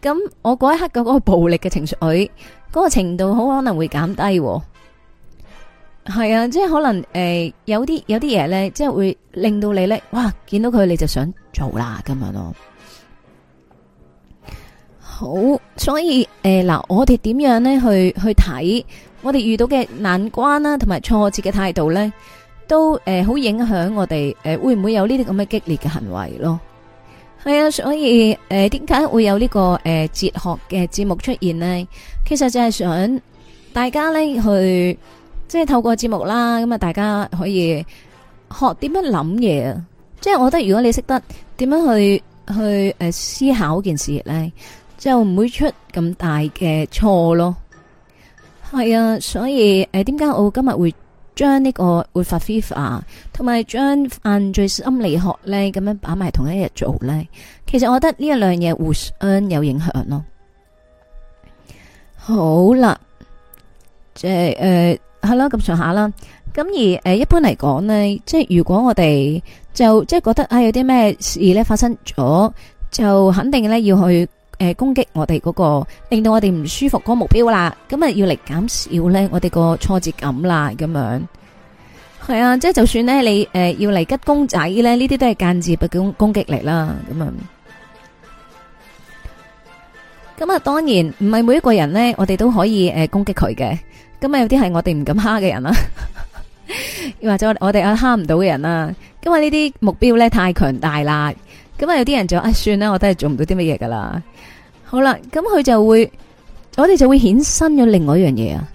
咁我嗰一刻嘅嗰個暴力嘅情緒，嗰、嗰個程度，好可能會減低啊。係啊，即係可能誒、呃，有啲有啲嘢咧，即係會令到你咧，哇，見到佢你就想做啦咁樣咯。好，所以誒，嗱、呃，我哋點樣咧去去睇？我哋遇到嘅難關啦，同埋挫折嘅態度呢都誒好影響我哋誒會唔會有呢啲咁嘅激烈嘅行為咯？係啊，所以誒點解會有呢、呢個誒、呃、哲學嘅節目出現呢？其實就係想大家呢去即係透過節目啦，咁啊大家可以學點樣諗嘢啊！即係我覺得如果你識得點樣去去誒思考件事呢就唔會出咁大嘅錯咯。係啊，所以誒，點解我今日會將呢個活法思維啊，同埋將犯罪心理學咧咁樣擺埋同一日做咧？其實我覺得呢兩樣嘢互相有影響咯。好啦，即係誒，係、呃、啦，咁上下啦。咁而誒，一般嚟講咧，即係如果我哋就即係覺得啊，有啲咩事咧發生咗，就肯定咧要去。誒，攻擊我哋嗰個令到我哋唔舒服嗰個目標啦，咁啊要嚟減少咧我哋個挫折感啦，咁樣係啊，即係就算咧你誒、呃、要嚟吉公仔咧，呢啲都係間接嘅攻擊力啦，咁啊，咁啊當然唔係每一個人咧，我哋都可以誒、呃、攻擊佢嘅，咁啊有啲係我哋唔敢蝦嘅人啦，又 或者我哋啊蝦唔到嘅人啦，咁啊呢啲目標咧太強大啦。咁啊、嗯，有啲人就啊，算啦，我都係做唔到啲乜嘢噶啦。好啦，咁、嗯、佢就會，我哋就會衍生咗另外一樣嘢啊。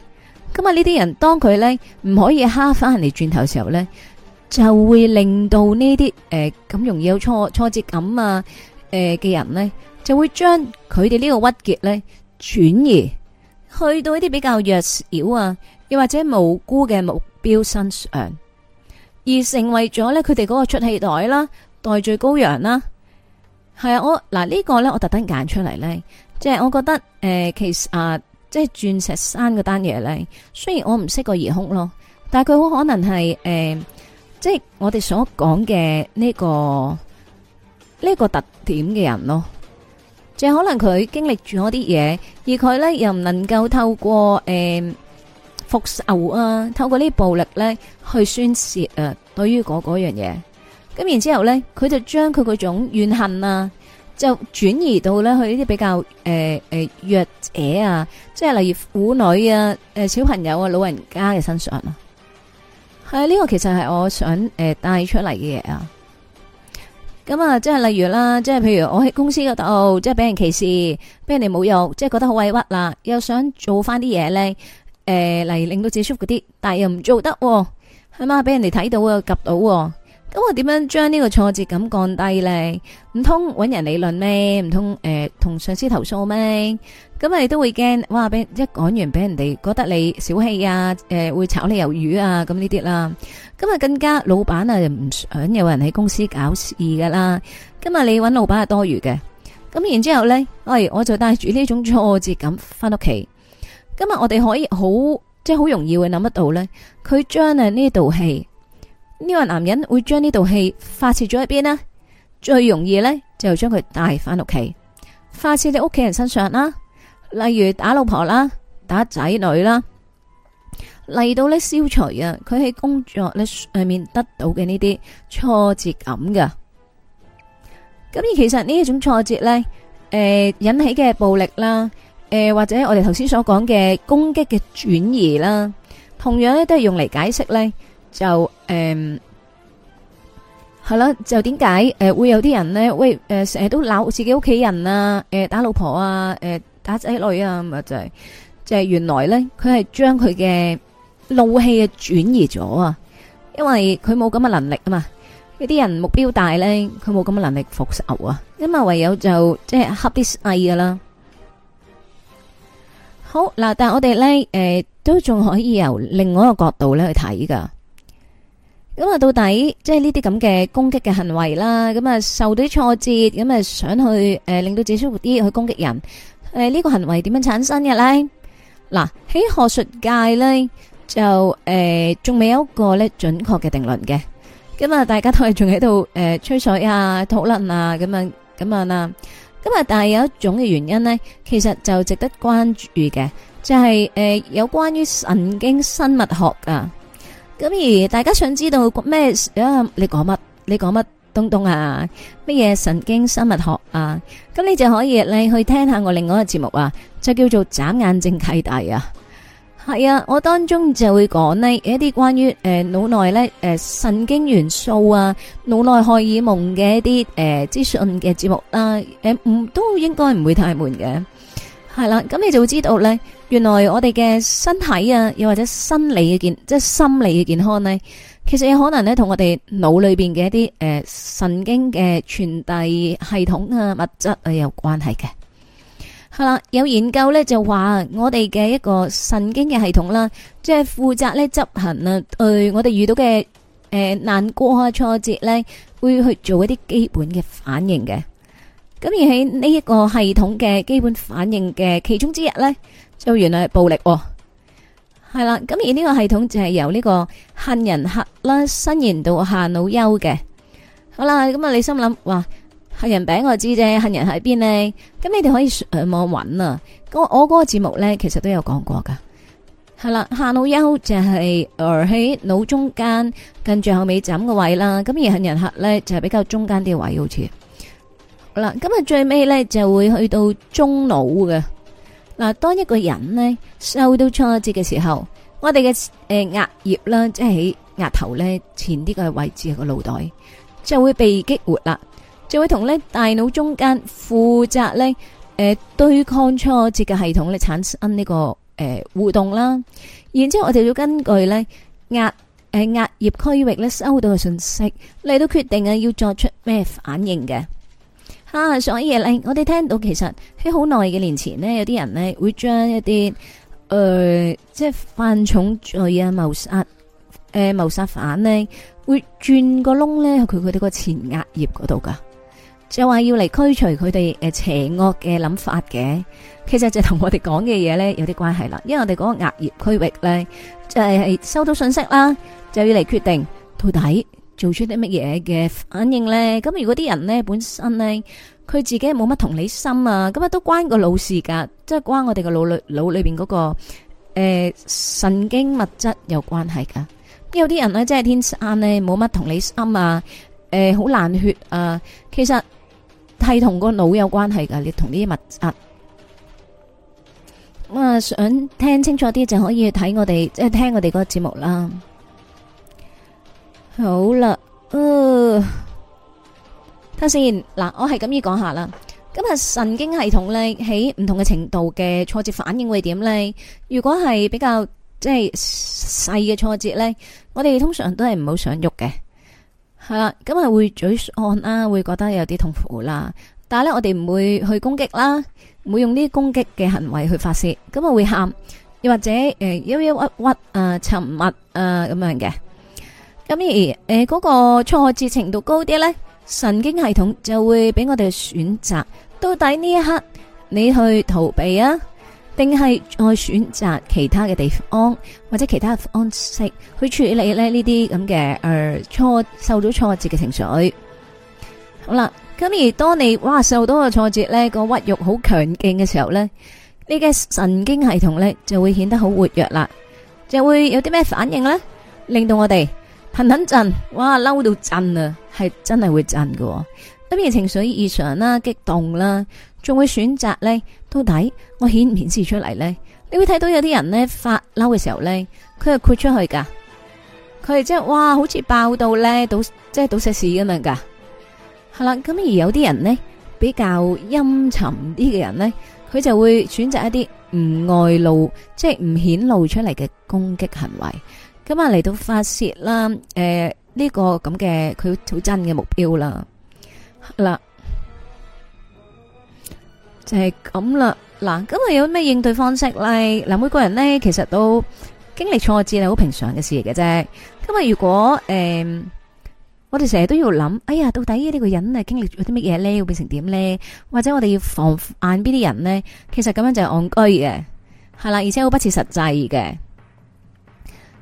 咁、嗯、啊，嗯、呢啲人當佢咧唔可以蝦返人哋轉頭嘅時候咧，就會令到呢啲誒咁容易有挫挫折感啊，誒、呃、嘅人咧，就會將佢哋呢個鬱結咧轉移去到一啲比較弱小啊，又或者無辜嘅目標身上，而成為咗咧佢哋嗰個出氣袋啦。代罪羔羊啦，係啊！我嗱呢、這個咧，我特登揀出嚟咧，即、就、係、是、我覺得誒、呃，其實啊，即係鑽石山嗰單嘢咧，雖然我唔識個疑兇咯，但係佢好可能係誒、呃，即係我哋所講嘅呢個呢、這個特點嘅人咯，即、就、係、是、可能佢經歷住嗰啲嘢，而佢咧又唔能夠透過誒復仇啊，透過呢啲暴力咧去宣泄啊、呃，對於嗰嗰樣嘢。咁然之後咧，佢就將佢嗰種怨恨啊，就轉移到咧去呢啲比較誒誒、呃呃、弱者啊，即係例如婦女啊、誒、呃、小朋友啊、老人家嘅身上啊。係啊，呢個其實係我想誒、呃、帶出嚟嘅嘢啊。咁啊，即係例如啦，即係譬如我喺公司嗰度、哦，即係俾人歧視，俾人哋侮辱，即係覺得好委屈啦，又想做翻啲嘢咧，誒、呃、嚟令到自己舒服啲，但係又唔做得、哦，係咪？俾人哋睇到啊、哦，及到。咁我點樣將呢個挫折感降低呢？唔通搵人理論咩？唔通誒同上司投訴咩？咁你都會驚，哇！俾一講完俾人哋覺得你小氣啊，誒、呃、會炒你魷魚啊，咁呢啲啦。咁啊更加老闆啊唔想有人喺公司搞事噶啦。今日你搵老闆係多餘嘅。咁然之後咧，哎，我就帶住呢種挫折感翻屋企。今日我哋可以好即係好容易會諗得到呢，佢將呢道氣。呢個男人會將呢道氣發洩咗喺邊咧？最容易咧就將佢帶翻屋企，發洩喺屋企人身上啦，例如打老婆啦，打仔女啦，嚟到咧消除啊，佢喺工作咧裏面得到嘅呢啲挫折感㗎。咁而其實呢一種挫折咧，誒引起嘅暴力啦，誒或者我哋頭先所講嘅攻擊嘅轉移啦，同樣咧都係用嚟解釋咧。就誒，係啦，就點解誒會有啲人咧？喂，誒成日都鬧自己屋企人啊，誒打老婆啊，誒打仔女啊咁啊，就係就係原來咧，佢係將佢嘅怒氣啊轉移咗啊，因為佢冇咁嘅能力啊嘛。有啲人目標大咧，佢冇咁嘅能力復仇啊，因為唯有就即係恰啲細噶啦。好嗱，但係我哋咧誒都仲可以由另外一個角度咧去睇噶。咁啊，到底即係呢啲咁嘅攻擊嘅行為啦，咁啊受到啲挫折，咁啊想去誒令到自己舒服啲去攻擊人，誒呢個行為點樣產生嘅咧？嗱，喺學術界咧就誒仲未有一個咧準確嘅定論嘅，咁啊大家都係仲喺度誒吹水啊討論啊咁樣咁樣啊，咁啊但係有一種嘅原因咧，其實就值得關注嘅，就係誒有關於神經生物學㗎。咁而大家想知道咩啊、哎？你講乜？你講乜東東啊？乜嘢神經生物學啊？咁你就可以你去聽下我另外一個節目啊，就叫做「眨眼睛契弟」啊。係啊，我當中就會講呢一啲關於誒腦內咧誒神經元素啊，腦內荷爾蒙嘅一啲誒資訊嘅節目啦、啊。誒、呃，唔都應該唔會太悶嘅。係啦、啊，咁你就知道咧。原來我哋嘅身體啊，又或者心理嘅健，即係心理嘅健康呢，其實有可能呢同我哋腦裏邊嘅一啲誒、呃、神經嘅傳遞系統啊物質係有關係嘅。係啦，有研究呢就話我哋嘅一個神經嘅系統啦，即係負責呢執行啊，對我哋遇到嘅誒、呃、難過啊挫折呢，會去做一啲基本嘅反應嘅。咁而喺呢一個系統嘅基本反應嘅其中之一呢。就原來係暴力喎、哦，係啦。咁而呢個系統就係由呢個杏仁核啦，伸延到下腦丘嘅。好啦，咁、嗯、啊，你心諗哇杏仁餅我知啫，杏仁喺邊呢？咁、嗯、你哋可以上網搵啊。我我嗰個節目呢，其實都有講過噶。係啦，下腦丘就係喺腦中間，跟住後尾枕嘅位啦。咁而杏仁核呢，就係、是、比較中間啲嘅位好似。好啦，今日、嗯、最尾呢，就會去到中腦嘅。嗱，當一個人呢收到挫折嘅時候，我哋嘅誒額葉啦，即係喺額頭咧前啲嘅位置，個腦袋，就會被激活啦，就會同咧大腦中間負責咧誒、呃、對抗挫折嘅系統咧產生呢、這個誒、呃、互動啦。然之後我哋要根據咧額誒額葉區域咧收到嘅信息嚟到決定啊，要作出咩反應嘅。啊！所以咧，我哋聽到其實喺好耐嘅年前呢，有啲人呢會將一啲誒、呃，即係犯重罪啊、謀殺誒、謀、呃、殺犯呢，會轉個窿呢，去佢佢哋個前額葉嗰度噶，就話要嚟驅除佢哋誒邪惡嘅諗法嘅。其實就同我哋講嘅嘢呢有啲關係啦，因為我哋嗰個額葉區域呢，就係、是、收到信息啦，就要嚟決定到底。做出啲乜嘢嘅反應呢？咁如果啲人呢本身呢，佢自己冇乜同理心啊，咁啊都關個腦事噶，即係關我哋個腦裏腦裏邊嗰個誒神經物質有關係噶。有啲人呢，即係天生呢冇乜同理心啊，誒、欸、好冷血啊，其實係同個腦有關係噶，你同呢啲物質。咁啊，想聽清楚啲就可以睇我哋即係聽我哋嗰個節目啦。好啦，睇先嗱，我係咁樣講下啦。今日神經系統咧，喺唔同嘅程度嘅挫折反應會點咧？如果係比較即係細嘅挫折咧，我哋通常都係唔好想喐嘅，係啦。咁啊會沮喪啦，會覺得有啲痛苦啦。但係咧，我哋唔會去攻擊啦，唔會用呢啲攻擊嘅行為去發泄。咁啊會喊，又或者誒憂憂鬱鬱啊，沉默啊咁樣嘅。咁而誒，嗰個挫折程度高啲呢，神經系統就會俾我哋選擇到底呢一刻你去逃避啊，定係再選擇其他嘅地方或者其他方式去處理呢呢啲咁嘅誒挫受咗挫折嘅情緒。好啦，咁而當你哇受到個挫折呢，個屈辱好強勁嘅時候呢，呢個神經系統呢就會顯得好活躍啦，就會有啲咩反應呢，令到我哋。氹氹震，哇嬲到震啊，係真係會震嘅。咁而情緒異常啦，激動啦，仲會選擇咧，到底我顯唔顯示出嚟咧？你會睇到有啲人咧發嬲嘅時候咧，佢係豁出去噶，佢即係哇好似爆到咧，倒即係倒石屎咁樣噶。係啦，咁而有啲人呢，比較陰沉啲嘅人呢，佢就會選擇一啲唔外露，即係唔顯露出嚟嘅攻擊行為。咁啊，嚟到發泄啦，誒、呃，呢、這個咁嘅佢好真嘅目標啦，嗱、嗯，就係咁啦，嗱、嗯，咁啊有咩應對方式咧？嗱，每個人咧其實都經歷挫折係好平常嘅事嚟嘅啫。咁、嗯、啊，如果誒、嗯，我哋成日都要諗，哎呀，到底呢個人啊經歷咗啲乜嘢咧，會變成點咧？或者我哋要防眼邊啲人咧？其實咁樣就係戇居嘅，係、嗯、啦，而且好不切實際嘅。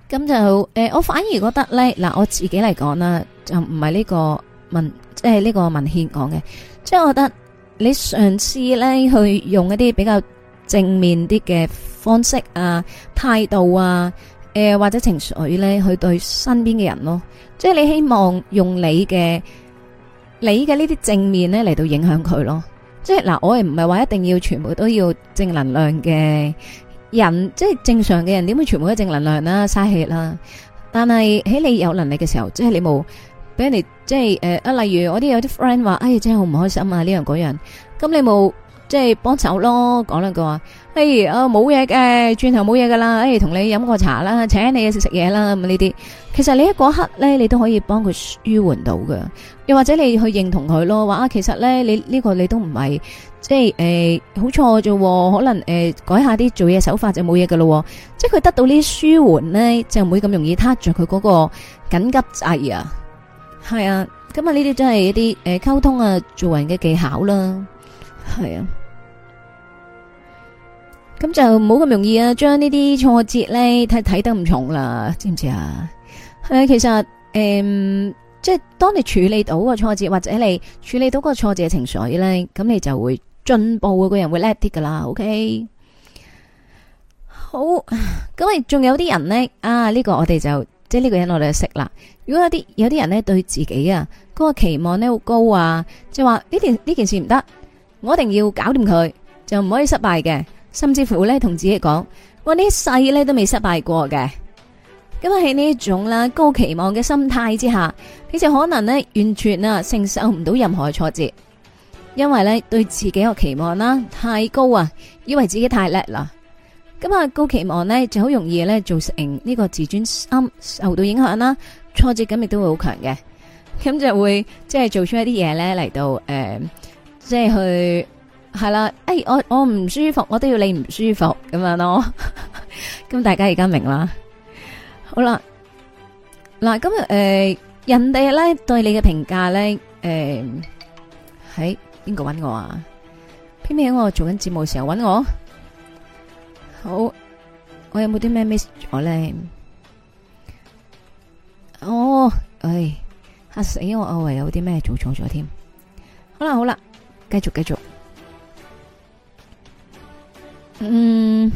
咁就誒，我反而覺得咧，嗱，我自己嚟講啦，就唔係呢個文，即係呢個文獻講嘅，即係我覺得你上次咧去用一啲比較正面啲嘅方式啊、態度啊，誒或者情緒咧去對身邊嘅人咯，即係你希望用你嘅你嘅呢啲正面咧嚟到影響佢咯，即係嗱，我亦唔係話一定要全部都要正能量嘅。人即係正常嘅人，點會全部都正能量啦，嘥氣啦？但係喺你有能力嘅時候，即係你冇俾人哋即係誒，啊、呃，例如我啲有啲 friend 話，哎，真係好唔開心啊，呢樣嗰樣，咁你冇即係幫手咯，講兩句話哎，啊冇嘢嘅，轉頭冇嘢噶啦，哎，同你飲個茶啦，請你食食嘢啦咁呢啲，其實你喺嗰刻呢，你都可以幫佢舒緩到㗎。又或者你去認同佢咯，話啊，其實呢，你呢個你都唔係。即係誒，好錯嘅啫，可能誒改下啲做嘢手法就冇嘢嘅咯。即係佢得到呢啲舒緩咧，就唔會咁容易撻着佢嗰個緊急掣啊。係啊，咁啊呢啲真係一啲誒溝通啊，做人嘅技巧啦。係啊，咁就冇咁容易啊，將呢啲挫折咧睇睇得咁重啦，知唔知啊？係啊，其實誒。即係當你處理到個挫折，或者你處理到個挫折嘅情緒呢，咁你就會進步，個人會叻啲噶啦。OK，好。咁啊，仲有啲人呢，啊，呢個我哋就即係呢個人我哋就識啦。如果有啲有啲人呢對自己啊嗰個期望呢好高啊，即係話呢件呢件事唔得，我一定要搞掂佢，就唔可以失敗嘅。甚至乎呢同自己講，我呢世呢都未失敗過嘅。咁喺呢一種啦高期望嘅心態之下，其實可能咧完全啊承受唔到任何嘅挫折，因為咧對自己個期望啦太高啊，以為自己太叻啦。咁啊高期望咧就好容易咧造成呢個自尊心受到影響啦，挫折感亦都會好強嘅，咁就會即係、就是、做出一啲嘢，咧嚟到誒、即、呃、係、就是、去係啦，哎、欸、我我唔舒服，我都要你唔舒服咁樣咯。咁 大家而家明啦。好啦，嗱今日，誒，人哋咧對你嘅評價咧，誒，喺邊個揾我啊？偏偏喺我做緊節目時候揾我，好，我有冇啲咩 miss 咗咧？哦，唉，吓死我啊！唯有啲咩做錯咗添？好啦，好啦，繼續繼續，嗯。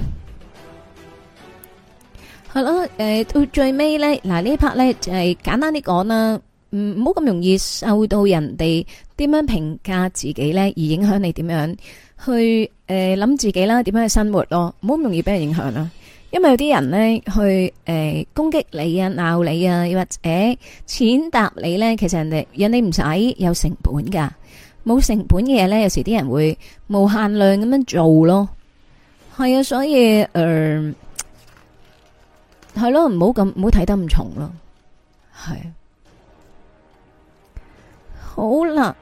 係咯，誒，到最尾咧，嗱呢一 part 咧就係簡單啲講啦，唔好咁容易受到人哋點樣評價自己咧，而影響你點樣去誒諗自己啦，點樣去生活咯，唔好咁容易俾人影響啦。因為有啲人咧去誒攻擊你啊，鬧你啊，或者踐踏你咧，其實人哋人哋唔使有成本噶，冇成本嘅嘢咧，有時啲人會無限量咁樣做咯。係啊，所以誒。係咯，唔好咁，唔好睇得咁重咯。係，好啦，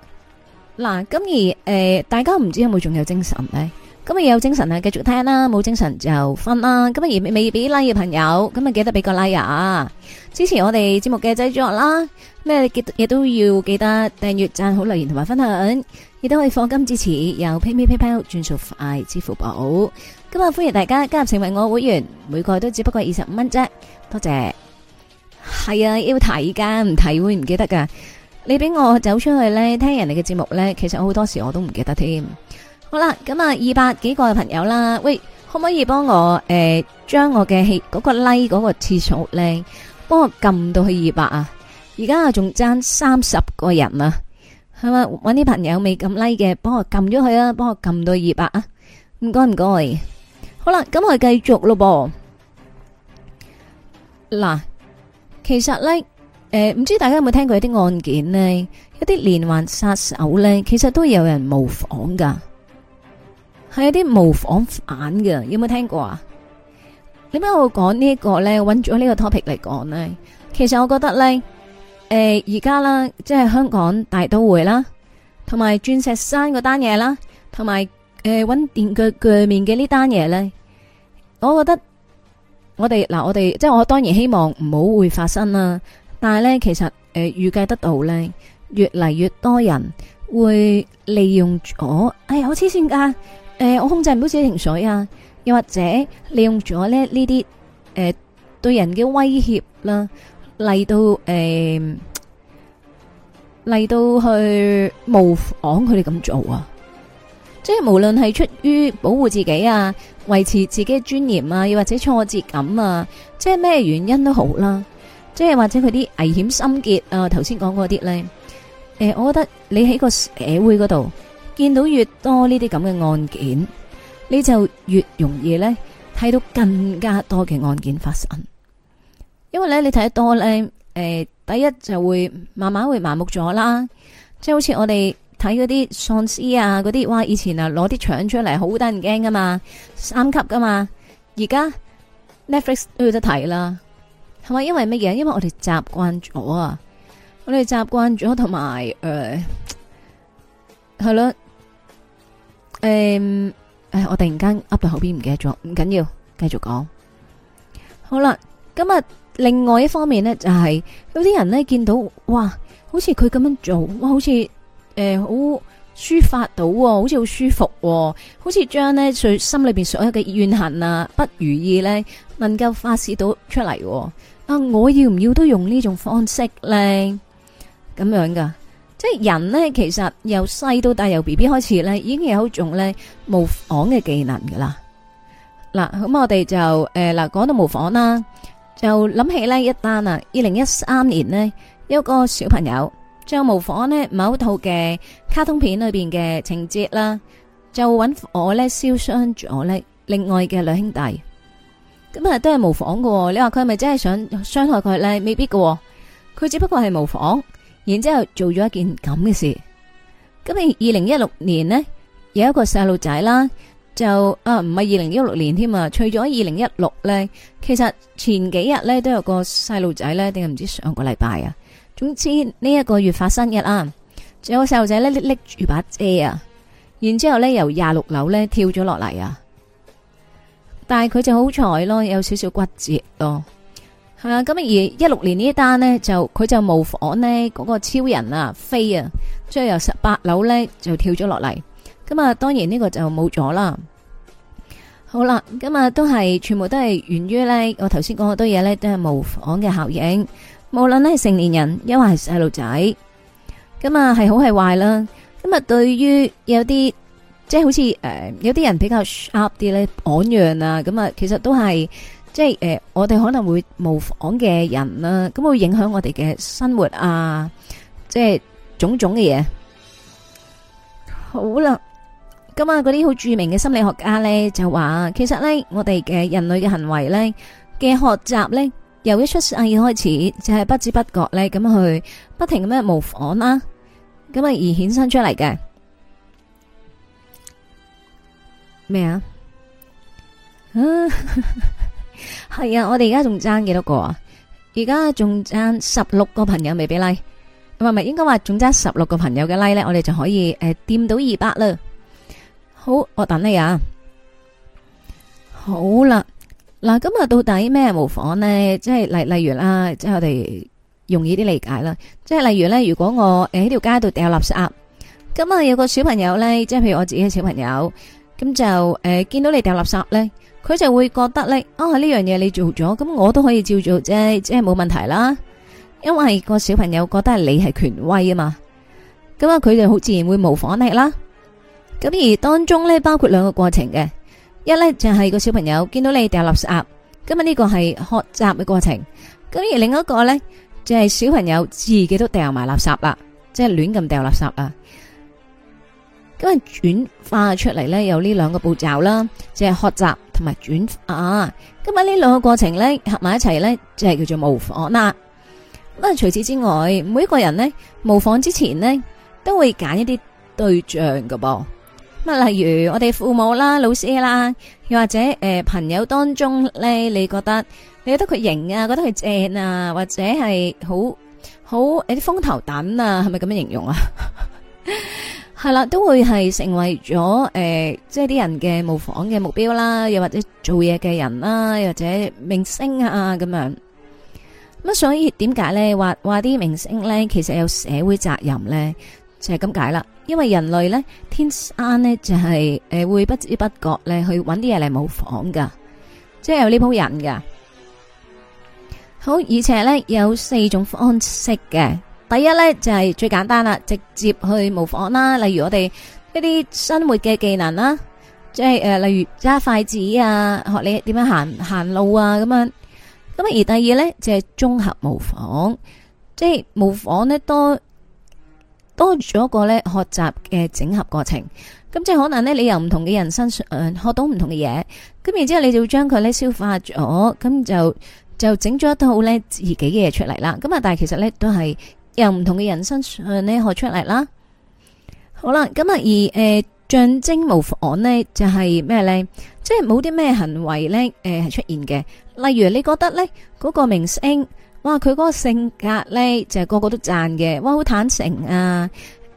嗱，咁而誒，大家唔知有冇仲有,有精神呢？咁啊有精神啊，繼續聽啦，冇精神就瞓啦。咁啊而未俾 like 嘅朋友，咁啊記得俾個 like 啊！支持我哋節目嘅製作啦，咩嘅嘢都要記得訂閱、讚好、留言同埋分享，亦都可以放金支持，有 pay pay PayPal 轉數快寶，支付寶。今日歡迎大家加入成為我會員，每個月都只不過二十五蚊啫，多謝。係啊，要睇噶，唔睇會唔記得噶。你俾我走出去呢，聽人哋嘅節目呢，其實好多時我都唔記得添。好啦，咁啊，二百幾個朋友啦，喂，可唔可以幫我誒，將、呃、我嘅嗰、嗰個 like 嗰個次數呢，幫我撳到去二百啊？而家仲爭三十個人啊，係咪？揾啲朋友未撳 like 嘅，幫我撳咗佢啦，幫我撳到二百啊！唔該，唔該。好啦，咁我繼續咯噃。嗱，其實咧，誒，唔知大家有冇聽過一啲案件咧，一啲連環殺手咧，其實都有人模仿噶，係有啲模仿犯嘅，有冇聽過啊？點解我會講呢個咧？搵咗呢個 topic 嚟講咧，其實我覺得咧，誒，而家啦，即係香港大都會啦，同埋鑽石山嗰單嘢啦，同埋誒搵電鋸鋸面嘅呢單嘢咧。我覺得我哋嗱，我哋即係我當然希望唔好會發生啦，但係咧，其實誒預計得到咧，越嚟越多人會利用咗，哎，好黐線噶，誒，我控制唔到自己情緒啊，又或者利用咗咧呢啲誒對人嘅威脅啦嚟到誒嚟到去模仿佢哋咁做啊。即係無論係出於保護自己啊、維持自己嘅尊嚴啊，又或者挫折感啊，即係咩原因都好啦。即係或者佢啲危險心結啊，頭先講嗰啲呢，誒，我覺得你喺個社會嗰度見到越多呢啲咁嘅案件，你就越容易呢睇到更加多嘅案件發生。因為呢，你睇得多呢，誒，第一就會慢慢會麻木咗啦。即係好似我哋。睇嗰啲喪屍啊，嗰啲，哇，以前啊攞啲腸出嚟好得人驚噶嘛，三級噶嘛，而家 Netflix 都有得睇啦，係咪？因為乜嘢？因為我哋習慣咗啊，我哋習慣咗，同埋誒係咯，誒、呃、誒、嗯，我突然間 up 到後邊唔記得咗，唔緊要，繼續講。好啦，今日另外一方面呢，就係、是、有啲人呢，見到，哇，好似佢咁樣做，哇，好似～誒，好、呃、抒發到，好似好舒服、哦，好似將呢佢心裏邊所有嘅怨恨啊、不如意呢，能夠發洩到出嚟、哦。啊，我要唔要都用呢種方式呢？咁樣噶，即係人呢，其實由細到大，由 B B 開始呢，已經有種呢模仿嘅技能噶啦。嗱，咁我哋就誒，嗱、呃、講到模仿啦，就諗起呢一單啊，二零一三年呢，有一個小朋友。就模仿呢某套嘅卡通片裏邊嘅情節啦，就搵我呢燒傷咗呢另外嘅兩兄弟，咁啊都係模仿喎。你話佢係咪真係想傷害佢呢？未必喎。佢只不過係模仿，然之後做咗一件咁嘅事。咁你二零一六年呢，有一個細路仔啦，就啊唔係二零一六年添啊，2016除咗二零一六呢，其實前幾日呢都有個細路仔呢，定係唔知上個禮拜啊。總之呢一個月發生嘅啦，仲有個細路仔咧，拎住把遮啊，然之後呢由廿六樓呢跳咗落嚟啊，但係佢就好彩咯，有少少骨折咯，係啊。咁而一六年呢一單呢就佢就模仿呢嗰個超人啊、飛啊，即係由十八樓呢就跳咗落嚟，咁啊當然呢個就冇咗啦。好啦，咁啊都係全部都係源於呢。我頭先講好多嘢呢，都係模仿嘅效應。無論咧係成年人，亦或係細路仔，咁啊係好係壞啦。咁啊，對於有啲即係好似誒，有啲人比較 sharp 啲咧，榜樣啊，咁啊，其實都係即係誒，我哋可能會模仿嘅人啦。咁會影響我哋嘅生活啊，即係種種嘅嘢。好啦，咁啊嗰啲好著名嘅心理學家咧就話，其實咧我哋嘅人類嘅行為咧嘅學習咧。由一出世開始，就係不知不覺咧，咁去不停咁樣模仿啦，咁啊而衍生出嚟嘅咩啊？係啊！我哋而家仲爭幾多個啊？而家仲爭十六個朋友未俾 like，唔係唔係，應該話仲爭十六個朋友嘅 like 咧，我哋就可以誒掂到二百啦。好，我等你啊！好啦。嗱，咁啊，到底咩模仿呢？即係例例如啦，即係我哋容易啲理解啦。即係例如呢，如果我誒喺條街度掉垃圾，咁啊有個小朋友呢，即係譬如我自己嘅小朋友，咁就誒、呃、見到你掉垃圾呢，佢就會覺得呢，啊呢樣嘢你做咗，咁我都可以照做，即係即係冇問題啦。因為個小朋友覺得你係權威啊嘛，咁啊佢就好自然會模仿你啦。咁而當中呢，包括兩個過程嘅。一咧就係個小朋友見到你掉垃圾，今日呢個係學習嘅過程。咁而另一個咧就係小朋友自己都掉埋垃圾啦，即係亂咁掉垃圾啊。咁啊轉化出嚟咧有呢兩個步驟啦，即係學習同埋轉化。今日呢兩個過程咧合埋一齊咧，就係叫做模仿啦。咁啊除此之外，每一個人咧模仿之前咧都會揀一啲對象噶噃。乜例如我哋父母啦、老師啦，又或者誒朋友當中咧，你覺得你覺得佢型啊，覺得佢正啊，或者係好好誒啲風頭躉啊，係咪咁樣形容啊？係啦，都會係成為咗誒，即係啲人嘅模仿嘅目標啦，又或者做嘢嘅人啦，又或者明星啊咁樣。咁啊，所以點解咧話話啲明星咧其實有社會責任咧，就係咁解啦。因為人類咧，天生咧就係、是、誒會不知不覺咧去揾啲嘢嚟模仿噶，即係有呢鋪人噶。好，而且咧有四種方式嘅。第一咧就係、是、最簡單啦，直接去模仿啦。例如我哋一啲生活嘅技能啦，即係誒、呃、例如揸筷子啊，學你點樣行行路啊咁樣。咁啊，而第二咧就係、是、綜合模仿，即係模仿呢，多。多咗個咧學習嘅整合過程，咁即係可能咧，你由唔同嘅人身上，誒學到唔同嘅嘢，咁然之後你就將佢咧消化咗，咁就就整咗一套咧自己嘅嘢出嚟啦。咁啊，但係其實咧都係由唔同嘅人身上咧學出嚟啦。好啦，咁啊，而誒、呃、象徵模仿咧就係咩咧？即係冇啲咩行為咧誒係出現嘅，例如你覺得咧嗰個明星。哇！佢嗰個性格咧，就係個個都讚嘅，哇！好坦誠啊，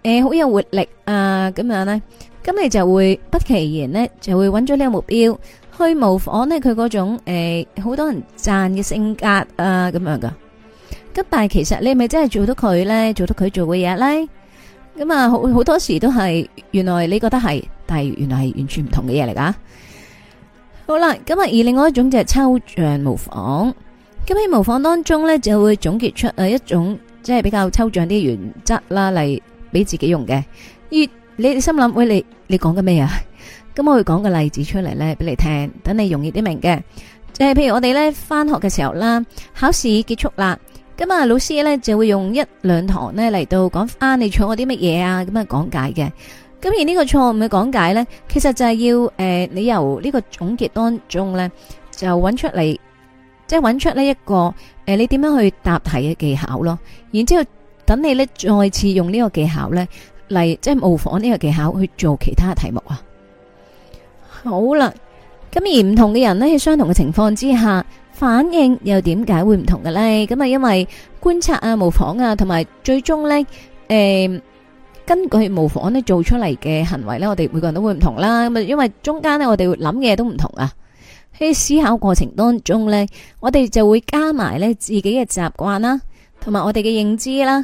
誒，好有活力啊，咁樣咧，咁你就會不其然咧，就會揾咗呢個目標去模仿咧佢嗰種誒，好多人讚嘅性格啊，咁樣噶。咁但係其實你咪真係做到佢咧，做到佢做嘅嘢咧。咁啊，好好多時都係原來你覺得係，但係原來係完全唔同嘅嘢嚟噶。好啦，咁啊而另外一種就係抽象模仿。咁喺模仿當中呢，就會總結出誒一種即係比較抽象啲原則啦，嚟俾自己用嘅。而你心諗喂，你你講緊咩啊？咁 我會講個例子出嚟呢，俾你聽，等你容易啲明嘅。即係譬如我哋呢翻學嘅時候啦，考試結束啦，咁啊老師呢就會用一兩堂呢嚟到講翻你錯咗啲乜嘢啊咁樣講解嘅。咁而呢個錯誤嘅講解呢，其實就係要誒、呃、你由呢個總結當中呢，就搵出嚟。即係揾出呢一個誒，你點樣去答題嘅技巧咯。然之後等你咧再次用呢個技巧咧嚟，即係模仿呢個技巧去做其他題目啊。好啦，咁而唔同嘅人咧喺相同嘅情況之下，反應又點解會唔同嘅咧？咁啊，因為觀察啊、模仿啊，同埋最終咧，誒，根據模仿咧做出嚟嘅行為咧，我哋每個人都會唔同啦。咁啊，因為中間咧，我哋諗嘅嘢都唔同啊。喺思考過程當中呢，我哋就會加埋呢，自己嘅習慣啦，同埋我哋嘅認知啦，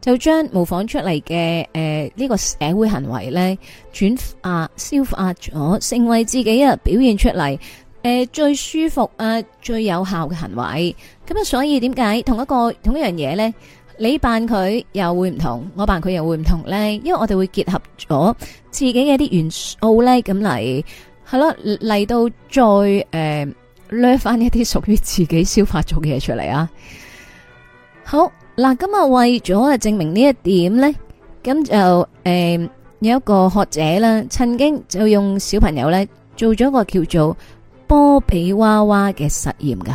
就將模仿出嚟嘅誒呢個社會行為呢，轉化消化咗，成為自己啊，表現出嚟，呃、最舒服啊，最有效嘅行為。咁啊，所以點解同一個同一樣嘢呢？你扮佢又會唔同，我扮佢又會唔同呢？因為我哋會結合咗自己嘅啲元素呢。咁嚟。係啦，嚟到再、誒，掠、呃、翻一啲屬於自己消化咗嘅嘢出嚟啊。好嗱，今日為咗誒證明呢一點咧，咁就誒、呃、有一個學者啦，曾經就用小朋友咧做咗個叫做波比娃娃嘅實驗噶。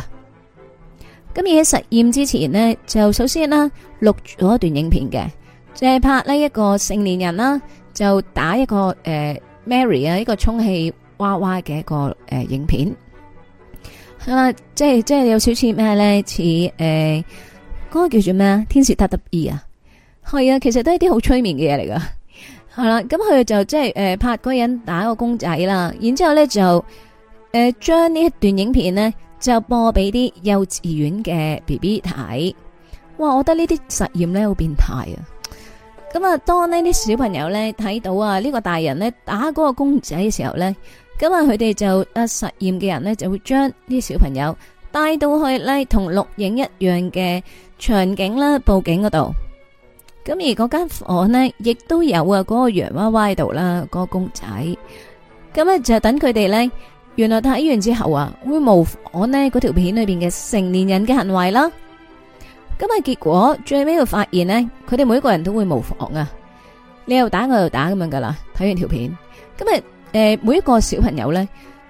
咁而喺實驗之前呢，就首先啦錄咗一段影片嘅，就係、是、拍呢一個成年人啦，就打一個誒、呃、Mary 啊，一個充氣。娃娃嘅一個誒、呃、影片，嗯、即係即係有少似咩咧？似誒嗰個叫做咩啊？天使特特二啊，係啊，其實都係啲好催眠嘅嘢嚟噶。係啦，咁佢就即係誒拍嗰、嗯嗯、人打個公仔啦，然之後咧就誒將呢一段影片咧就播俾啲幼稚園嘅 B B 睇。哇，我覺得呢啲實驗咧好變態啊！咁啊，當呢啲小朋友咧睇到啊呢個大人咧打嗰個公仔嘅時候咧。咁啊，佢哋就啊實驗嘅人咧，就會將啲小朋友帶到去咧同錄影一樣嘅場景啦，布景嗰度。咁而嗰間房咧，亦都有啊嗰個洋娃娃喺度啦，嗰個公仔。咁啊，就等佢哋咧，原來睇完之後啊，會模仿咧嗰條片裏邊嘅成年人嘅行為啦。咁啊，結果最尾會發現咧，佢哋每一個人都會模仿啊，你又打我又打咁樣噶啦，睇完條片，咁啊。誒，每一個小朋友咧，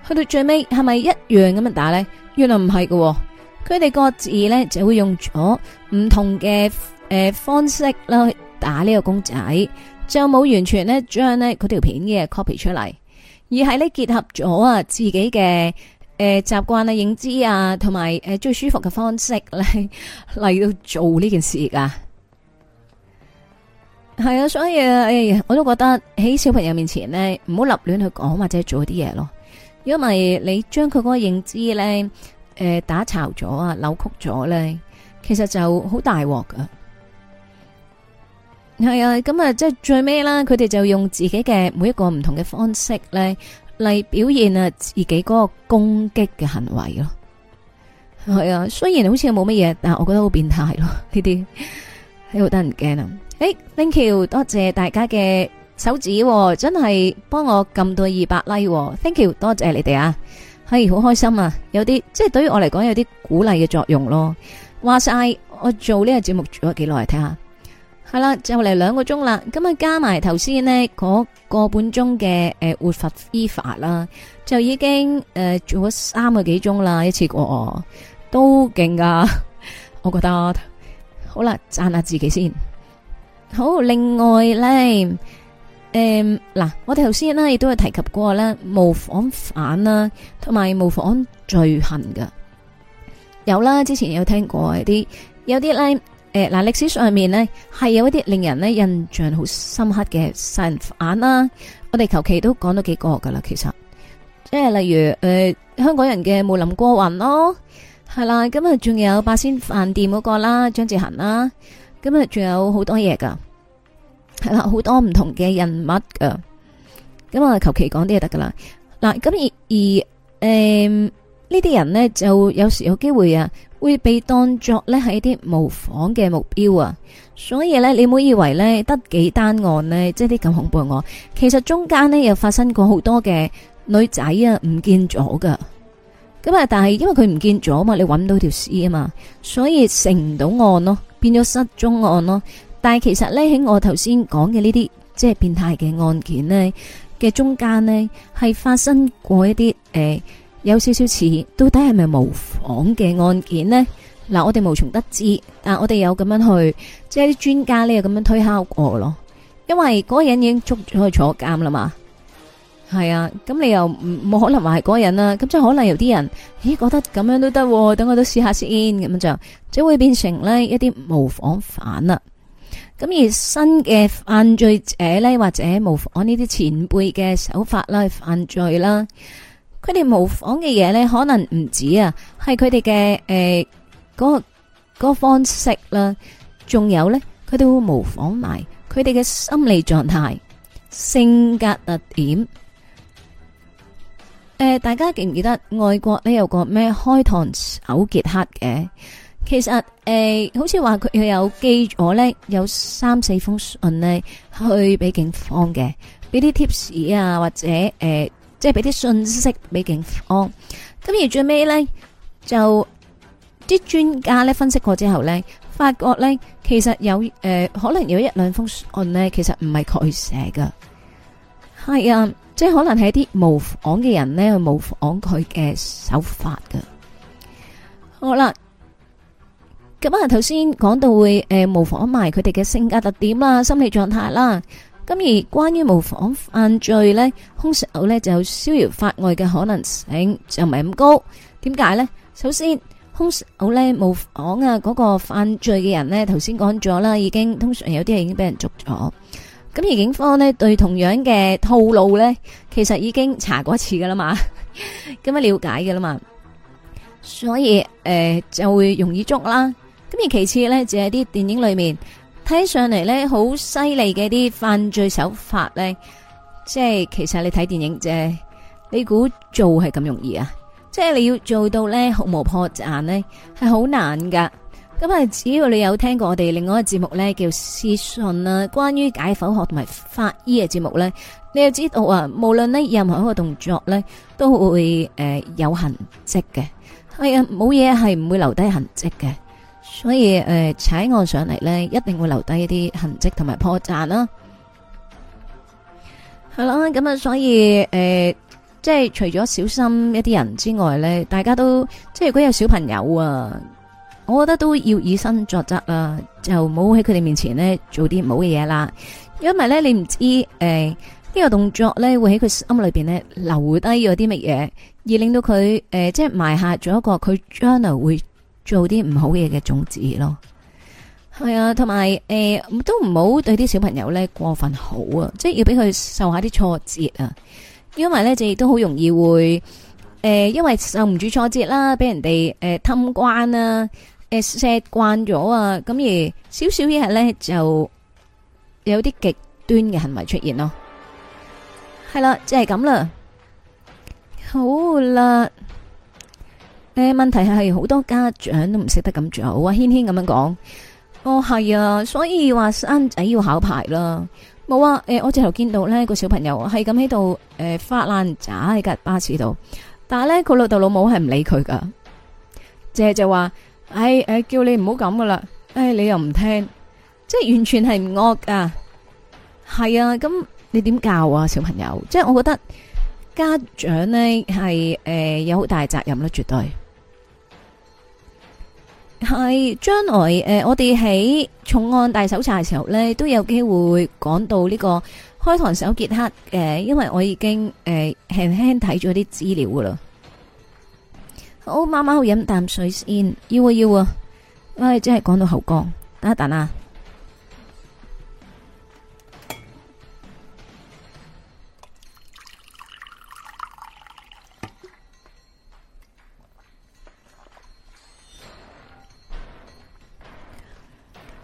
去到最尾係咪一樣咁樣打咧？原來唔係嘅，佢哋各自咧就會用咗唔同嘅，誒、呃、方式啦去打呢個公仔，就冇完全咧將咧嗰條片嘅 copy 出嚟，而係咧結合咗啊自己嘅誒習慣啊認知啊，同埋誒最舒服嘅方式咧嚟到做呢件事㗎。係啊，所以誒、哎，我都覺得喺小朋友面前呢，唔好立亂去講或者做啲嘢咯。如果唔係，你將佢嗰個認知呢誒、呃、打巢咗啊，扭曲咗呢，其實就好大鑊噶。係啊，咁啊，即係最尾啦，佢哋就用自己嘅每一個唔同嘅方式呢嚟表現啊自己嗰個攻擊嘅行為咯。係啊，嗯、雖然好似冇乜嘢，但係我覺得好變態咯。呢啲係好得人驚啊！哎誒，thank you，多謝大家嘅手指，真係幫我撳到二百 like，thank you，多謝你哋啊，係好開心啊，有啲即係對於我嚟講有啲鼓勵嘅作用咯。話晒我做呢個節目做咗幾耐，睇下係啦，就嚟兩個鐘啦，咁啊加埋頭先咧嗰個半鐘嘅誒活佛依法啦，就已經誒做咗三個幾鐘啦，一次過都勁噶，我覺得好啦，讚下自己先。好，另外咧，誒、嗯，嗱，我哋頭先咧亦都有提及過咧，模仿犯啦、啊，同埋模仿罪行噶，有啦，之前有聽過啲，有啲咧，誒，嗱，歷史上面咧係有一啲令人咧印象好深刻嘅殺人犯啦、啊，我哋求其都講咗幾個噶啦，其實，即係例如誒、呃，香港人嘅霧林過雲咯，係啦，咁仲有八仙飯店嗰個啦，張志恒啦。咁啊，仲有好多嘢噶，係啦，好多唔同嘅人物噶。咁我求其講啲就得噶啦。嗱，咁而而誒呢啲人呢，就有時候有機會啊，會被當作呢係一啲模仿嘅目標啊。所以呢，你唔好以為呢得幾單案呢，即係啲咁恐怖案，其實中間呢，又發生過好多嘅女仔啊唔見咗噶。咁啊！但係因為佢唔見咗嘛，你搵到條屍啊嘛，所以成唔到案咯，變咗失蹤案咯。但係其實咧喺我頭先講嘅呢啲即係變態嘅案件咧嘅中間咧係發生過一啲誒、呃、有少少似，到底係咪模仿嘅案件咧？嗱，我哋無從得知，但我哋有咁樣去即係啲專家咧有咁樣推敲過咯，因為嗰個人已經捉咗去坐監啦嘛。係啊，咁你又冇可能話係嗰個人啦。咁即係可能有啲人，咦覺得咁樣都得，等我都試下先咁樣就，就會變成咧一啲模仿犯啦。咁而新嘅犯罪者咧，或者模仿呢啲前輩嘅手法啦，犯罪啦，佢哋模仿嘅嘢咧，可能唔止啊，係佢哋嘅誒嗰個嗰個方式啦，仲有咧，佢哋會模仿埋佢哋嘅心理狀態、性格特點。誒、呃，大家記唔記得外國咧，有個咩開膛手傑克嘅？其實誒、呃，好似話佢又有寄咗呢，有三四封信呢去俾警方嘅，俾啲貼士啊，或者誒、呃，即係俾啲信息俾警方。咁而最尾呢，就啲專家咧分析過之後呢，發覺呢其實有誒、呃，可能有一兩封信呢，其實唔係佢寫噶係啊。即係可能係一啲模仿嘅人咧，模仿佢嘅手法嘅。好啦，咁啊，頭先講到會誒模仿埋佢哋嘅性格特點啦、心理狀態啦。咁而關於模仿犯罪咧，凶手咧就有逍遙法外嘅可能性就唔係咁高。點解咧？首先，凶手咧模仿啊嗰個犯罪嘅人咧，頭先講咗啦，已經通常有啲係已經俾人捉咗。咁而警方呢，對同樣嘅套路呢，其實已經查過一次噶啦嘛，咁樣了解噶啦嘛，所以誒、呃、就會容易捉啦。咁而其次呢，就係、是、啲電影裏面睇上嚟呢，好犀利嘅啲犯罪手法呢，即係其實你睇電影啫，你估做係咁容易啊？即係你要做到呢，毫無破綻呢，係好難噶。咁啊，只要你有聽過我哋另外一個節目呢，叫屍訊啦，關於解剖學同埋法醫嘅節目呢，你就知道啊，無論呢任何一個動作呢，都會誒、呃、有痕跡嘅，係啊，冇嘢係唔會留低痕跡嘅，所以誒、呃、踩案上嚟呢，一定會留低一啲痕跡同埋破綻啦。係啦，咁啊，所以誒、呃，即係除咗小心一啲人之外呢，大家都即係如果有小朋友啊。我覺得都要以身作則啊，就唔好喺佢哋面前咧做啲唔好嘅嘢啦。因為咧你唔知誒呢、呃這個動作咧會喺佢心裏邊咧留低咗啲乜嘢，而令到佢誒、呃、即係埋下咗一個佢將來會做啲唔好嘢嘅種子咯。係啊，同埋誒都唔好對啲小朋友咧過分好啊，即係要俾佢受一下啲挫折啊、呃。因為咧就亦都好容易會誒因為受唔住挫折啦，俾人哋誒氹慣啦。呃誒 s 慣咗啊，咁而少少一日呢，就有啲極端嘅行為出現咯，係啦，即係咁啦，好啦，誒、呃，問題係好多家長都唔識得咁做，啊，軒軒咁樣講，哦係啊，所以話生仔要考牌啦，冇啊，誒、呃，我直頭見到呢個小朋友係咁喺度誒發爛渣喺架巴士度，但係呢，佢老豆老母係唔理佢噶，即係就話。誒誒，叫你唔好咁噶啦！誒，你又唔聽，即係完全係唔惡噶，係啊！咁你點教啊，小朋友？即係我覺得家長咧係誒有好大責任啦，絕對係將來誒，我哋喺重案大搜查嘅時候咧，都有機會講到呢個開堂首結黑開膛手傑克誒，因為我已經誒輕輕睇咗啲資料噶啦。我貓好飲啖水先，要啊要啊！唉、哎，真係講到喉乾，等一等啊！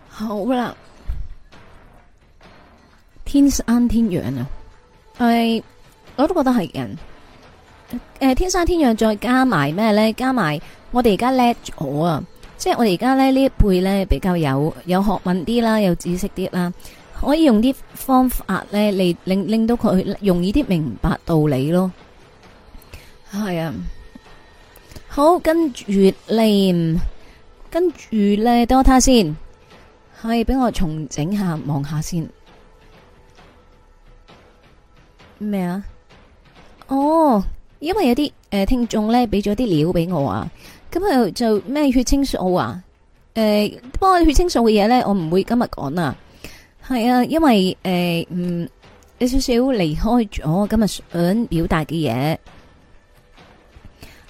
好啦了，天生天養啊，係、哎、我都覺得係人。誒，天生天養再加埋咩咧？加埋我哋而家叻咗啊！即係我哋而家咧呢一輩咧比較有有學問啲啦，有知識啲啦，可以用啲方法咧嚟令令到佢容易啲明白道理咯。係啊，好，跟住嚟，跟住咧多他先，係俾我重整下望下先。咩啊麼？哦。因為有啲誒聽眾咧俾咗啲料俾我啊，咁佢就咩血清素啊，誒、欸，不過血清素嘅嘢咧，我唔會今日講啊，係啊，因為誒、欸，嗯，有少少離開咗今日想表達嘅嘢。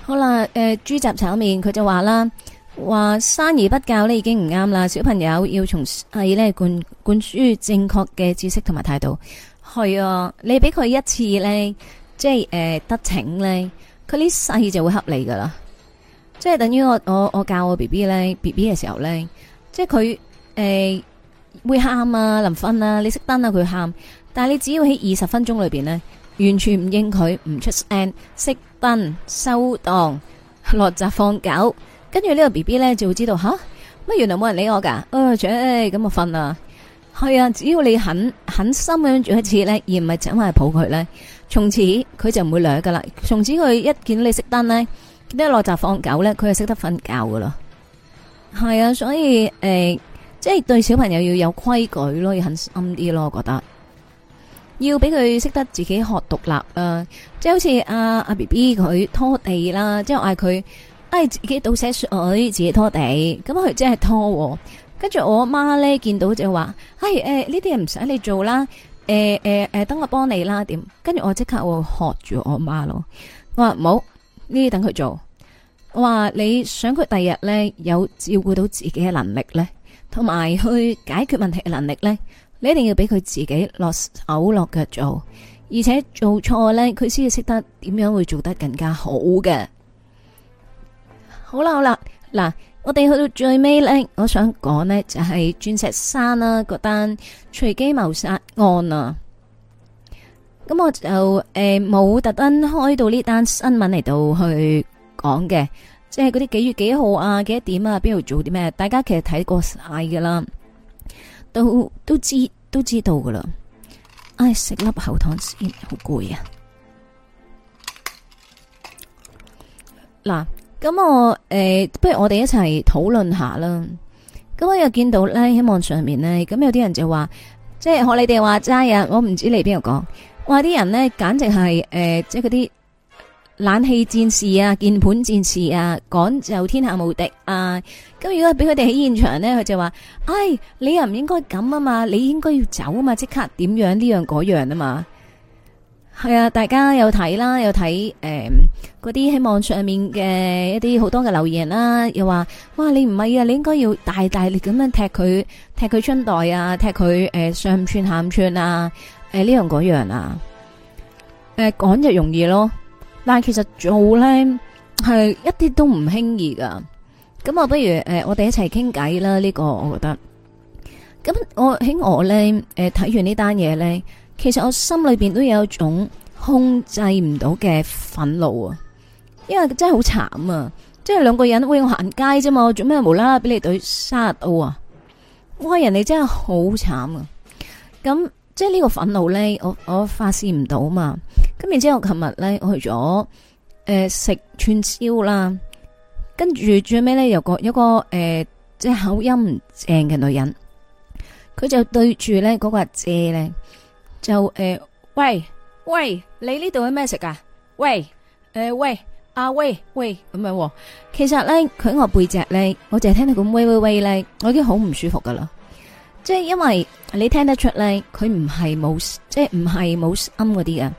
好啦，誒、呃，豬雜炒麵佢就話啦，話生而不教呢已經唔啱啦，小朋友要從係咧灌灌輸正確嘅知識同埋態度。係啊，你俾佢一次咧。即係誒、呃，得逞呢，佢呢世就會恰你噶啦。即係等於我我我教我 B B 呢 B B 嘅時候呢，即係佢誒會喊啊，臨瞓啊，你熄燈啊，佢喊。但係你只要喺二十分鐘裏邊呢，完全唔應佢，唔出聲，熄燈收檔落閘放狗，跟住呢個 B B 呢，就會知道吓乜原來冇人理我噶，誒咁啊瞓啊？係啊，只要你狠狠心咁樣做一次呢，而唔係走返去抱佢呢。從此佢就唔會掠噶啦。從此佢一見到你熄燈呢，見到落閘放狗呢，佢就識得瞓覺噶喇。係啊，所以誒，即、欸、係、就是、對小朋友要有規矩咯，要狠心啲咯，我覺得要俾佢識得自己學獨立，呃就是，啊。即係好似阿阿 B B 佢拖地啦，即係嗌佢，哎自己倒洗水，自己拖地，咁佢真係拖。跟住我媽呢，見到就話，唉、哎，誒呢啲人唔使你做啦。誒誒誒，等我幫你啦，點？跟住我即刻會喝住我媽咯。我話唔好，呢啲等佢做。我話你想佢第日呢，有照顧到自己嘅能力呢，同埋去解決問題嘅能力呢，你一定要俾佢自己落手落腳做，而且做錯呢，佢先至識得點樣會做得更加好嘅。好啦，好啦，嗱。我哋去到最尾呢，我想講呢就係鑽石山啦，嗰單隨機謀殺案啊。咁我就誒冇特登開到呢單新聞嚟到去講嘅，即係嗰啲幾月幾號啊，幾多點啊，邊度做啲咩，大家其實睇過晒噶啦，都都知都知道噶啦。唉，食粒喉糖先，好攰啊。嗱。咁我誒、欸，不如我哋一齊討論下啦。咁我又見到咧喺網上面咧，咁有啲人就話，即係學你哋話齋啊！我唔知你邊度講，話啲人咧簡直係誒、欸，即係嗰啲冷氣戰士啊、鍵盤戰士啊，講就天下無敵啊！咁如果俾佢哋喺現場咧，佢就話：，唉，你又唔應該咁啊嘛，你應該要走啊嘛，即刻點樣呢樣嗰樣啊嘛！係啊，大家有睇啦，有睇誒，嗰啲喺網上面嘅一啲好多嘅留言啦，又話哇，你唔係啊，你應該要大大力咁樣踢佢，踢佢春袋啊，踢佢誒、呃、上唔穿下唔穿啊，誒、呃、呢樣嗰樣啊，誒講就容易咯，但係其實做咧係一啲都唔輕易噶，咁我不如誒、呃、我哋一齊傾偈啦，呢、這個我覺得，咁我喺我咧誒睇完呢單嘢咧。其實我心裏邊都有一種控制唔到嘅憤怒啊，因為真係好慘啊，即係兩個人喂我行街啫嘛，做咩無啦啦俾你懟殺到啊？我話人哋真係好慘啊。咁即係呢個憤怒咧，我我發洩唔到嘛。咁然之後，琴日咧我去咗誒食串燒啦，跟住最尾咧有個有個誒即係口音唔正嘅女人，佢就對住咧嗰個阿姐咧。就誒，呃、喂喂，你呢度係咩食噶？喂誒、呃、喂，阿、啊、喂喂咁樣、啊。其實咧，佢喺我背脊咧，我淨係聽到咁喂喂喂咧，我已經好唔舒服噶啦。即係因為你聽得出咧，佢唔係冇，即係唔係冇音嗰啲啊。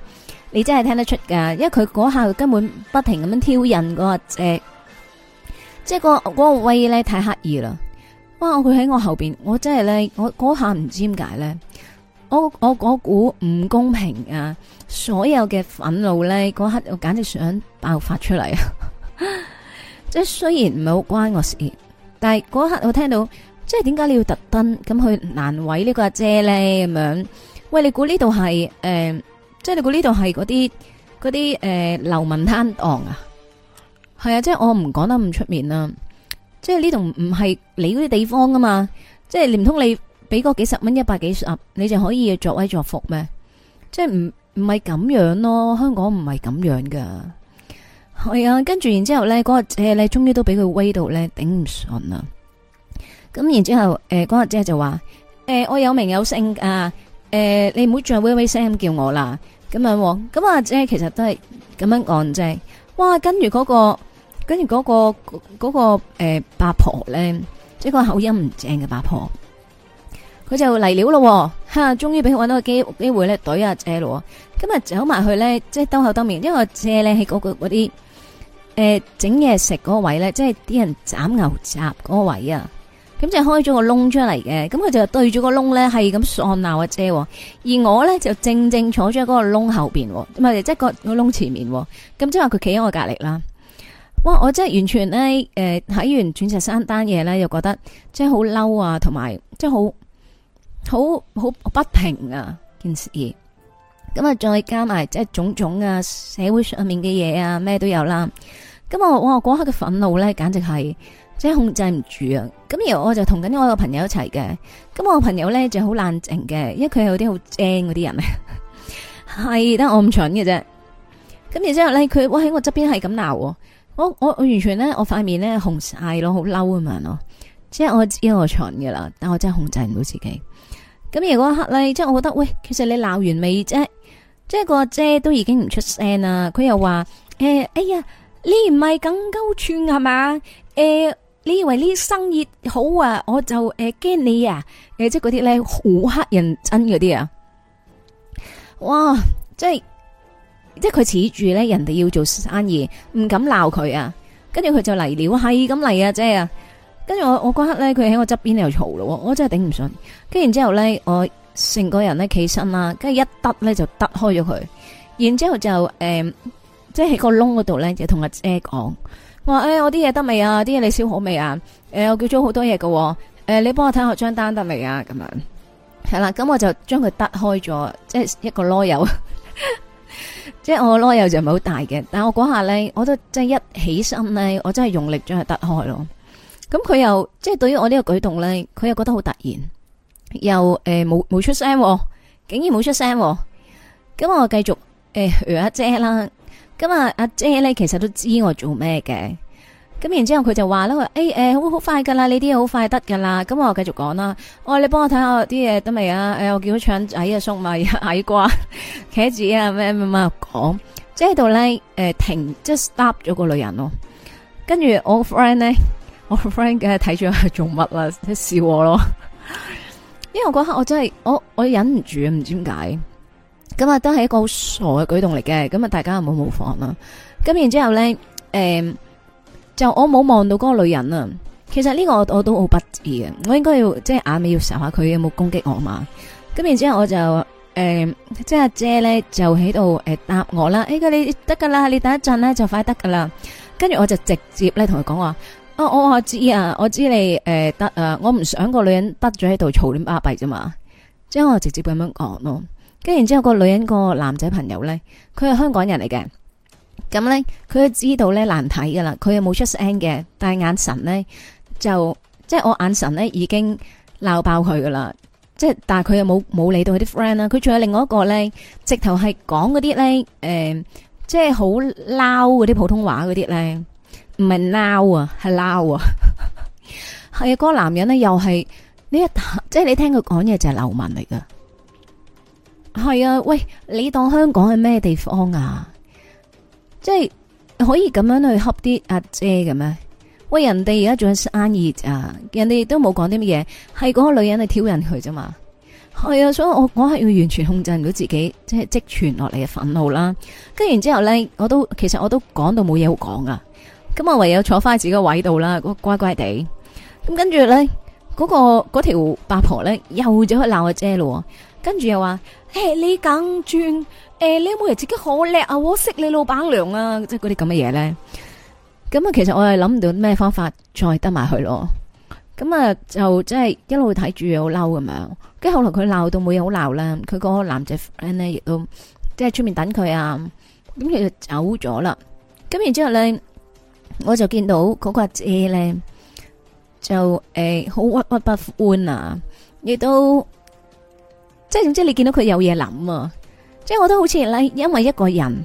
你真係聽得出噶，因為佢嗰下根本不停咁樣挑釁嗰、那個誒、呃，即係、那個嗰、那個喂咧太刻意啦。哇！佢喺我後邊，我真係咧，我嗰下唔知點解咧。我我估唔公平啊，所有嘅憤怒咧，嗰刻我簡直想爆發出嚟啊！即係雖然唔係好關我事，但係嗰刻我聽到，即係點解你要特登咁去難為個呢個阿姐咧？咁樣，喂你估呢度係誒，即係你估呢度係嗰啲嗰啲誒流民攤檔啊？係啊，即係我唔講得咁出面啊。即係呢度唔係你嗰啲地方啊嘛，即係唔通你？俾嗰幾十蚊一百幾十，你就可以作威作福咩？即係唔唔係咁樣咯？香港唔係咁樣噶。係啊，跟住、嗯、然之後咧，嗰個姐咧，終於都俾佢威到咧頂唔順啦。咁然之後，誒、呃，嗰個姐就話：，誒、呃，我有名有姓啊，誒、呃，你唔好再威威聲咁叫我啦。咁樣，咁阿姐其實都係咁樣講啫。哇，跟住嗰、那個，跟住嗰、那個，嗰、那個誒、那個那個那個那個呃、八婆咧，即係個口音唔正嘅八婆。佢就嚟料咯，哈、啊！終於俾佢搵到個機機會咧，對阿、啊、姐咯。今日走埋去咧，即係兜口兜面，因為姐咧喺嗰個嗰啲誒整嘢食嗰個位咧，即係啲人斬牛雜嗰個位個個啊。咁就開咗個窿出嚟嘅，咁佢就對住個窿咧，係咁喪鬧阿姐。而我咧就正正坐咗喺嗰個窿後邊，唔係即係個個窿前面。咁即係話佢企喺我隔離啦。哇！我真係完全咧誒睇完鑽石山單嘢咧，又覺得即係好嬲啊，同埋即係好。好好不平啊！件事咁啊、嗯，再加埋即係種種啊，社會上面嘅嘢啊，咩都有啦。咁、嗯、我哇嗰刻嘅憤怒咧，簡直係即係控制唔住啊！咁、嗯、然後我就同緊我一個朋友一齊嘅，咁、嗯、我個朋友咧就好冷靜嘅，因為佢有啲好精嗰啲人咧，係得我唔蠢嘅啫。咁、嗯、然之後咧，佢哇喺我側邊係咁鬧我，我我完全咧，我塊面咧紅晒咯，好嬲咁樣咯，即係我知我蠢噶啦，但我真係控制唔到自己。咁如果黑咧，即係我覺得喂，其實你鬧完未啫？即係個姐都已經唔出聲啦。佢又話誒、呃，哎呀，呢唔係咁鳩串係嘛？誒、呃，你以為呢生意好啊？我就誒驚、呃、你啊！誒，即係嗰啲咧好乞人憎嗰啲啊！哇，即係即係佢恃住咧，姐姐人哋要做生意，唔敢鬧佢啊。跟住佢就嚟了，係咁嚟啊，即係。跟住我，我嗰刻咧，佢喺我側邊又嘈咯，我真係頂唔順。跟住然之後咧，我成個人咧起身啦，跟住一得咧就得開咗佢。然之後,後就誒、呃，即係喺個窿嗰度咧，就同阿姐講，我話誒、哎，我啲嘢得未啊？啲嘢你燒好未啊？誒、哎，我叫咗好多嘢㗎、哦，誒、哎，你幫我睇下張單得未啊？咁樣係啦，咁我就將佢得開咗，即係一個籮柚， 即係我籮柚就唔係好大嘅，但係我嗰下咧，我都即係一起身咧，我真係用力將佢得開咯。咁佢又即係、就是、對於我呢個舉動咧，佢又覺得好突然，又誒冇冇出聲、哦，竟然冇出聲、哦。咁我繼續誒約阿姐啦。咁啊阿姐咧，其實都知我做咩嘅。咁然之後佢就話啦：誒誒、哎呃，好好快噶啦，你啲嘢好快得噶啦。咁我繼續講啦。喂、哦，你幫我睇下啲嘢得未啊？誒、哎，我叫咗腸仔啊、粟米呀、矮瓜、茄子啊，咩咩嘛講，即係度咧誒停，即係 stop 咗個女人咯。跟住我個 friend 咧。我 friend 梗係睇住佢做乜啦，即係笑我咯。 因為嗰刻我真係我我忍唔住，唔知點解咁啊，都係一個好傻嘅舉動嚟嘅。咁啊，大家唔好模仿啦。咁然之後咧，誒、嗯，就我冇望到嗰個女人啊。其實呢個我，我都好不意嘅，我應該要即係、就是、眼尾要睄下佢有冇攻擊我嘛。咁然之後我就誒、嗯，即係阿姐咧就喺度誒答我啦。誒、哎，你得噶啦，你等一陣咧就快得噶啦。跟住我就直接咧同佢講話。哦，我我知啊，我知你誒得啊，我唔想個女人得咗喺度嘈亂巴閉啫嘛，即係我直接咁樣講咯。跟然之後個女人個男仔朋友咧，佢係香港人嚟嘅，咁咧佢知道咧難睇噶啦，佢又冇出聲嘅，但係眼神咧就即係我眼神咧已經鬧爆佢噶啦，即係但係佢又冇冇理到佢啲 friend 啦，佢仲有另外一個咧，直頭係講嗰啲咧誒，即係好撈嗰啲普通話嗰啲咧。唔係撈啊，係撈啊！係 啊，嗰、嗰個男人呢又係呢一即係你聽佢講嘢就係、是、流氓嚟噶。係啊，喂，你當香港係咩地方啊？即係可以咁樣去恰啲阿姐嘅咩？喂，人哋而家做生意啊，人哋都冇講啲乜嘢，係嗰個女人嚟挑釁佢啫嘛。係啊，所以我我我係要完全控制唔到自己，即係積存落嚟嘅憤怒啦。跟完之後呢，我都其實我都講到冇嘢好講啊。咁啊，唯有坐翻自己個位度啦，乖乖地咁。跟住咧，嗰、嗰個嗰條八婆咧又走去鬧阿姐咯。跟住又話誒、欸，你咁轉誒，你有冇以為自己好叻啊？我識你老闆娘啊，即係嗰啲咁嘅嘢咧。咁、嗯、啊，其實我係諗唔到咩方法再得埋佢咯。咁、嗯、啊，就即係一路睇住好嬲咁樣。跟後來佢鬧到冇嘢好鬧啦，佢個男仔 friend 呢，亦都即係出面等佢啊。咁佢就走咗啦。咁然後之後咧。我就見到嗰個阿姐咧，就誒好、欸、屈屈不歡啊！亦都即係總之，你見到佢有嘢諗啊！即係我都好似咧，因為一個人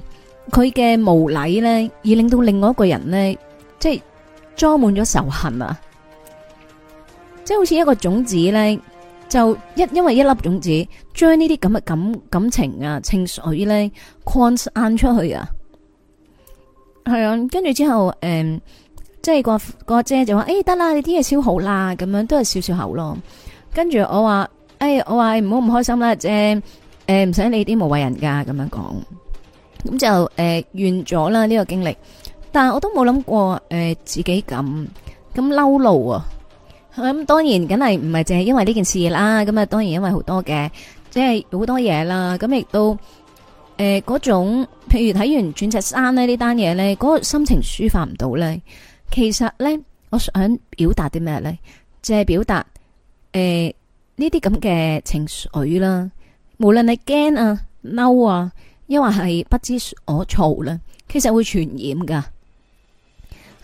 佢嘅無禮咧，而令到另外一個人咧，即係裝滿咗仇恨啊！即係好似一個種子咧，就一因為一粒種子，將呢啲咁嘅感感情啊、情緒咧，擴散出去啊！係啊，跟住之後誒、嗯，即係個個姐，姐就話誒得啦，你啲嘢超好啦，咁樣都係笑笑口咯。跟住我話誒、哎，我話唔好唔開心啦，姐誒唔使理啲無謂人噶，咁樣講。咁就誒怨咗啦呢個經歷，但係我都冇諗過誒、呃、自己咁咁嬲怒啊。咁、嗯、當然梗係唔係淨係因為呢件事啦，咁啊當然因為好多嘅即係好多嘢啦，咁亦都誒嗰、呃、種。譬如睇完《鑽石山》咧呢單嘢咧，嗰、那個心情抒發唔到咧，其實咧我想表達啲咩咧，就係、是、表達誒呢啲咁嘅情緒啦。無論你驚啊、嬲啊，抑或係不知所措啦，其實會傳染㗎。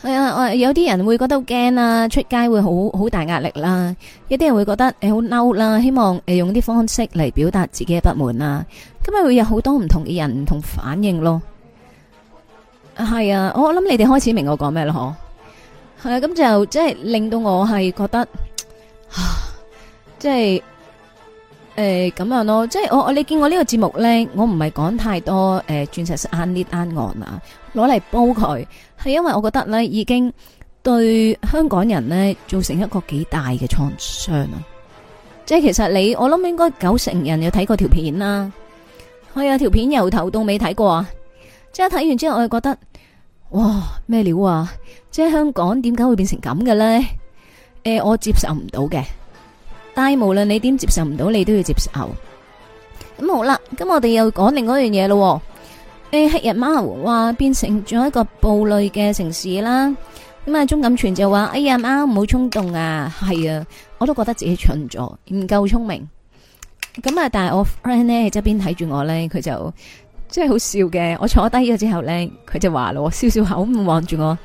係啊，有啲人會覺得驚啦，出街會好好大壓力啦；有啲人會覺得誒好嬲啦，希望誒用啲方式嚟表達自己嘅不滿啦。今日會有好多唔同嘅人唔同反應咯。啊，係啊，我諗你哋開始明我講咩啦嗬？係啊，咁就即係令到我係覺得，即係誒咁樣咯。即係我，我你見我呢個節目咧，我唔係講太多誒鑽石山嗰單案啊，攞嚟煲佢。係因為我覺得呢，已經對香港人呢造成一個幾大嘅創傷啊！即係其實你，我諗應該九成人有睇過條片啦。我有條片由頭到尾睇過啊！即係睇完之後，我就覺得，哇咩料啊！即係香港點解會變成咁嘅呢？誒、呃，我接受唔到嘅。但係無論你點接受唔到，你都要接受。咁好啦，咁我哋又講另外一樣嘢咯。誒，黑日貓，話變成咗一個暴戾嘅城市啦。咁啊，鍾錦全就話：哎呀，貓，唔好衝動啊，係啊，我都覺得自己蠢咗，唔夠聰明。咁啊，但係我 friend 咧，喺側邊睇住我咧，佢就即係好笑嘅。我坐低咗之後咧，佢就話咯，笑笑口咁望住我：，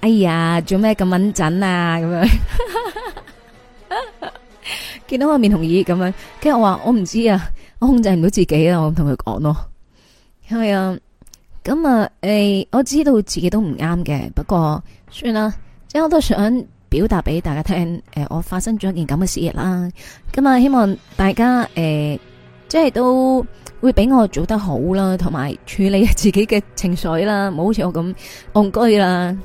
哎呀，做咩咁穩陣啊？咁樣，見到我面紅耳咁樣，跟住我話：我唔知啊，我控制唔到自己啊，我同佢講咯。係啊，咁啊誒，我知道自己都唔啱嘅，不過算啦，即係我都想表達俾大家聽，誒、哎，我發生咗一件咁嘅事嘅啦。咁啊，希望大家誒，即、哎、係都會俾我做得好啦，同埋處理自己嘅情緒啦，唔好好似我咁戇居啦。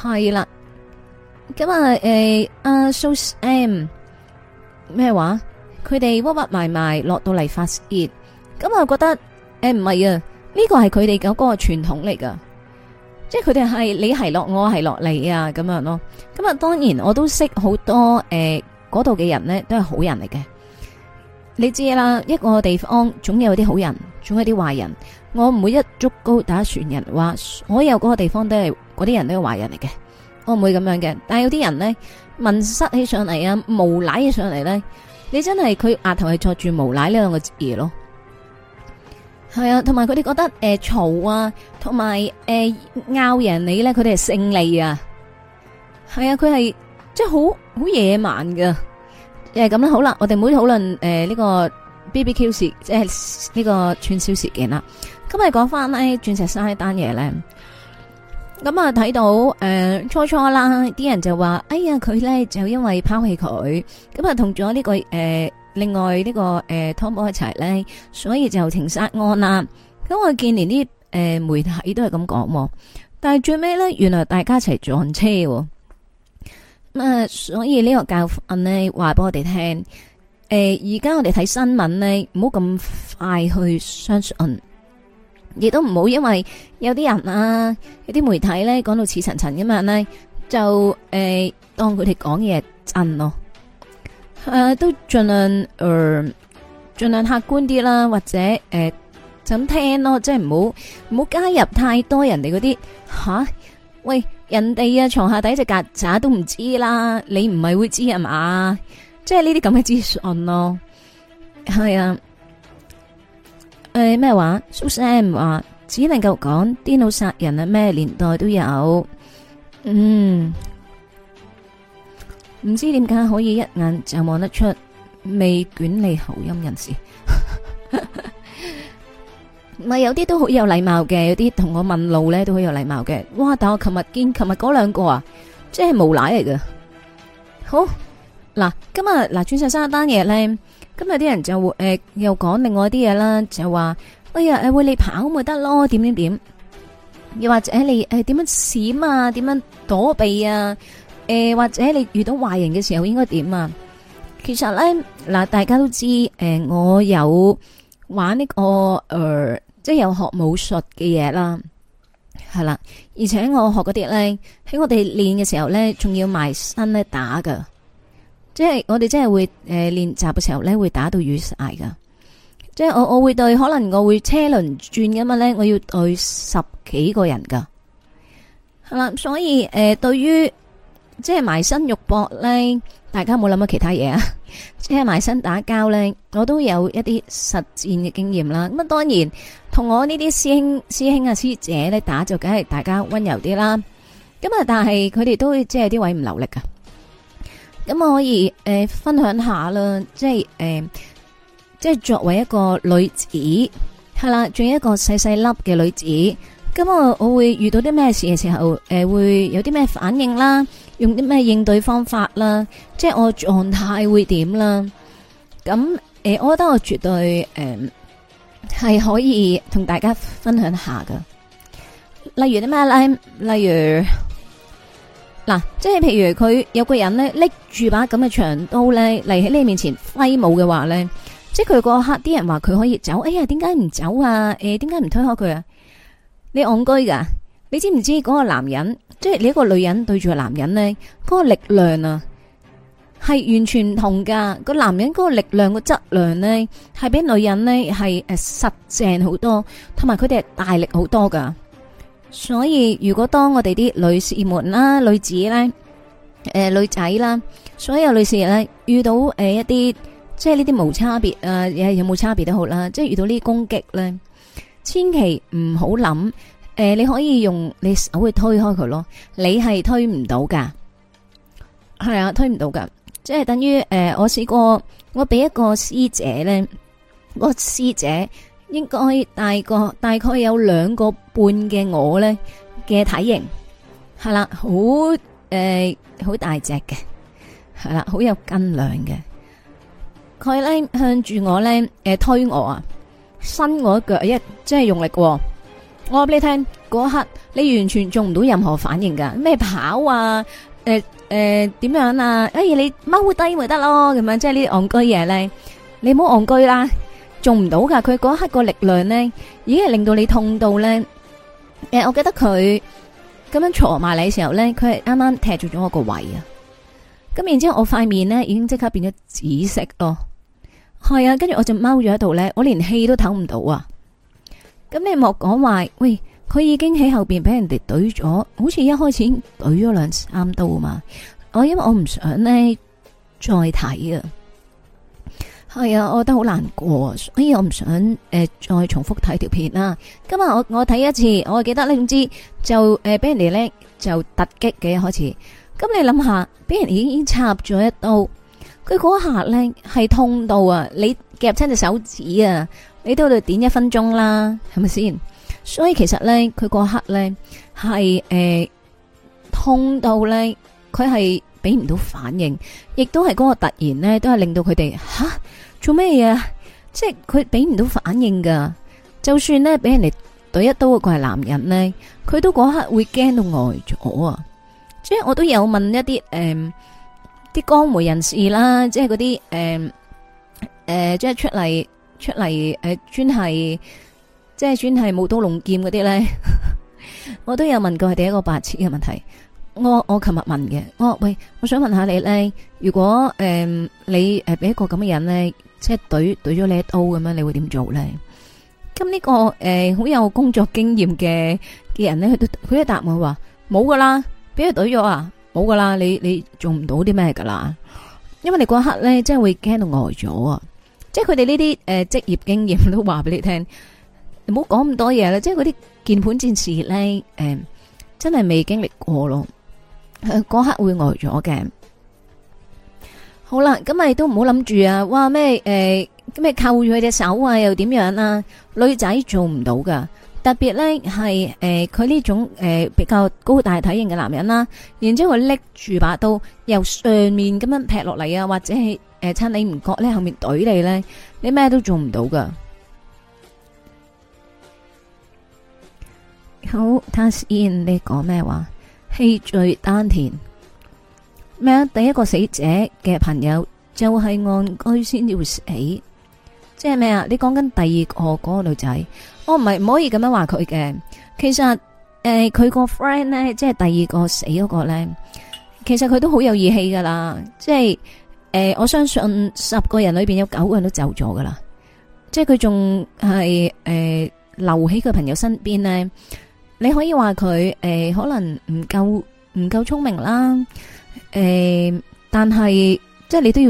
係啦、啊，咁、哎、啊誒，阿蘇 M 咩話？佢哋屈屈埋埋落到嚟發熱，咁我覺得。誒，唔係啊，呢個係佢哋嗰個傳統嚟噶，即係佢哋係你係落我係落你啊，咁樣咯。咁啊，當然我都識好多誒，嗰度嘅人呢，都係好人嚟嘅。你知啦，一個地方總有啲好人，總有啲壞人。我唔會一足高打船人話，所有嗰個地方都係嗰啲人都係壞人嚟嘅，我唔會咁樣嘅。但係有啲人呢，文失起上嚟啊，無賴起上嚟呢，你真係佢額頭係坐住無賴呢兩個字咯。係啊，同埋佢哋覺得誒嘈、呃、啊，同埋誒拗贏你咧，佢哋係勝利啊，係啊，佢係即係好好野蠻噶，誒咁啦，好啦，我哋唔會討論誒呢個 B B Q 事，即係呢個串燒事件啦。今日講翻咧鑽石山一單嘢咧，咁啊睇到誒、呃、初初啦，啲人就話，哎呀佢咧就因為拋棄佢，咁啊同咗呢個誒。呃另外呢，這個誒湯煲一齊呢，所以就情殺案啦。咁我見連啲誒、呃、媒體都係咁講，但係最尾呢，原來大家一齊撞車咁，呃、所以呢個教訓呢，話俾我哋聽。誒、呃，而家我哋睇新聞呢，唔好咁快去相信，亦都唔好因為有啲人啊，有啲媒體呢講到似層層嘅嘛呢，就誒、呃、當佢哋講嘢真咯。誒、呃，都盡量誒，盡、呃、量客觀啲啦，或者誒、呃，就咁聽咯，即係唔好唔好加入太多人哋嗰啲吓，喂，人哋啊床下底隻曱甴都唔知啦，你唔係會知係嘛？即係呢啲咁嘅資訊咯，係、哎、啊，誒、呃、咩話？蘇 Sir 話，只能夠講癲佬殺人啊，咩年代都有，嗯。唔知點解可以一眼就望得出未捲脷口音人士， 咪有啲都好有禮貌嘅，有啲同我問路咧都好有禮貌嘅。哇！但我琴日見琴日嗰兩個啊，即係無賴嚟㗎。好嗱，今日嗱轉晒新一單嘢咧，今日啲人就誒、呃、又講另外啲嘢啦，就話哎呀誒會你跑咪得咯，點點點，又或者你誒點、呃、樣閃啊，點樣躲避啊？誒、呃，或者你遇到壞人嘅時候應該點啊？其實咧嗱，大家都知誒、呃，我有玩呢、這個誒、呃，即係有學武術嘅嘢啦，係啦。而且我學嗰啲咧，喺我哋練嘅時候咧，仲要埋身咧打噶，即係我哋真係會誒練習嘅時候咧，會打到雨晒噶。即係我我會對可能我會車輪轉咁啊咧，我要對十幾個人噶係啦。所以誒、呃，對於。即係埋身肉搏咧，大家冇諗過其他嘢啊！ 即係埋身打交咧，我都有一啲實戰嘅經驗啦。咁啊，當然同我呢啲師兄、師兄啊、師姐咧打就梗係大家溫柔啲啦。咁啊，但係佢哋都會即係啲位唔流力啊。咁我可以誒、呃、分享下啦，即係誒、呃，即係作為一個女子係啦，做一個細細粒嘅女子，咁我會遇到啲咩事嘅時候，誒、呃、會有啲咩反應啦？用啲咩應對方法啦？即係我狀態會點啦？咁誒、呃，我覺得我絕對誒係、呃、可以同大家分享下噶。例如啲咩咧？例如嗱，即係譬如佢有個人咧拎住把咁嘅長刀咧嚟，喺你面前揮舞嘅話咧，即係佢嗰刻啲人話佢可以走。哎呀，點解唔走啊？誒、呃、點解唔推開佢啊？你戇居噶？你知唔知嗰個男人？即係你一個女人對住個男人咧，嗰個力量啊，係完全唔同噶。個男人嗰個力量個質量咧，係比女人咧係誒實淨好多，同埋佢哋係大力好多噶。所以如果當我哋啲女士們啦、女子咧、誒女仔啦、所有女士咧遇到誒一啲即係呢啲無差別啊，有有冇差別都好啦，即係遇到呢啲攻擊咧，千祈唔好諗。誒、呃，你可以用你手去推開佢咯，你係推唔到噶係啊，推唔到噶即係等於誒、呃，我試過我俾一個師姐咧，個師姐應該大個大概有兩個半嘅我咧嘅體型，係啦、啊，好誒好大隻嘅，係啦、啊，好有斤兩嘅，佢咧向住我咧誒、呃、推我啊，伸我腳一即係用力、哦。我話俾你聽，嗰一刻你完全做唔到任何反應噶，咩跑啊，誒誒點樣啊？哎，你踎低咪得咯，咁樣即係呢啲戇居嘢咧，你唔好戇居啦，做唔到噶。佢嗰一刻個力量咧，已經係令到你痛到咧。誒、呃，我記得佢咁樣坐埋你嘅時候咧，佢係啱啱踢住咗我個胃啊。咁然之後我塊面咧已經即刻變咗紫色咯。係啊，跟住我就踎咗喺度咧，我連氣都唞唔到啊。咁你莫講壞，喂，佢已經喺後邊俾人哋懟咗，好似一開始懟咗兩三刀啊嘛。我因為我唔想呢再睇啊，係啊，我覺得好難過，所以我唔想誒、呃、再重複睇條片啦。今日我我睇一次，我記得你總之就誒俾、呃、人哋咧就突擊嘅一開始。咁你諗下，俾人已經插咗一刀，佢嗰下咧係痛到啊，你夾親隻手指啊！你都喺度點一分鐘啦，係咪先？所以其實咧，佢嗰刻咧係誒痛到咧，佢係俾唔到反應，亦都係嗰個突然咧，都係令到佢哋吓做咩嘢？即係佢俾唔到反應噶，就算咧俾人哋懟一刀，佢係男人咧，佢都嗰刻會驚到呆咗啊！即係我都有問一啲誒，啲、呃、江湖人士啦，即係嗰啲誒誒，即係出嚟。.出嚟誒，專、呃、係即係專係舞刀弄劍嗰啲咧， 我都有問過佢第一個白痴嘅問題。我我琴日問嘅，我，我喂，我想問下你咧，如果誒、呃、你誒俾、呃、一個咁嘅人咧，即係懟懟咗你一刀咁樣，你會點做咧？咁呢、這個誒好、呃、有工作經驗嘅嘅人咧，佢都佢嘅答案話冇噶啦，俾佢懟咗啊，冇噶啦，你你做唔到啲咩噶啦？因為你嗰刻咧，即係會驚到呆咗啊！即係佢哋呢啲誒職業經驗都話俾你聽，唔好講咁多嘢啦。即係嗰啲鍵盤戰士咧，誒、呃、真係未經歷過咯，嗰、呃、刻會呆咗嘅。好啦，咁咪都唔好諗住啊！哇咩誒咩扣住佢隻手啊又點樣啊？女仔做唔到噶，特別咧係誒佢呢種誒、呃、比較高大體型嘅男人啦，然之後佢拎住把刀由上面咁樣劈落嚟啊，或者係。趁你唔覺咧，後面懟你咧，你咩都做唔到噶。好，Tasian，你講咩話？氣聚丹田咩啊？第一個死者嘅朋友就係按居先要死，即係咩啊？你講緊第二個嗰個女仔，我唔係唔可以咁樣話佢嘅。其實誒，佢個 friend 咧，即係第二個死嗰個咧，其實佢都好有義氣噶啦，即係。誒，我相信十個人裏邊有九個人都走咗噶啦，即係佢仲係誒留喺佢個朋友身邊呢。你可以話佢誒可能唔夠唔夠聰明啦，誒，但係即係你都要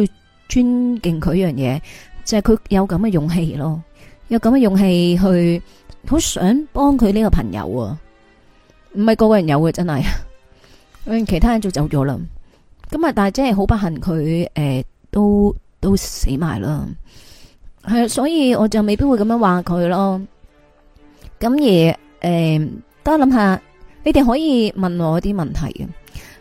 尊敬佢一樣嘢，即係佢有咁嘅勇氣咯，有咁嘅勇氣去好想幫佢呢個朋友啊，唔係個個人有嘅，真係，其他人就走咗啦。咁啊！但係真係好不幸，佢誒、呃、都都死埋啦。係，所以我就未必會咁樣話佢咯。咁而誒，等我諗下，你哋可以問我啲問題嘅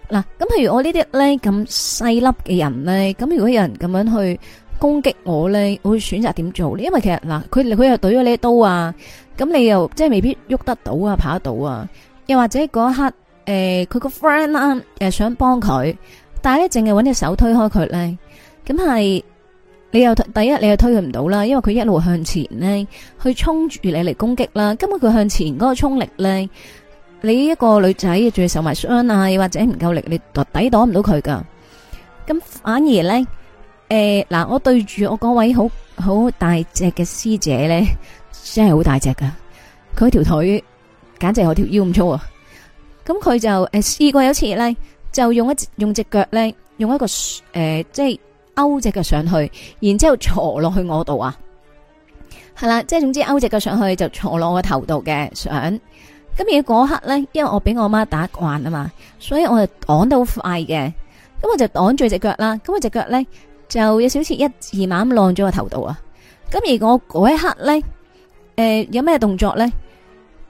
嗱。咁譬如我呢啲咧咁細粒嘅人咧，咁如果有人咁樣去攻擊我咧，我會選擇點做呢？因為其實嗱，佢佢又懟咗呢一刀啊，咁你又即係未必喐得到啊，跑得到啊？又或者嗰一刻誒，佢個 friend 啊，誒、呃、想幫佢。但係咧，淨係搵隻手推開佢咧，咁係你又第一，你又推佢唔到啦，因為佢一路向前咧，去衝住你嚟攻擊啦。根本佢向前嗰個衝力咧，你一個女仔仲要受埋傷啊，又或者唔夠力，你抵擋唔到佢噶。咁反而咧，誒、呃、嗱，我對住我嗰位好好大隻嘅師姐咧，真係好大隻噶，佢條腿簡直我條腰咁粗啊。咁佢就誒試過有一次咧。就用一隻用一隻腳咧，用一個誒、呃，即係勾隻腳上去，然之後坐落去我度啊，係啦，即係總之勾隻腳上去就坐落我個頭度嘅想。咁而嗰刻咧，因為我俾我媽打慣啊嘛，所以我就擋得好快嘅。咁我就擋住一隻腳啦。咁隻腳咧就有少少一，小一字馬咁落咗個頭度啊。咁而我嗰一刻咧，誒、呃，有咩動作咧？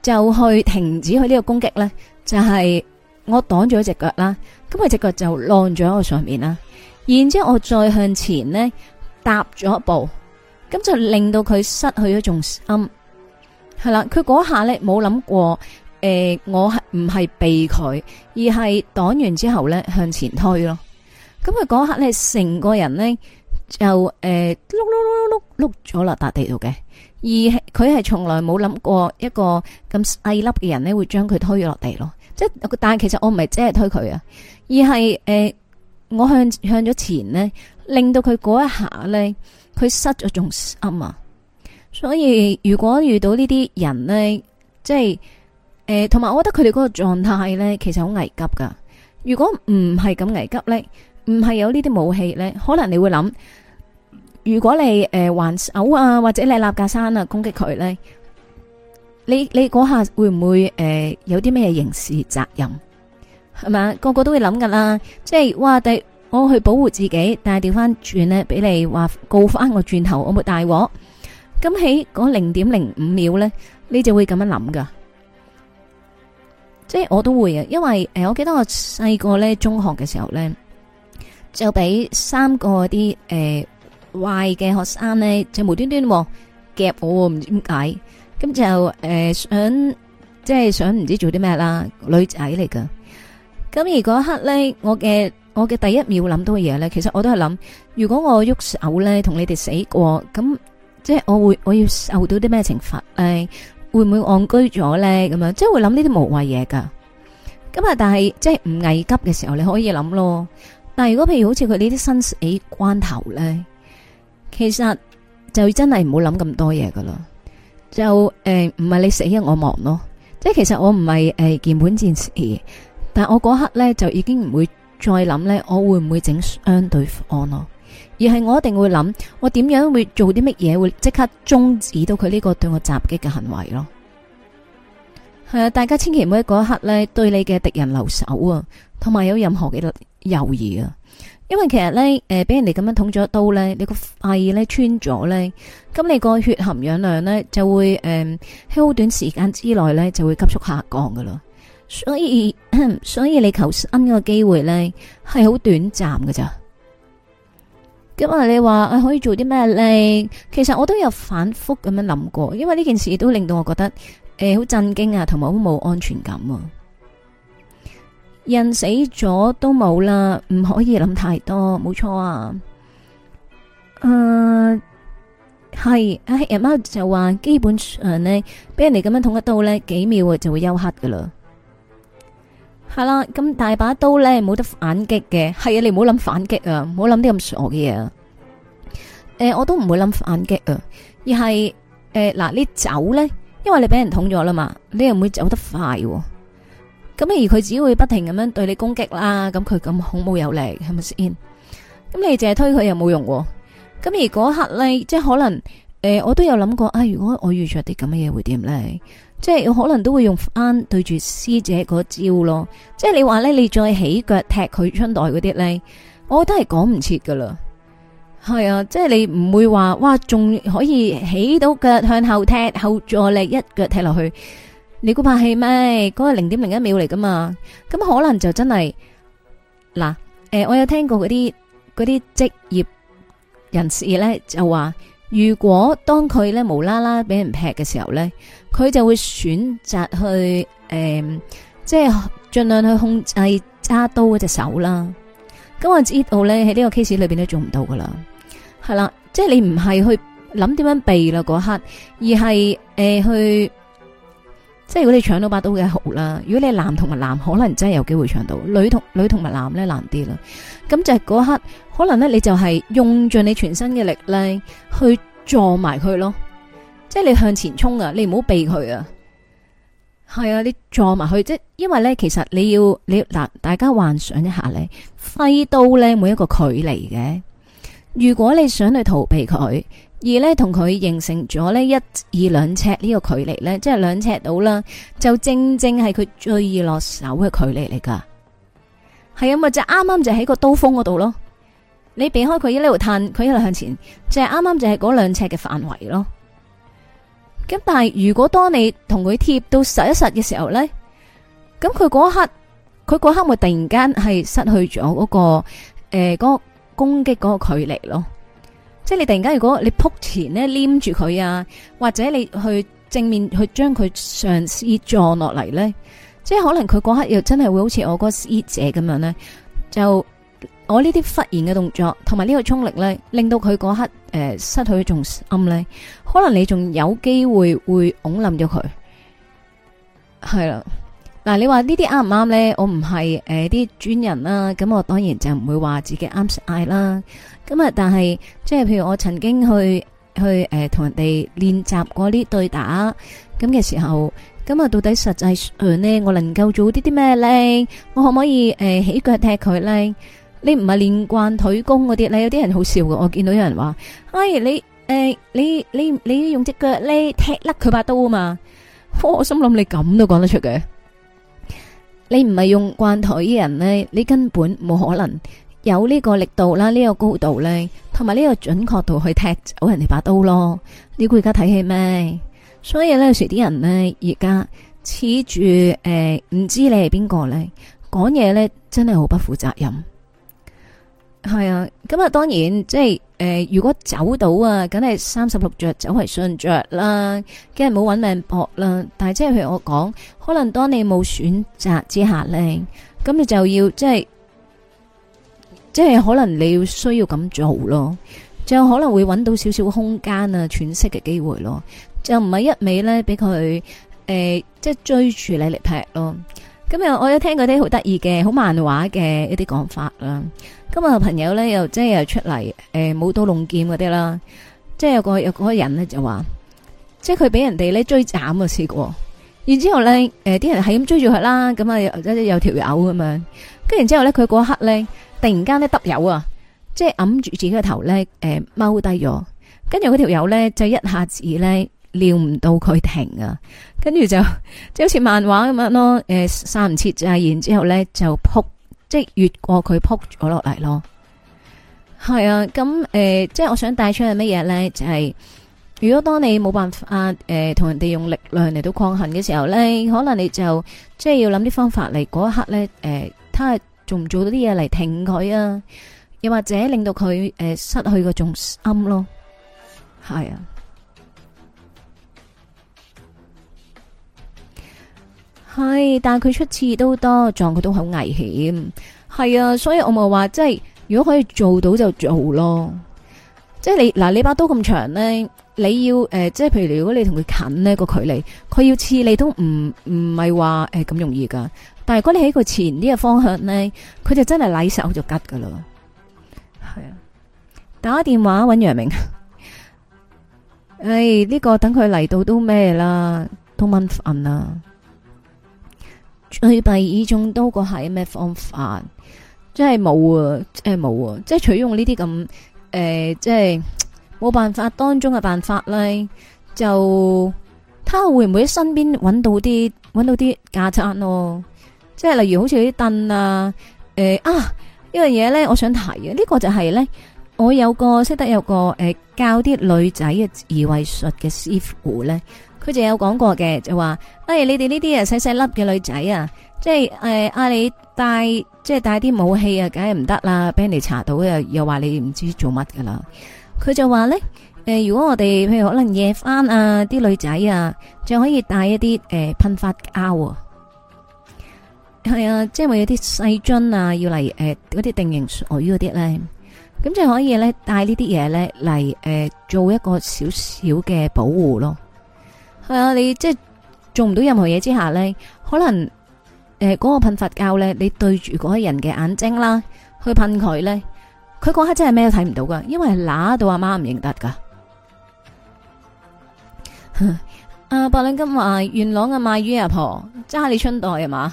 就去停止佢呢個攻擊咧，就係、是、我擋住咗隻腳啦。咁佢隻腳就晾咗喺我上面啦，然之後我再向前呢踏咗一步，咁就令到佢失去咗重心，係啦，佢嗰下呢冇諗過誒、呃，我係唔係避佢，而係擋完之後呢向前推咯。咁佢嗰刻呢成個人呢就誒碌碌碌碌碌碌咗啦，笪、呃、地度嘅。而佢係從來冇諗過一個咁細粒嘅人呢會將佢推咗落地咯。即係但係其實我唔係真係推佢啊。而係誒，我向向咗前咧，令到佢嗰一下咧，佢失咗重心啊！所以如果遇到呢啲人咧，即係誒，同埋我覺得佢哋嗰個狀態咧，其實好危急噶。如果唔係咁危急咧，唔係有呢啲武器咧，可能你會諗，如果你誒還手啊，或者你立架山啊攻擊佢咧，你你嗰下會唔會誒有啲咩刑事責任？係嘛，個個都會諗噶啦，即係哇！第我去保護自己，但係調翻轉咧，俾你話告翻我轉頭，我冇大鑊。咁喺嗰零點零五秒咧，你就會咁樣諗噶，即係我都會啊，因為誒，我記得我細個咧，中學嘅時候咧，就俾三個啲誒壞嘅學生咧，就無端端夾我，唔知點解咁就誒想即係想唔知做啲咩啦，女仔嚟噶。咁而嗰一刻咧，我嘅我嘅第一秒諗到嘅嘢咧，其實我都係諗，如果我喐手咧，同你哋死過，咁即係我會我要受到啲咩懲罰？誒，會唔會戇居咗咧？咁樣即係會諗呢啲無謂嘢噶。咁啊，但係即係唔危急嘅時候你可以諗咯。但係如果譬如好似佢呢啲生死關頭咧，其實就真係唔好諗咁多嘢噶啦。就誒，唔係你死啊，我亡咯。即係其實我唔係誒鍵盤戰士。但我嗰刻呢，就已經唔會再諗呢，我會唔會整相對方咯？而係我一定會諗，我點樣會做啲乜嘢會即刻終止到佢呢個對我襲擊嘅行為咯？係啊，大家千祈唔好喺嗰一刻呢，對你嘅敵人留守啊，同埋有任何嘅猶豫啊，因為其實呢，誒、呃，俾人哋咁樣捅咗一刀呢，你個肺呢穿咗呢，咁你個血含氧量呢，就會誒喺好短時間之內呢，就會急速下降噶啦。所以，所以你求生嗰個機會咧，係好短暫噶。咋咁啊？你話誒可以做啲咩咧？其實我都有反覆咁樣諗過，因為呢件事都令到我覺得誒好震驚啊，同埋好冇安全感。人死咗都冇啦，唔可以諗太多，冇錯啊。誒，係啊，天喵就話基本上咧，俾人哋咁樣捅一刀咧，幾秒就會休克噶啦。係啦，咁、嗯、大把刀咧，冇得反擊嘅。係啊，你唔好諗反擊啊，唔好諗啲咁傻嘅嘢啊。誒、呃，我都唔會諗反擊啊，而係誒嗱，你走咧，因為你俾人捅咗啦嘛，你又唔會走得快，哦。咁而佢只會不停咁樣對你攻擊啦。咁佢咁恐怖有力，係咪先？咁你淨係推佢又冇用，啊。咁而嗰刻咧，即係可能誒、呃，我都有諗過啊，如果我遇着啲咁嘅嘢會點咧？即係可能都會用返對住師姐嗰招咯，即係你話咧，你再起腳踢佢春袋嗰啲咧，我覺得係講唔切噶啦。係啊，即係你唔會話哇，仲可以起到腳向後踢後助力一腳踢落去，你估怕係咩？嗰個零點零一秒嚟噶嘛？咁可能就真係嗱，誒、呃，我有聽過嗰啲嗰啲職業人士咧就話。如果當佢咧無啦啦俾人劈嘅時候咧，佢就會選擇去誒、呃，即係盡量去控制揸刀嗰隻手啦。咁我知道咧喺呢個 case 裏邊都做唔到噶啦，係啦，即係你唔係去諗點樣避啦嗰刻，而係誒、呃、去。即係如果你搶到把刀嘅好啦，如果你男同埋男，可能真係有機會搶到；女同女同埋男呢，難啲啦。咁就係嗰刻，可能呢，你就係用盡你全身嘅力呢去撞埋佢咯。即係你向前衝啊你唔好避佢啊。係啊，你撞埋佢，即係因為呢，其實你要你嗱，大家幻想一下咧，揮刀呢，每一個距離嘅，如果你想去逃避佢。而咧同佢形成咗呢一二兩尺呢個距離咧，即係兩尺到啦，就正正係佢最易落手嘅距離嚟噶。係吖嘛，就啱啱就喺個刀鋒嗰度咯。你避開佢一度嘆，佢一路向前，就係啱啱就係嗰兩尺嘅範圍咯。咁但係如果當你同佢貼到實一實嘅時候咧，咁佢嗰刻佢嗰刻咪突然間係失去咗嗰個誒嗰個攻擊嗰個距離咯。即係你突然間如果你撲前咧黏住佢啊，或者你去正面去將佢嘗試撞落嚟咧，即係可能佢嗰刻又真係會好似我嗰師姐咁樣咧，就我呢啲忽然嘅動作同埋呢個衝力咧，令到佢嗰刻誒、呃、失去重心咧，可能你仲有機會會拱冧咗佢，係啦。嗱，你話呢啲啱唔啱咧？我唔係誒啲專人啦，咁我當然就唔會話自己啱晒啦。咁啊，但係即係譬如我曾經去去誒同、呃、人哋練習過呢對打咁嘅時候，咁啊到底實際上呢，我能夠做啲啲咩咧？我可唔可以誒、呃、起腳踢佢咧？你唔係練慣腿功嗰啲咧？有啲人好笑嘅，我見到有人話：哎，你、呃、你你你，你用隻腳咧踢甩佢把刀啊嘛、哦！我心諗你咁都講得出嘅。你唔係用慣台嘅人呢，你根本冇可能有呢個力度啦，呢個高度呢，同埋呢個準確度去踢走人哋把刀咯。你估而家睇戲咩？所以呢，有時啲人呢，而家恃住誒，唔知你係邊個呢，講嘢呢，真係好不負責任。係啊，咁啊，當然即係誒、呃，如果走到啊，梗係三十六着走為順着啦，梗係冇揾命搏啦。但係即係譬如我講，可能當你冇選擇之下咧，咁你就要即係，即係可能你要需要咁做咯，就可能會揾到少少空間啊，喘息嘅機會咯，就唔係一味咧俾佢誒，即係追住你嚟劈咯。今日我有聽過嗰啲好得意嘅、好漫畫嘅一啲講法啦。今日朋友咧又即係又出嚟，誒，舞刀弄劍嗰啲啦。即係有個有個人咧就話，即係佢俾人哋咧追斬啊試過。然之後咧，誒，啲人係咁追住佢啦。咁啊，有有條友咁樣。跟住之後咧，佢嗰刻咧，突然間咧，耷友啊，即係揞住自己個頭咧，誒，踎低咗。跟住嗰條友咧，就一下子咧。撩唔到佢停啊！跟住就即係好似漫畫咁樣咯，誒、呃，閃唔切啊，然之後咧就撲，即係越過佢撲咗落嚟咯。係啊，咁誒、呃，即係我想帶出係乜嘢咧？就係、是、如果當你冇辦法誒同、呃、人哋用力量嚟到抗衡嘅時候咧，可能你就即係要諗啲方法嚟嗰一刻咧，誒、呃，睇下做唔做到啲嘢嚟停佢啊？又或者令到佢誒、呃、失去個重心咯？係啊。係，但係佢出次都多，撞佢都好危險。係啊，所以我咪話，即係如果可以做到就做咯。即係你嗱，你把刀咁長咧，你要誒、呃，即係譬如如果你同佢近呢、呢個距離，佢要刺你都唔唔係話誒咁容易噶。但係如果你喺佢前呢個方向咧，佢就真係舐手就吉噶啦。係啊，打電話搵楊明。誒、 哎，呢、呢個等佢嚟到都咩啦，都掹飯啦。最弊以種都個係咩方法？真係冇啊！真係冇啊！即係、啊、取用呢啲咁誒，即係冇辦法當中嘅辦法咧，就睇下會唔會喺身邊揾到啲揾到啲價值咯？即係例如好似啲凳啊，誒、呃、啊、這個、呢樣嘢咧，我想提啊，呢、這個就係咧，我有個識得有個誒、呃、教啲女仔嘅二位術嘅師傅咧。佢就有講過嘅，就話誒、哎，你哋呢啲啊細細粒嘅女仔、呃、啊，即係誒，嗌你帶即係帶啲武器啊，梗係唔得啦，俾人哋查到又又話你唔知做乜噶啦。佢就話咧誒，如果我哋譬如可能夜翻啊，啲女仔啊，就可以帶一啲誒噴髮膠啊，係、哎、啊，即係會有啲細樽啊，要嚟誒嗰啲定型水嗰啲咧，咁就可以咧帶呢啲嘢咧嚟誒做一個少少嘅保護咯。係啊，你即係做唔到任何嘢之下咧，可能誒嗰、呃那個噴髮膠咧，你對住嗰個人嘅眼睛啦，去噴佢咧，佢嗰刻真係咩都睇唔到噶，因為揦到阿媽唔認得噶。阿、 啊、白倫金話元朗嘅賣魚阿婆揸你春代係嘛，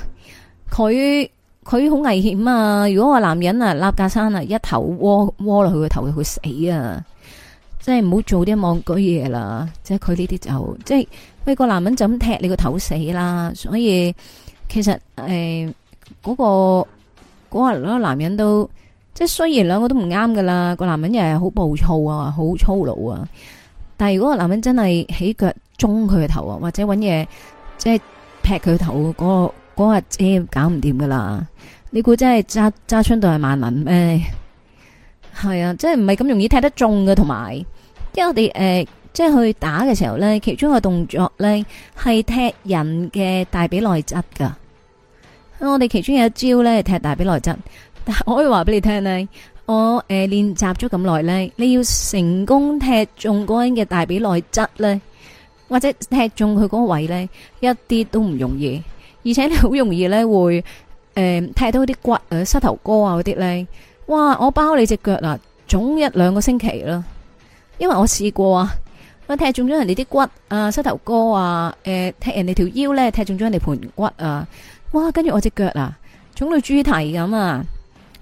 佢佢好危險啊！如果話男人啊，立架山啊，一頭窩窩落去個頭，佢會死啊！即係唔好做啲望鬼嘢啦！即係佢呢啲就即係喂、個男人就咁踢你個頭死啦！所以其實誒嗰、呃嗰個嗰日、那個、男人都即係雖然兩個都唔啱噶啦，個男人又係好暴躁啊，好粗魯啊。但係如果個男人真係起腳中佢個頭啊，或者搵嘢即係劈佢、個頭嗰、嗰個嗰日真搞唔掂噶啦！你估真係揸揸槍都係萬能咩？係啊，即係唔係咁容易踢得中㗎，同埋。因為我哋誒、呃，即係去打嘅時候呢，其中一個動作呢係踢人嘅大髀內側噶。我哋其中有一招呢，踢大髀內側。但係我可以話俾你聽呢，我誒練習咗咁耐呢，你要成功踢中嗰人嘅大髀內側呢，或者踢中佢嗰個位呢，一啲都唔容易。而且你好容易呢會誒、呃、踢到啲骨、啊、膝頭哥啊嗰啲呢。哇！我包你隻腳啦腫一兩個星期啦。因為我試過啊，我踢中咗人哋啲骨啊，膝頭哥啊，誒，踢人哋條腰咧，踢中咗人哋盤骨啊，哇！跟住我隻腳啊，腫到豬蹄咁啊，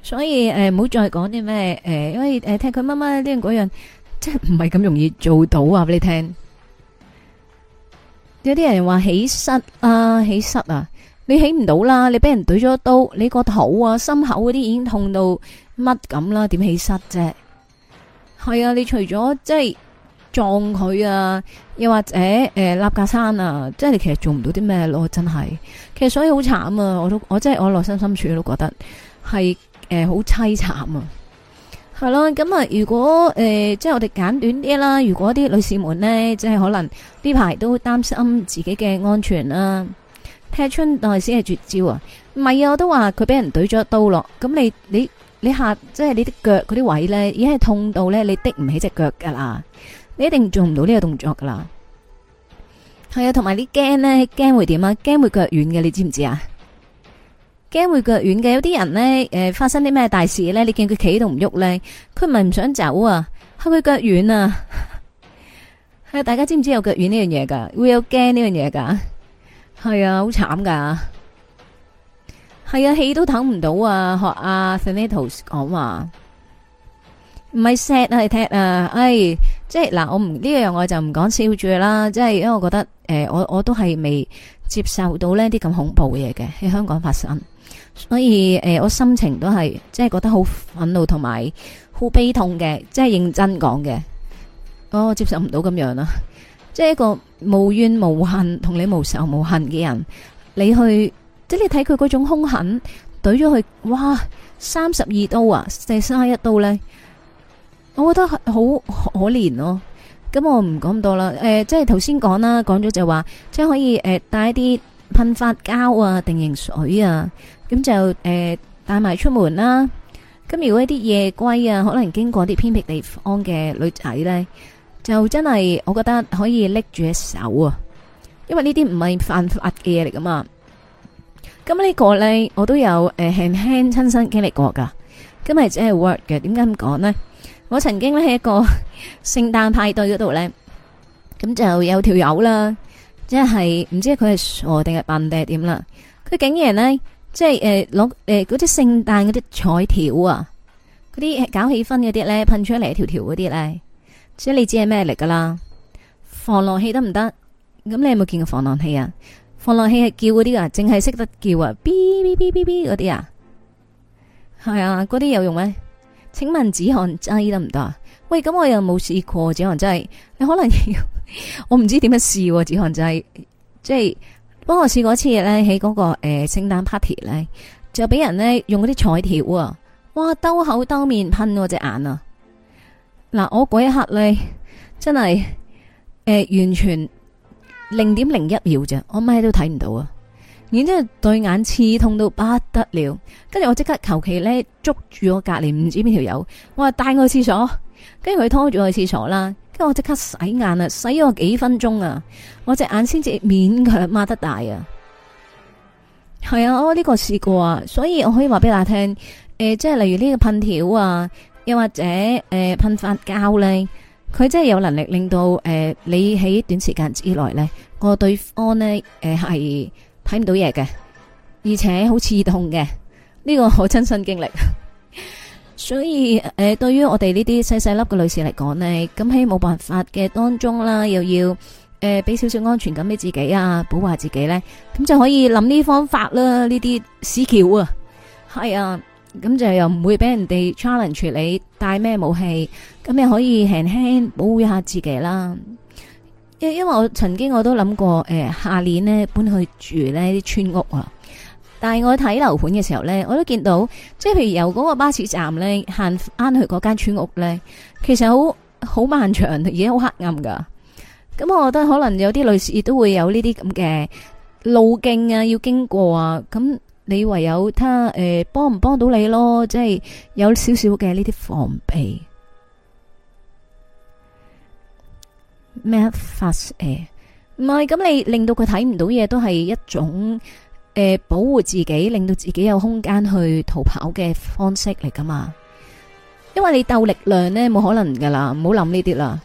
所以誒，唔好再講啲咩誒，因為誒踢佢媽媽啲嗰樣，即係唔係咁容易做到啊！俾你聽，有啲人話起膝啊，起膝啊，你起唔到啦，你俾人懟咗刀，你個頭啊、心口嗰啲已經痛到乜咁啦，點起膝啫？係啊，你除咗即係撞佢啊，又或者誒、呃，立架山啊，即係你其實做唔到啲咩咯，真係。其實所以好慘啊，我都我真係我內心深，深處都覺得係誒好淒慘啊。係咯，咁啊，如果誒、呃、即係我哋簡短啲啦。如果啲女士們呢，即係可能呢排都擔心自己嘅安全啦、啊。踢春代先係絕招啊，唔係啊，我都話佢俾人懟咗一刀咯。咁你你。你你下即係你啲腳嗰啲位咧，已經係痛到咧，你腳的唔起隻腳噶啦，你一定做唔到呢個動作噶啦。係啊，同埋你驚咧，驚會點啊？驚會腳軟嘅，你知唔知啊？驚會腳軟嘅，有啲人咧，誒、呃，發生啲咩大事咧？你見佢企都唔喐咧，佢唔係唔想走啊？係咪腳軟啊？係啊，大家知唔知有腳軟呢樣嘢噶？會有驚呢樣嘢噶？係啊，好慘噶。係啊，氣都唞唔到啊！學阿、啊、Senators 講話，唔係 set 係 tap 啊！哎、啊，即係嗱，我唔呢個樣，我就唔講笑住啦。即係因為我覺得，誒、呃，我我都係未接受到呢啲咁恐怖嘅嘢嘅喺香港發生，所以誒、呃，我心情都係即係覺得好憤怒同埋好悲痛嘅，即係認真講嘅、哦，我接受唔到咁樣啦、啊。即係一個無怨無恨同你無仇無恨嘅人，你去。即係你睇佢嗰種凶狠，懟咗佢，哇，三十二刀啊，四十一刀咧，我覺得好可憐咯、啊。咁我唔講咁多啦。誒、呃，即係頭先講啦，講咗就話，即係可以誒帶、呃、一啲噴髮膠啊、定型水啊，咁就誒帶埋出門啦、啊。咁如果一啲夜歸啊，可能經過啲偏僻地方嘅女仔咧，就真係我覺得可以拎住喺手啊，因為呢啲唔係犯法嘅嘢嚟噶嘛。咁呢個咧，我都有誒輕輕親身經歷過噶。今日即係 work 嘅，點解咁講咧？我曾經咧喺一個聖誕派對嗰度咧，咁就有條友啦，即係唔知佢係傻定係笨定係點啦？佢竟然咧，即係誒攞誒嗰啲聖誕嗰啲彩條啊，嗰啲搞氣氛嗰啲咧，噴出嚟，一條條嗰啲咧，即係你知係咩嚟噶啦？防狼器得唔得？咁你有冇見過防狼器啊？防狼器係叫嗰啲啊，淨係識得叫啊，嗶嗶嗶嗶嗶嗰啲啊，係啊，嗰啲有用咩？請問止汗劑，得唔得啊？喂，咁我又冇試過止汗劑，你可能 我唔知點樣試。止汗劑即係幫我試過一次咧，喺嗰、那個誒聖誕 party 咧，呃、Part y, 就俾人咧用嗰啲彩條啊，哇，兜口兜面噴我隻眼啊！嗱、呃，我嗰一刻咧，真係誒、呃、完全。零點零一秒啫，我咩都睇唔到啊！然之後對眼刺痛到不得了，跟住我即刻求其咧捉住我隔籬唔知邊條友，我話帶我去廁所，跟住佢拖住我去廁所啦，跟住我即刻洗眼啊，洗咗幾分鐘啊，我隻眼先至免佢抹得大啊！係啊，我呢個試過啊，所以我可以話俾大家聽，誒、呃，即係例如呢個噴條啊，又或者誒噴髮膠咧。呃佢真係有能力令到誒、呃，你喺短時間之內呢個對方呢誒係睇唔到嘢嘅，而且好刺痛嘅，呢、這個我親身經歷。 所以誒、呃，對於我哋呢啲細細粒嘅女士嚟講呢，咁喺冇辦法嘅當中啦，又要誒俾少少安全感俾自己啊，保護下自己呢，咁就可以諗呢方法啦，呢啲屎橋啊，係啊。咁就又唔會俾人哋 challenge 你帶咩武器，咁你可以輕輕保護下自己啦。因因為我曾經我都諗過，欸，下年呢搬去住呢啲村屋啊。但係我睇樓盤嘅時候呢，我都見到，即係譬如由嗰個巴士站呢行啱去嗰間村屋呢，其實好好漫長，而且好黑暗噶。咁我覺得可能有啲類似，亦都會有呢啲咁嘅路徑啊，要經過啊，咁。你唯有他誒，幫唔幫到你咯，即係有少少嘅呢啲防備咩法誒，唔係咁你令到佢睇唔到嘢都係一種誒保護自己，令到自己有空間去逃跑嘅方式嚟噶嘛。因為你鬥力量呢冇可能噶啦，唔好諗呢啲啦，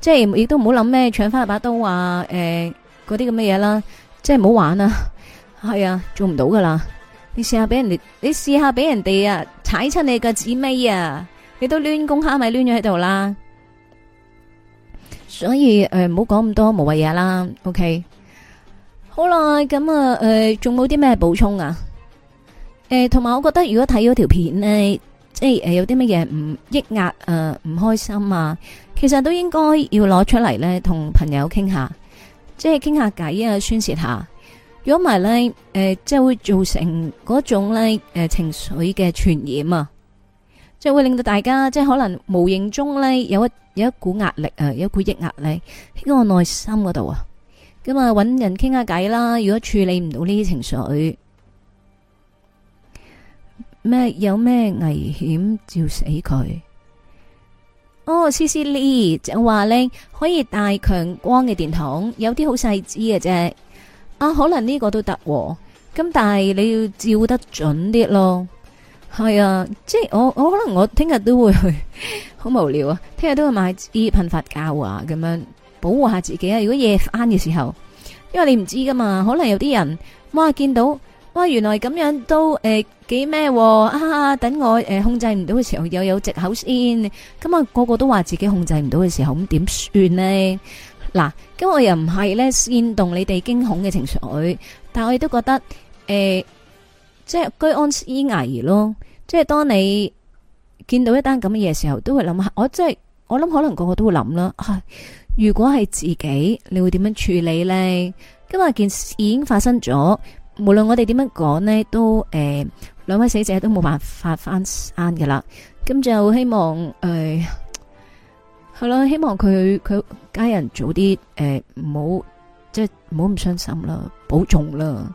即係亦都唔好諗咩搶翻把刀啊，誒嗰啲咁嘅嘢啦，即係唔好玩啊，係啊，做唔到噶啦。你試下俾人哋，你試下俾人哋啊，踩親你個指尾啊，你都攣公蝦米攣咗喺度啦。所以誒，唔好講咁多無謂嘢啦。OK，好啦，咁啊誒，仲冇啲咩補充啊？誒、呃，同埋我覺得如果睇咗條片呢，即係誒有啲乜嘢唔抑壓誒唔開心啊，其實都應該要攞出嚟咧同朋友傾、啊、下，即係傾下偈啊宣洩下。如果唔係咧，誒、呃，即係會造成嗰種咧，誒、呃，情緒嘅傳染啊，即係會令到大家，即係可能無形中咧，有一有一股壓力啊，有一股抑壓力喺我內心嗰度啊。咁、嗯、啊，搵人傾下偈啦。如果處理唔到呢啲情緒，咩有咩危險？照死佢。哦，CC Lee 就話咧，可以帶強光嘅電筒，有啲好細支嘅啫。啊，可能呢個都得、啊，咁但係你要照得準啲咯，係啊，即係我我可能我聽日都會去，好無聊啊，聽日都會買支噴髮膠啊，咁樣保護下自己啊。如果夜返嘅時候，因為你唔知噶嘛，可能有啲人哇見到哇原來咁樣都誒、呃、幾咩啊，啊，等我誒、呃、控制唔到嘅時候又有藉口先，咁啊個個都話自己控制唔到嘅時候咁點算呢？嗱，咁我又唔係咧煽動你哋驚恐嘅情緒，但係我亦都覺得，誒、呃，即係居安思危咯。即係當你見到一單咁嘅嘢嘅時候，都會諗下，我即係我諗，可能個個都會諗啦。如果係自己，你會點樣處理呢？今日件事已經發生咗，無論我哋點樣講呢，都誒、呃，兩位死者都冇辦法翻生噶啦。咁就希望誒。呃係咯，希望佢佢家人早啲誒，唔好即係唔好咁傷心啦，保重啦，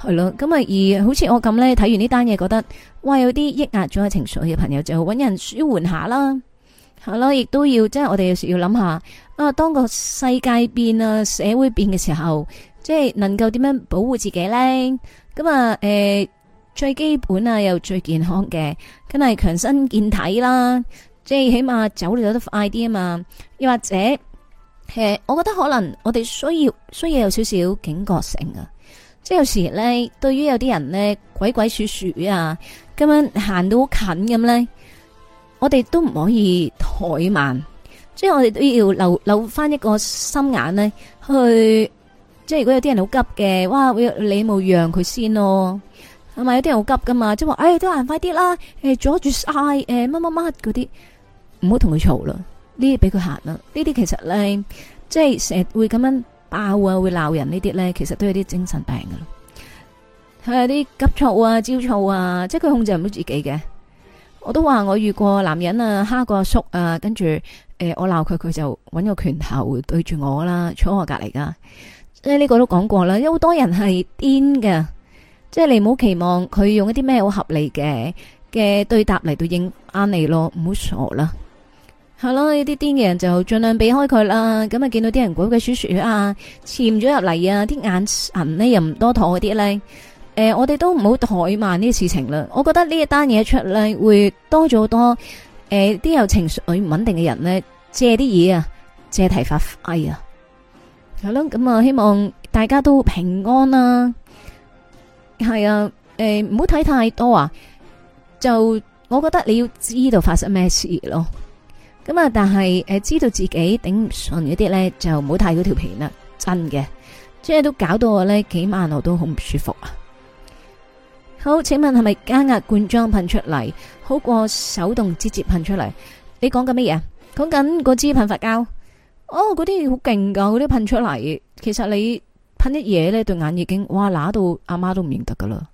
係咯。咁啊，而好似我咁咧，睇完呢單嘢，覺得哇，有啲抑壓咗嘅情緒嘅朋友，就搵人舒緩下啦。係咯，亦都要即係我哋有時要諗下啊，當個世界變啊，社會變嘅時候，即係能夠點樣保護自己咧？咁啊，誒，最基本啊，又最健康嘅，梗係強身健體啦。即係起碼走你走得快啲啊嘛，又或者誒，我覺得可能我哋需要需要有少少警覺性鬼鬼祟祟啊！即係有時咧，對於有啲人咧鬼鬼祟祟啊咁樣行到好近咁咧，我哋都唔可以怠慢，即係我哋都要留留翻，一個心眼咧，去即係如果有啲人好急嘅，哇！你你冇讓佢先咯，係咪？有啲人好急噶嘛，即係話誒都行快啲啦，誒、哎、阻住晒，誒乜乜乜嗰啲。哎唔好同佢嘈啦，呢啲俾佢行啦。呢啲其實咧，即係成日會咁樣爆啊，會鬧人這些呢啲咧，其實都有啲精神病噶啦。佢有啲急躁啊、焦躁啊，即係佢控制唔到自己嘅。我都話我遇過男人啊，蝦過阿叔、叔啊，跟住誒，我鬧佢，佢就揾個拳頭對住我啦，坐我隔籬噶。即係呢個都講過啦，有好多人係癲嘅，即係你唔好期望佢用一啲咩好合理嘅嘅對答嚟到應翻你咯，唔好傻啦。係咯，呢啲癲嘅人就盡量避開佢啦。咁啊，見到啲人鬼鬼鼠鼠啊，潛咗入嚟啊，啲眼神呢又唔多妥啲咧。誒、呃，我哋都唔好怠慢呢啲事情啦。我覺得呢一單嘢出嚟會多咗好多。誒、呃，啲有情緒唔穩定嘅人咧，借啲嘢啊，借題發揮啊。係咯，咁啊，希望大家都平安啦。係啊，誒、呃，唔好睇太多啊。就我覺得你要知道發生咩事咯。咁啊、嗯！但係誒、呃，知道自己頂唔順嗰啲呢，就唔好太嗰條皮啦。真嘅，即係都搞到我呢幾晚，我都好唔舒服啊。好，請問係咪加壓罐裝噴出嚟好過手動直接噴出嚟？你講緊乜嘢？講緊嗰支噴髮膠哦，嗰啲好勁噶，嗰啲噴出嚟，其實你噴啲嘢呢對眼已經哇嗱到阿媽都唔認得噶啦。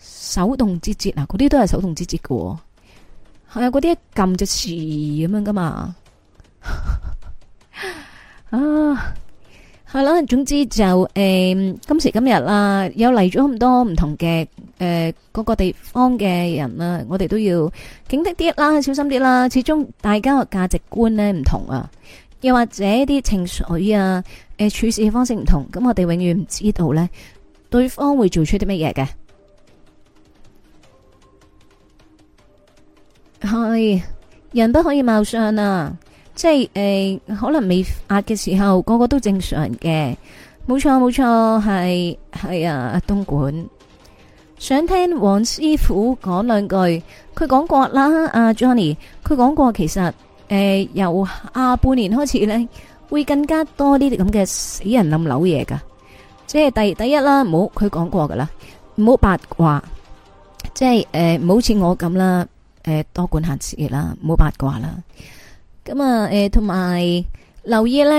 手動直接啊，嗰啲都係手動直接噶。係、嗯、 啊，嗰啲一撳就事咁樣噶嘛啊！係啦，總之就誒、欸，今時今日啦，有嚟咗咁多唔同嘅誒、欸，各個地方嘅人啦，我哋都要警惕啲啦，小心啲啦。始終大家個價值觀呢唔同啊，又或者啲情緒啊，誒，處事嘅方式唔同，咁我哋永遠唔知道呢，對方會做出啲乜嘢嘅。係人不可以貌相啊！即係誒、呃，可能未壓嘅時候，個個都正常嘅。冇錯冇錯，係係啊，東莞想聽黃師傅講兩句。佢講過啦，啊 Johnny，佢講過其實誒、呃，由下半年開始咧，會更加多啲咁嘅死人冧樓嘢噶。即係第第一啦，唔好佢講過噶啦，唔好八卦，即係誒，唔好似我咁啦。誒、呃，多管閒事啦，唔好八卦啦。咁啊，誒、呃，同埋留意呢，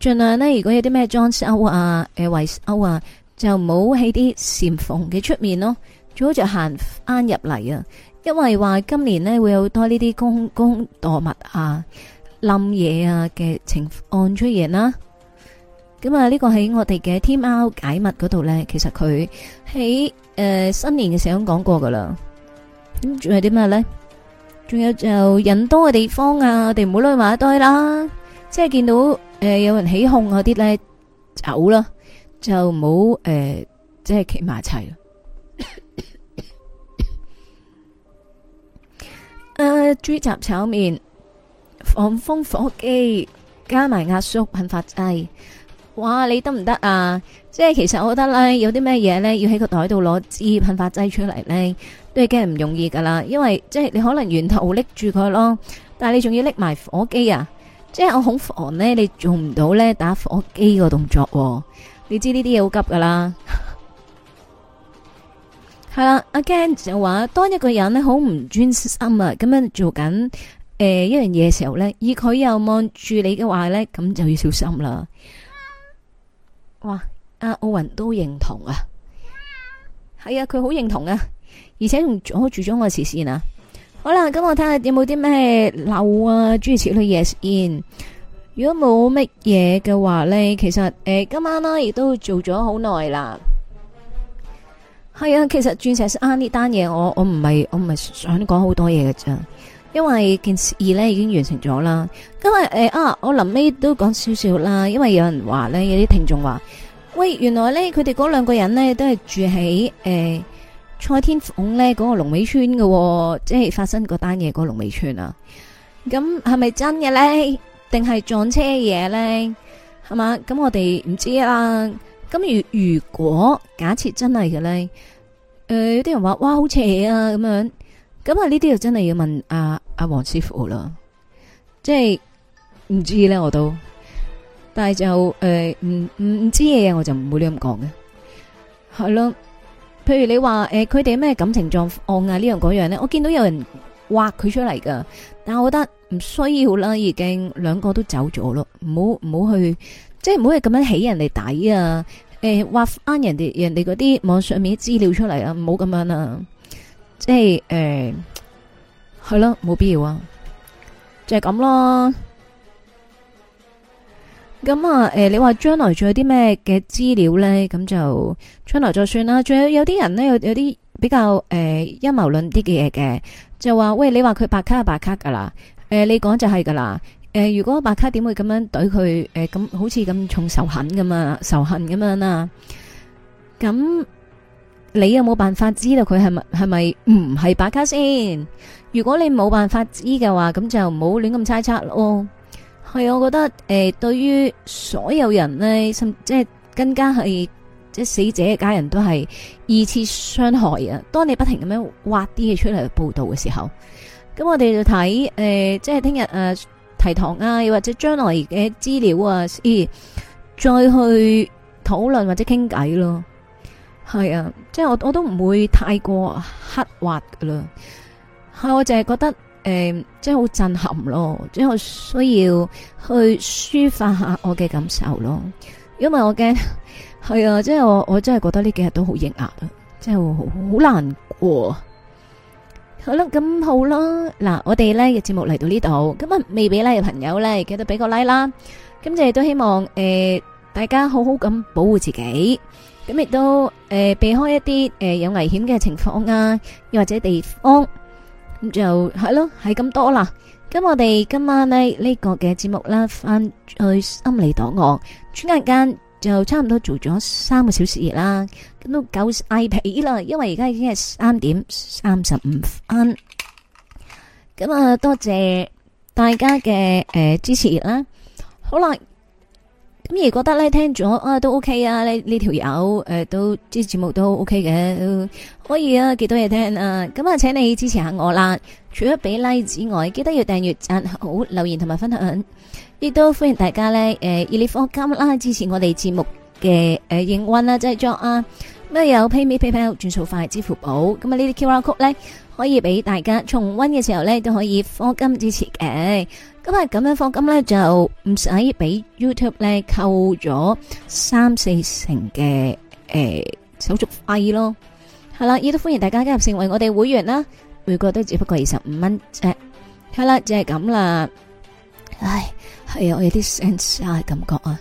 盡量呢，如果有啲咩裝修啊、誒維修啊，就唔好喺啲禪縫嘅出面咯，最好就行翻入嚟啊。因為話今年呢會有多呢啲公，公公墮物啊、冧嘢啊嘅情況出現啦。咁啊，呢、這個喺我哋嘅天貓解密嗰度呢，其實佢喺誒新年嘅時候講過噶啦。咁仲有啲咩呢？仲有就人多嘅地方啊，我哋唔好拉埋一堆啦。即係見到誒有人起哄嗰啲咧，走啦，就唔好誒，即係企埋齊。誒，豬雜炒麵，防風火機加埋壓縮噴髮劑。哇！你得唔得啊？即係其實我覺得咧，有啲咩嘢咧，要喺個袋度攞支噴髮劑出嚟咧，都係驚係唔容易噶啦。因為即係你可能源頭拎住佢咯，但係你仲要拎埋火機啊。即係我好防咧，你做唔到咧打火機個動作。你知呢啲嘢好急噶啦。係 啦，阿 Ken 就話，當一個人咧好唔專心啊，咁樣做緊誒、呃、一樣嘢嘅時候咧，而佢又望住你嘅話咧，咁就要小心啦。哇！阿奧雲都認同啊，係啊，佢好認同啊，而且仲阻住咗我視線啊。好啦，咁我睇下有冇啲咩漏啊，諸如此類嘢先。如果冇乜嘢嘅話咧，其實誒、欸，今晚咧、啊、亦都做咗好耐啦。係啊，其實鑽石山呢單嘢，我我唔係我唔係想講好多嘢嘅咋。因為件事咧已經完成咗啦，因為誒啊，我臨尾都講少少啦。因為有人話咧，有啲聽眾話，喂，原來咧佢哋嗰兩個人咧都係住喺誒蔡天鳳咧嗰個龍尾村嘅，哦，即係發生嗰單嘢嗰個龍尾村啊。咁係咪真嘅咧？定係撞車嘅嘢咧？係嘛？咁我哋唔知啦。咁如如果假設真係嘅咧，誒、呃、有啲人話，哇，好邪啊！咁樣。咁啊！呢啲就真係要問阿阿黃師傅啦，即係唔知咧我都，但係就誒，唔唔唔知嘅嘢，我就唔會呢咁講嘅，係咯。譬如你話誒，佢哋咩感情狀況啊？呢樣嗰樣咧，我見到有人挖佢出嚟噶，但係我覺得唔需要啦，已經兩個都走咗咯，唔好唔好去，即係唔好去咁樣起人哋底啊！誒、呃，挖翻人哋人哋嗰啲網上面資料出嚟啊，唔好咁樣啊！即係誒，係、欸、咯，冇必要啊，就係咁啦。咁、嗯、啊，誒、欸，你話將來仲有啲咩嘅資料咧？咁就將來再算啦。仲有有啲人咧，有呢有啲比較誒陰謀論啲嘅嘢嘅，就話喂，你話佢白卡係白卡噶啦，誒、欸，你講就係噶啦，誒、欸，如果白卡點會咁樣對佢？誒、欸，咁好似咁重仇恨咁啊，仇恨咁樣啦咁。你有冇辦法知道佢係咪係咪唔係白卡先？如果你冇辦法知嘅話，咁就唔好亂咁猜測咯。係、哦、我覺得誒、呃，對於所有人呢，甚即係更加係即係死者嘅家人都係二次傷害啊。當你不停咁樣挖啲嘢出嚟報道嘅時候，咁我哋就睇誒、呃，即係聽日誒提堂啊，又或者將來嘅資料啊，咦，再去討論或者傾偈咯。係啊，即係我我都唔會太過刻劃噶啦，係我淨係覺得誒、欸，即係好震撼咯，即係我需要去抒發下我嘅感受咯，因為我驚係啊，即係我我真係覺得呢幾日都好抑壓，啊，即係好難過。好，好、like、啦，咁好啦，嗱，我哋呢嘅節目嚟到呢度，咁啊未俾 like 嘅朋友咧，記得俾個 like 啦，咁就係都希望誒、呃、大家好好咁保護自己。咁亦都誒避開一啲誒有危險嘅情況啊，又或者地方，咁就係咯，係咁多啦。咁我哋今晚呢呢個嘅節目啦，翻去心理檔案，轉眼間就差唔多做咗三個小時熱啦，咁都夠晒皮啦，因為而家已經係三點三十五分。咁啊，多謝大家嘅誒支持啦。好啦。咁而覺得咧聽咗啊都 OK 啊呢呢條友誒都啲節目都 OK 嘅，可以啊幾多嘢聽啊！咁啊請你支持下我啦。除咗俾 like 之外，記得要訂閱、讚好、留言同埋分享。亦、啊、都歡迎大家咧誒熱烈科金啦、啊，支持我哋節目嘅誒、呃、營運啦製作啊。咁啊有 PayMe PayPal 轉數快、支付寶，咁啊呢啲 QR code 咧，可以俾大家重温嘅時候咧都可以科金支持嘅。因為咁樣放金咧就唔使俾 YouTube 咧扣咗三四成嘅誒手續費咯，係啦，亦都歡迎大家加入成為我哋會員啦，每個月都只不過二十五蚊啫，係啦，就係咁啦。唉，係啊，我有啲 sense 感覺啊，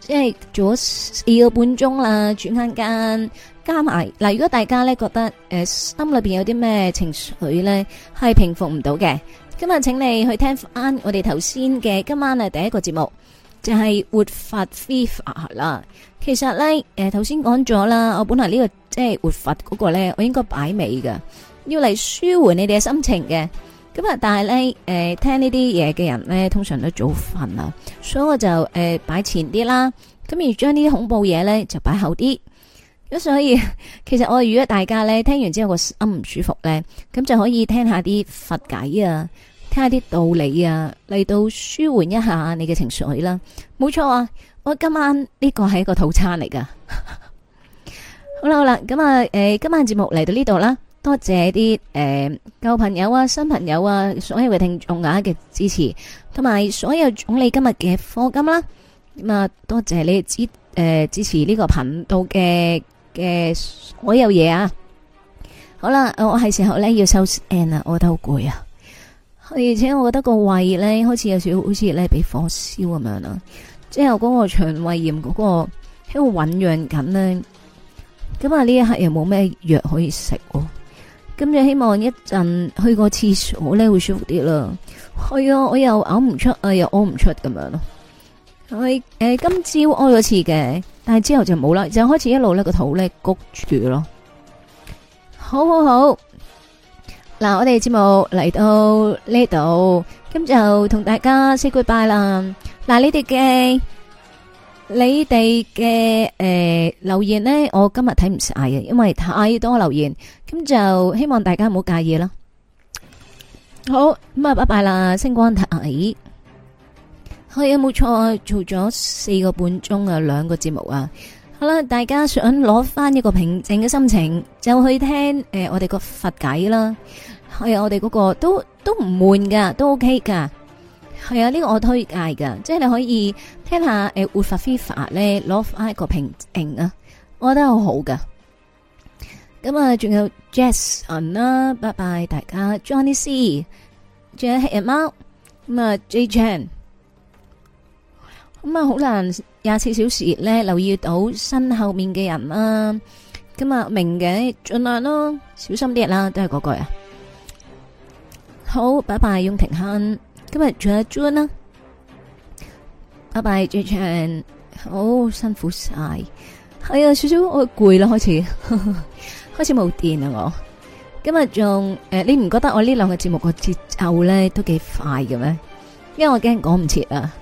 即係做咗四個半鐘啦，轉眼間加埋嗱，如果大家咧覺得誒心裏邊有啲咩情緒咧，係平復唔到嘅。今日請你去聽翻我哋頭先嘅今晚啊第一個節目就係、是、活佛飛法啦。其實咧，誒頭先講咗啦，我本來呢、這個即係活佛嗰個咧，我應該擺尾㗎，要嚟舒緩你哋嘅心情嘅。咁啊，但係咧，誒、呃、聽呢啲嘢嘅人咧，通常都早瞓啦，所以我就誒、呃、擺前啲啦。咁而將呢啲恐怖嘢咧就擺後啲。咁所以其實我如果大家咧聽完之後個心唔舒服咧，咁就可以聽下啲佛偈啊。聽一下啲道理啊，嚟到舒緩一下你嘅情緒啦。冇錯啊，我今晚呢、這個係一個套餐嚟㗎。 好啦好啦，咁啊，誒、呃，今晚節目嚟到呢度啦，多謝啲誒、呃、舊朋友啊、新朋友啊，所有嘅聽眾啊嘅支持，同埋所有總理今日嘅課金啦。咁啊，多謝你支誒、呃、支持呢個頻道嘅嘅所有嘢啊。好啦，我係時候呢要收聲喇，我覺得好攰啊。而且我覺得個胃咧，開始有少好似咧俾火燒咁樣啦，之後嗰個腸胃炎嗰個喺度醞釀緊咧，咁啊呢一刻又冇咩藥可以食，咁就希望一陣去個廁所咧會舒服啲啦，去啊。我我我又嘔唔出啊，又屙唔出咁樣咯。我誒今朝屙咗次嘅，但係之後就冇啦，就開始一路咧個肚咧谷住咯。好好好。嗱，我哋節目嚟到呢度，咁就同大家 say goodbye 啦。嗱，你哋嘅你哋嘅誒留言呢，我今日睇唔晒嘅，因為太多留言，咁就希望大家唔好介意啦。好，咁啊，拜拜啦，星光睇，係啊，冇錯，做咗四個半鐘啊，兩個節目啊。好啦，大家想攞翻一個平靜嘅心情就去聽誒，我哋個佛偈啦，係啊，我哋嗰個都都唔悶噶，都 OK 噶，係啊，呢個我推介噶，即係你可以聽下誒活法非法咧，攞翻一個平靜啊，我覺得好好噶。咁啊，仲有 Jazz 人啦，拜拜大家，Johnny C，仲有黑人貓，咪 Jay Chan。咁啊，好難廿四小時咧留意到身後面嘅人啦！咁啊明嘅，盡量咯，小心啲啦，都係嗰句啊。好，拜拜，翁庭亨。今日仲有 Joan 啦，拜拜 Joan，好辛苦晒，係啊，少少我攰啦，開始，開始冇電啊我。今日仲誒，你唔覺得我呢兩個節目個節奏咧都幾快嘅咩？因為我驚講唔切啊。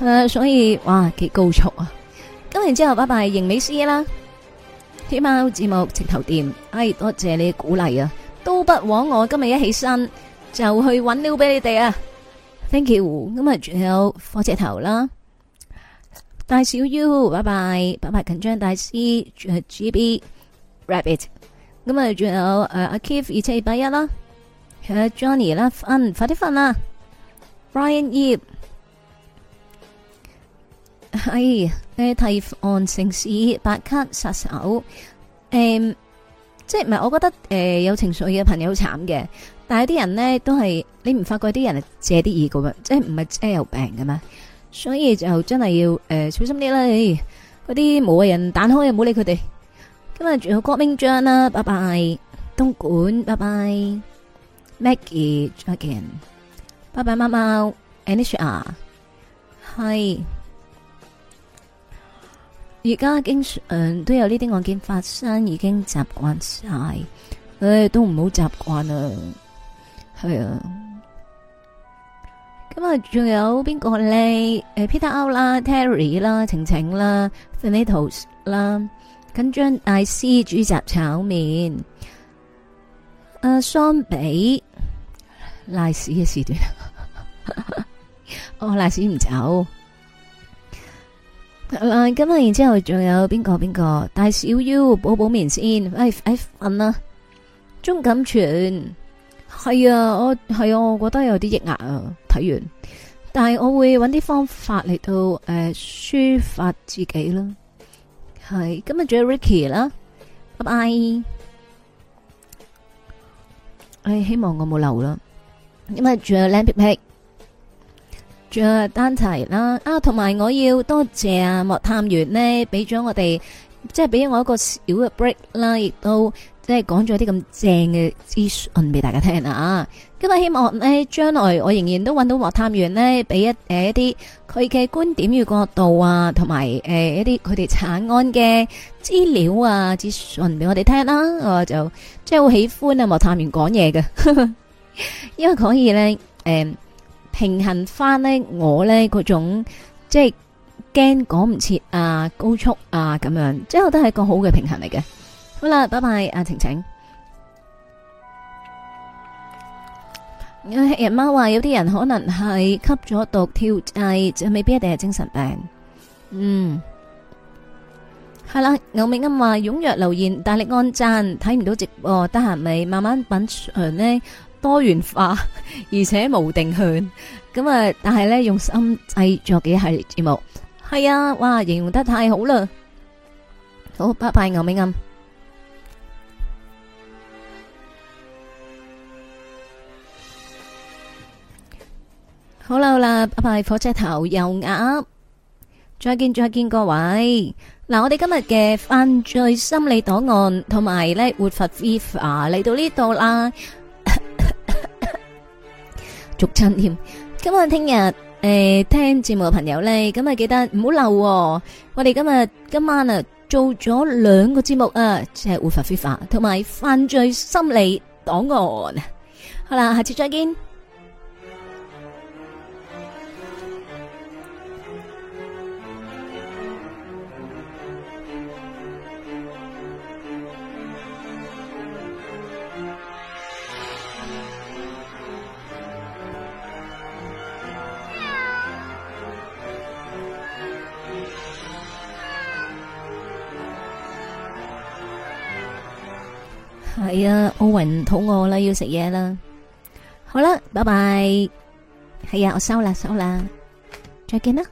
誒，所以哇，幾高速啊！今日之後拜拜盈美師啦，天貓節目直頭掂，哎，多謝你嘅鼓勵啊！都不枉我今日一起身就去揾料俾你哋啊！Thank you，咁啊，仲有火車頭啦，大小 U 拜拜，拜拜緊張大師仲係 G B Rabbit，咁啊，仲有誒阿 Kif 二七二八一啦，Johnny 啦，瞓快啲瞓啦，Brian 葉。係誒，替按、哎、城市，白卡殺手，誒、嗯，即係唔係？我覺得誒、呃，有情緒嘅朋友好慘嘅，但係啲人咧都係，你唔發覺啲人借啲意嘅嘛？即係唔係真有病嘅咩？所以就真係要誒、呃，小心啲啦！嗰啲冇謂人彈開，唔好理佢哋。今日仲有郭明章啦，拜拜，東莞拜拜 Maggie again，拜拜貓貓 Anisha，係。而家經常都有呢啲案件發生，已經習慣晒，唉，都唔好習慣啦。係啊，咁啊，仲有邊個咧？誒、啊，Peter O 啦、Terry 啦、晴晴啦、Finitos 啦、啊，跟張大師豬雜炒麵，誒、啊，桑比賴屎嘅時段，賴 哦，賴屎唔走。咁啊、嗯，然之後仲有邊個邊個，帶小 U，補補面先，唉、啊，哎瞓啦。鍾錦全係啊，我係、啊、我覺得有啲抑壓啊，睇完，但係我會揾啲方法嚟到誒、呃、抒發自己啦。係今日仲有 Ricky 啦，拜拜。唉、哎，希望我冇留啦。因為仲有梁 p i c 着單題、啊、謝謝啦，啦，啊，同埋我要多謝啊莫探員呢，俾咗我哋，即係俾咗我一個小嘅 break 啦，亦都即係講咗啲咁正嘅資訊俾大家聽啊！咁日希望呢將來我仍然都揾到莫探員呢，俾一、啊、一啲佢嘅觀點與角度啊，同埋誒一啲佢哋查案嘅資料啊，資訊俾我哋聽啦。我就即係好喜歡啊莫探員講嘢嘅， 因為講嘢呢。欸平衡翻呢，我呢嗰種即係驚趕唔切啊，高速啊咁樣，即係都係個好嘅平衡嚟嘅。好啦，拜拜，阿晴晴。黑人貓話：有啲人可能係吸咗毒跳掣，就未必一定係精神病。嗯，係啦。牛明庵話：踴躍留言，大力按讚。睇唔到直播，得閒咪慢慢品嘗呢。多元化，而且無定向，咁啊！但係呢用心製作嘅一系列節目，係啊！哇，形容得太好啦！好，拜拜牛尾暗。好啦好啦，拜拜火車頭油鴨，再見再見各位。嗱，我哋今日嘅犯罪心理檔案同埋呢活佛 viva 嚟到呢度啦。續親添，今日聽日誒聽節目嘅朋友咧，咁啊記得唔好漏。我哋今日今晚啊做咗兩個節目啊，即係《活佛非法》同埋《犯罪心理檔案》。好啦，下次再見。係啊，奧雲，肚餓啦，要食嘢啦。好啦，拜拜。係啊，我收啦，收啦。再見啦。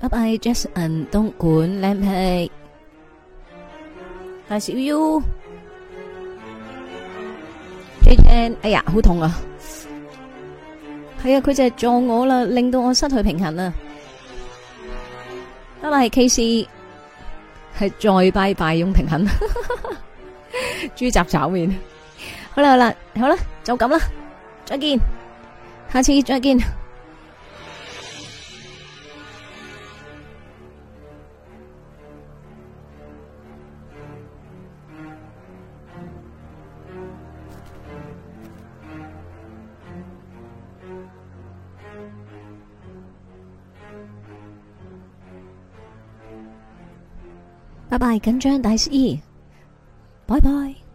拜拜，Jason，東莞靚皮。I see you。hn 哎呀，好痛啊！係啊，佢淨係撞我啦，令到我失去平衡啦！拜拜，K C，係再拜拜，用平衡 豬雜炒麵。好啦好啦，好啦，就咁啦，再見，下次再見。拜拜，緊張大師二，拜拜。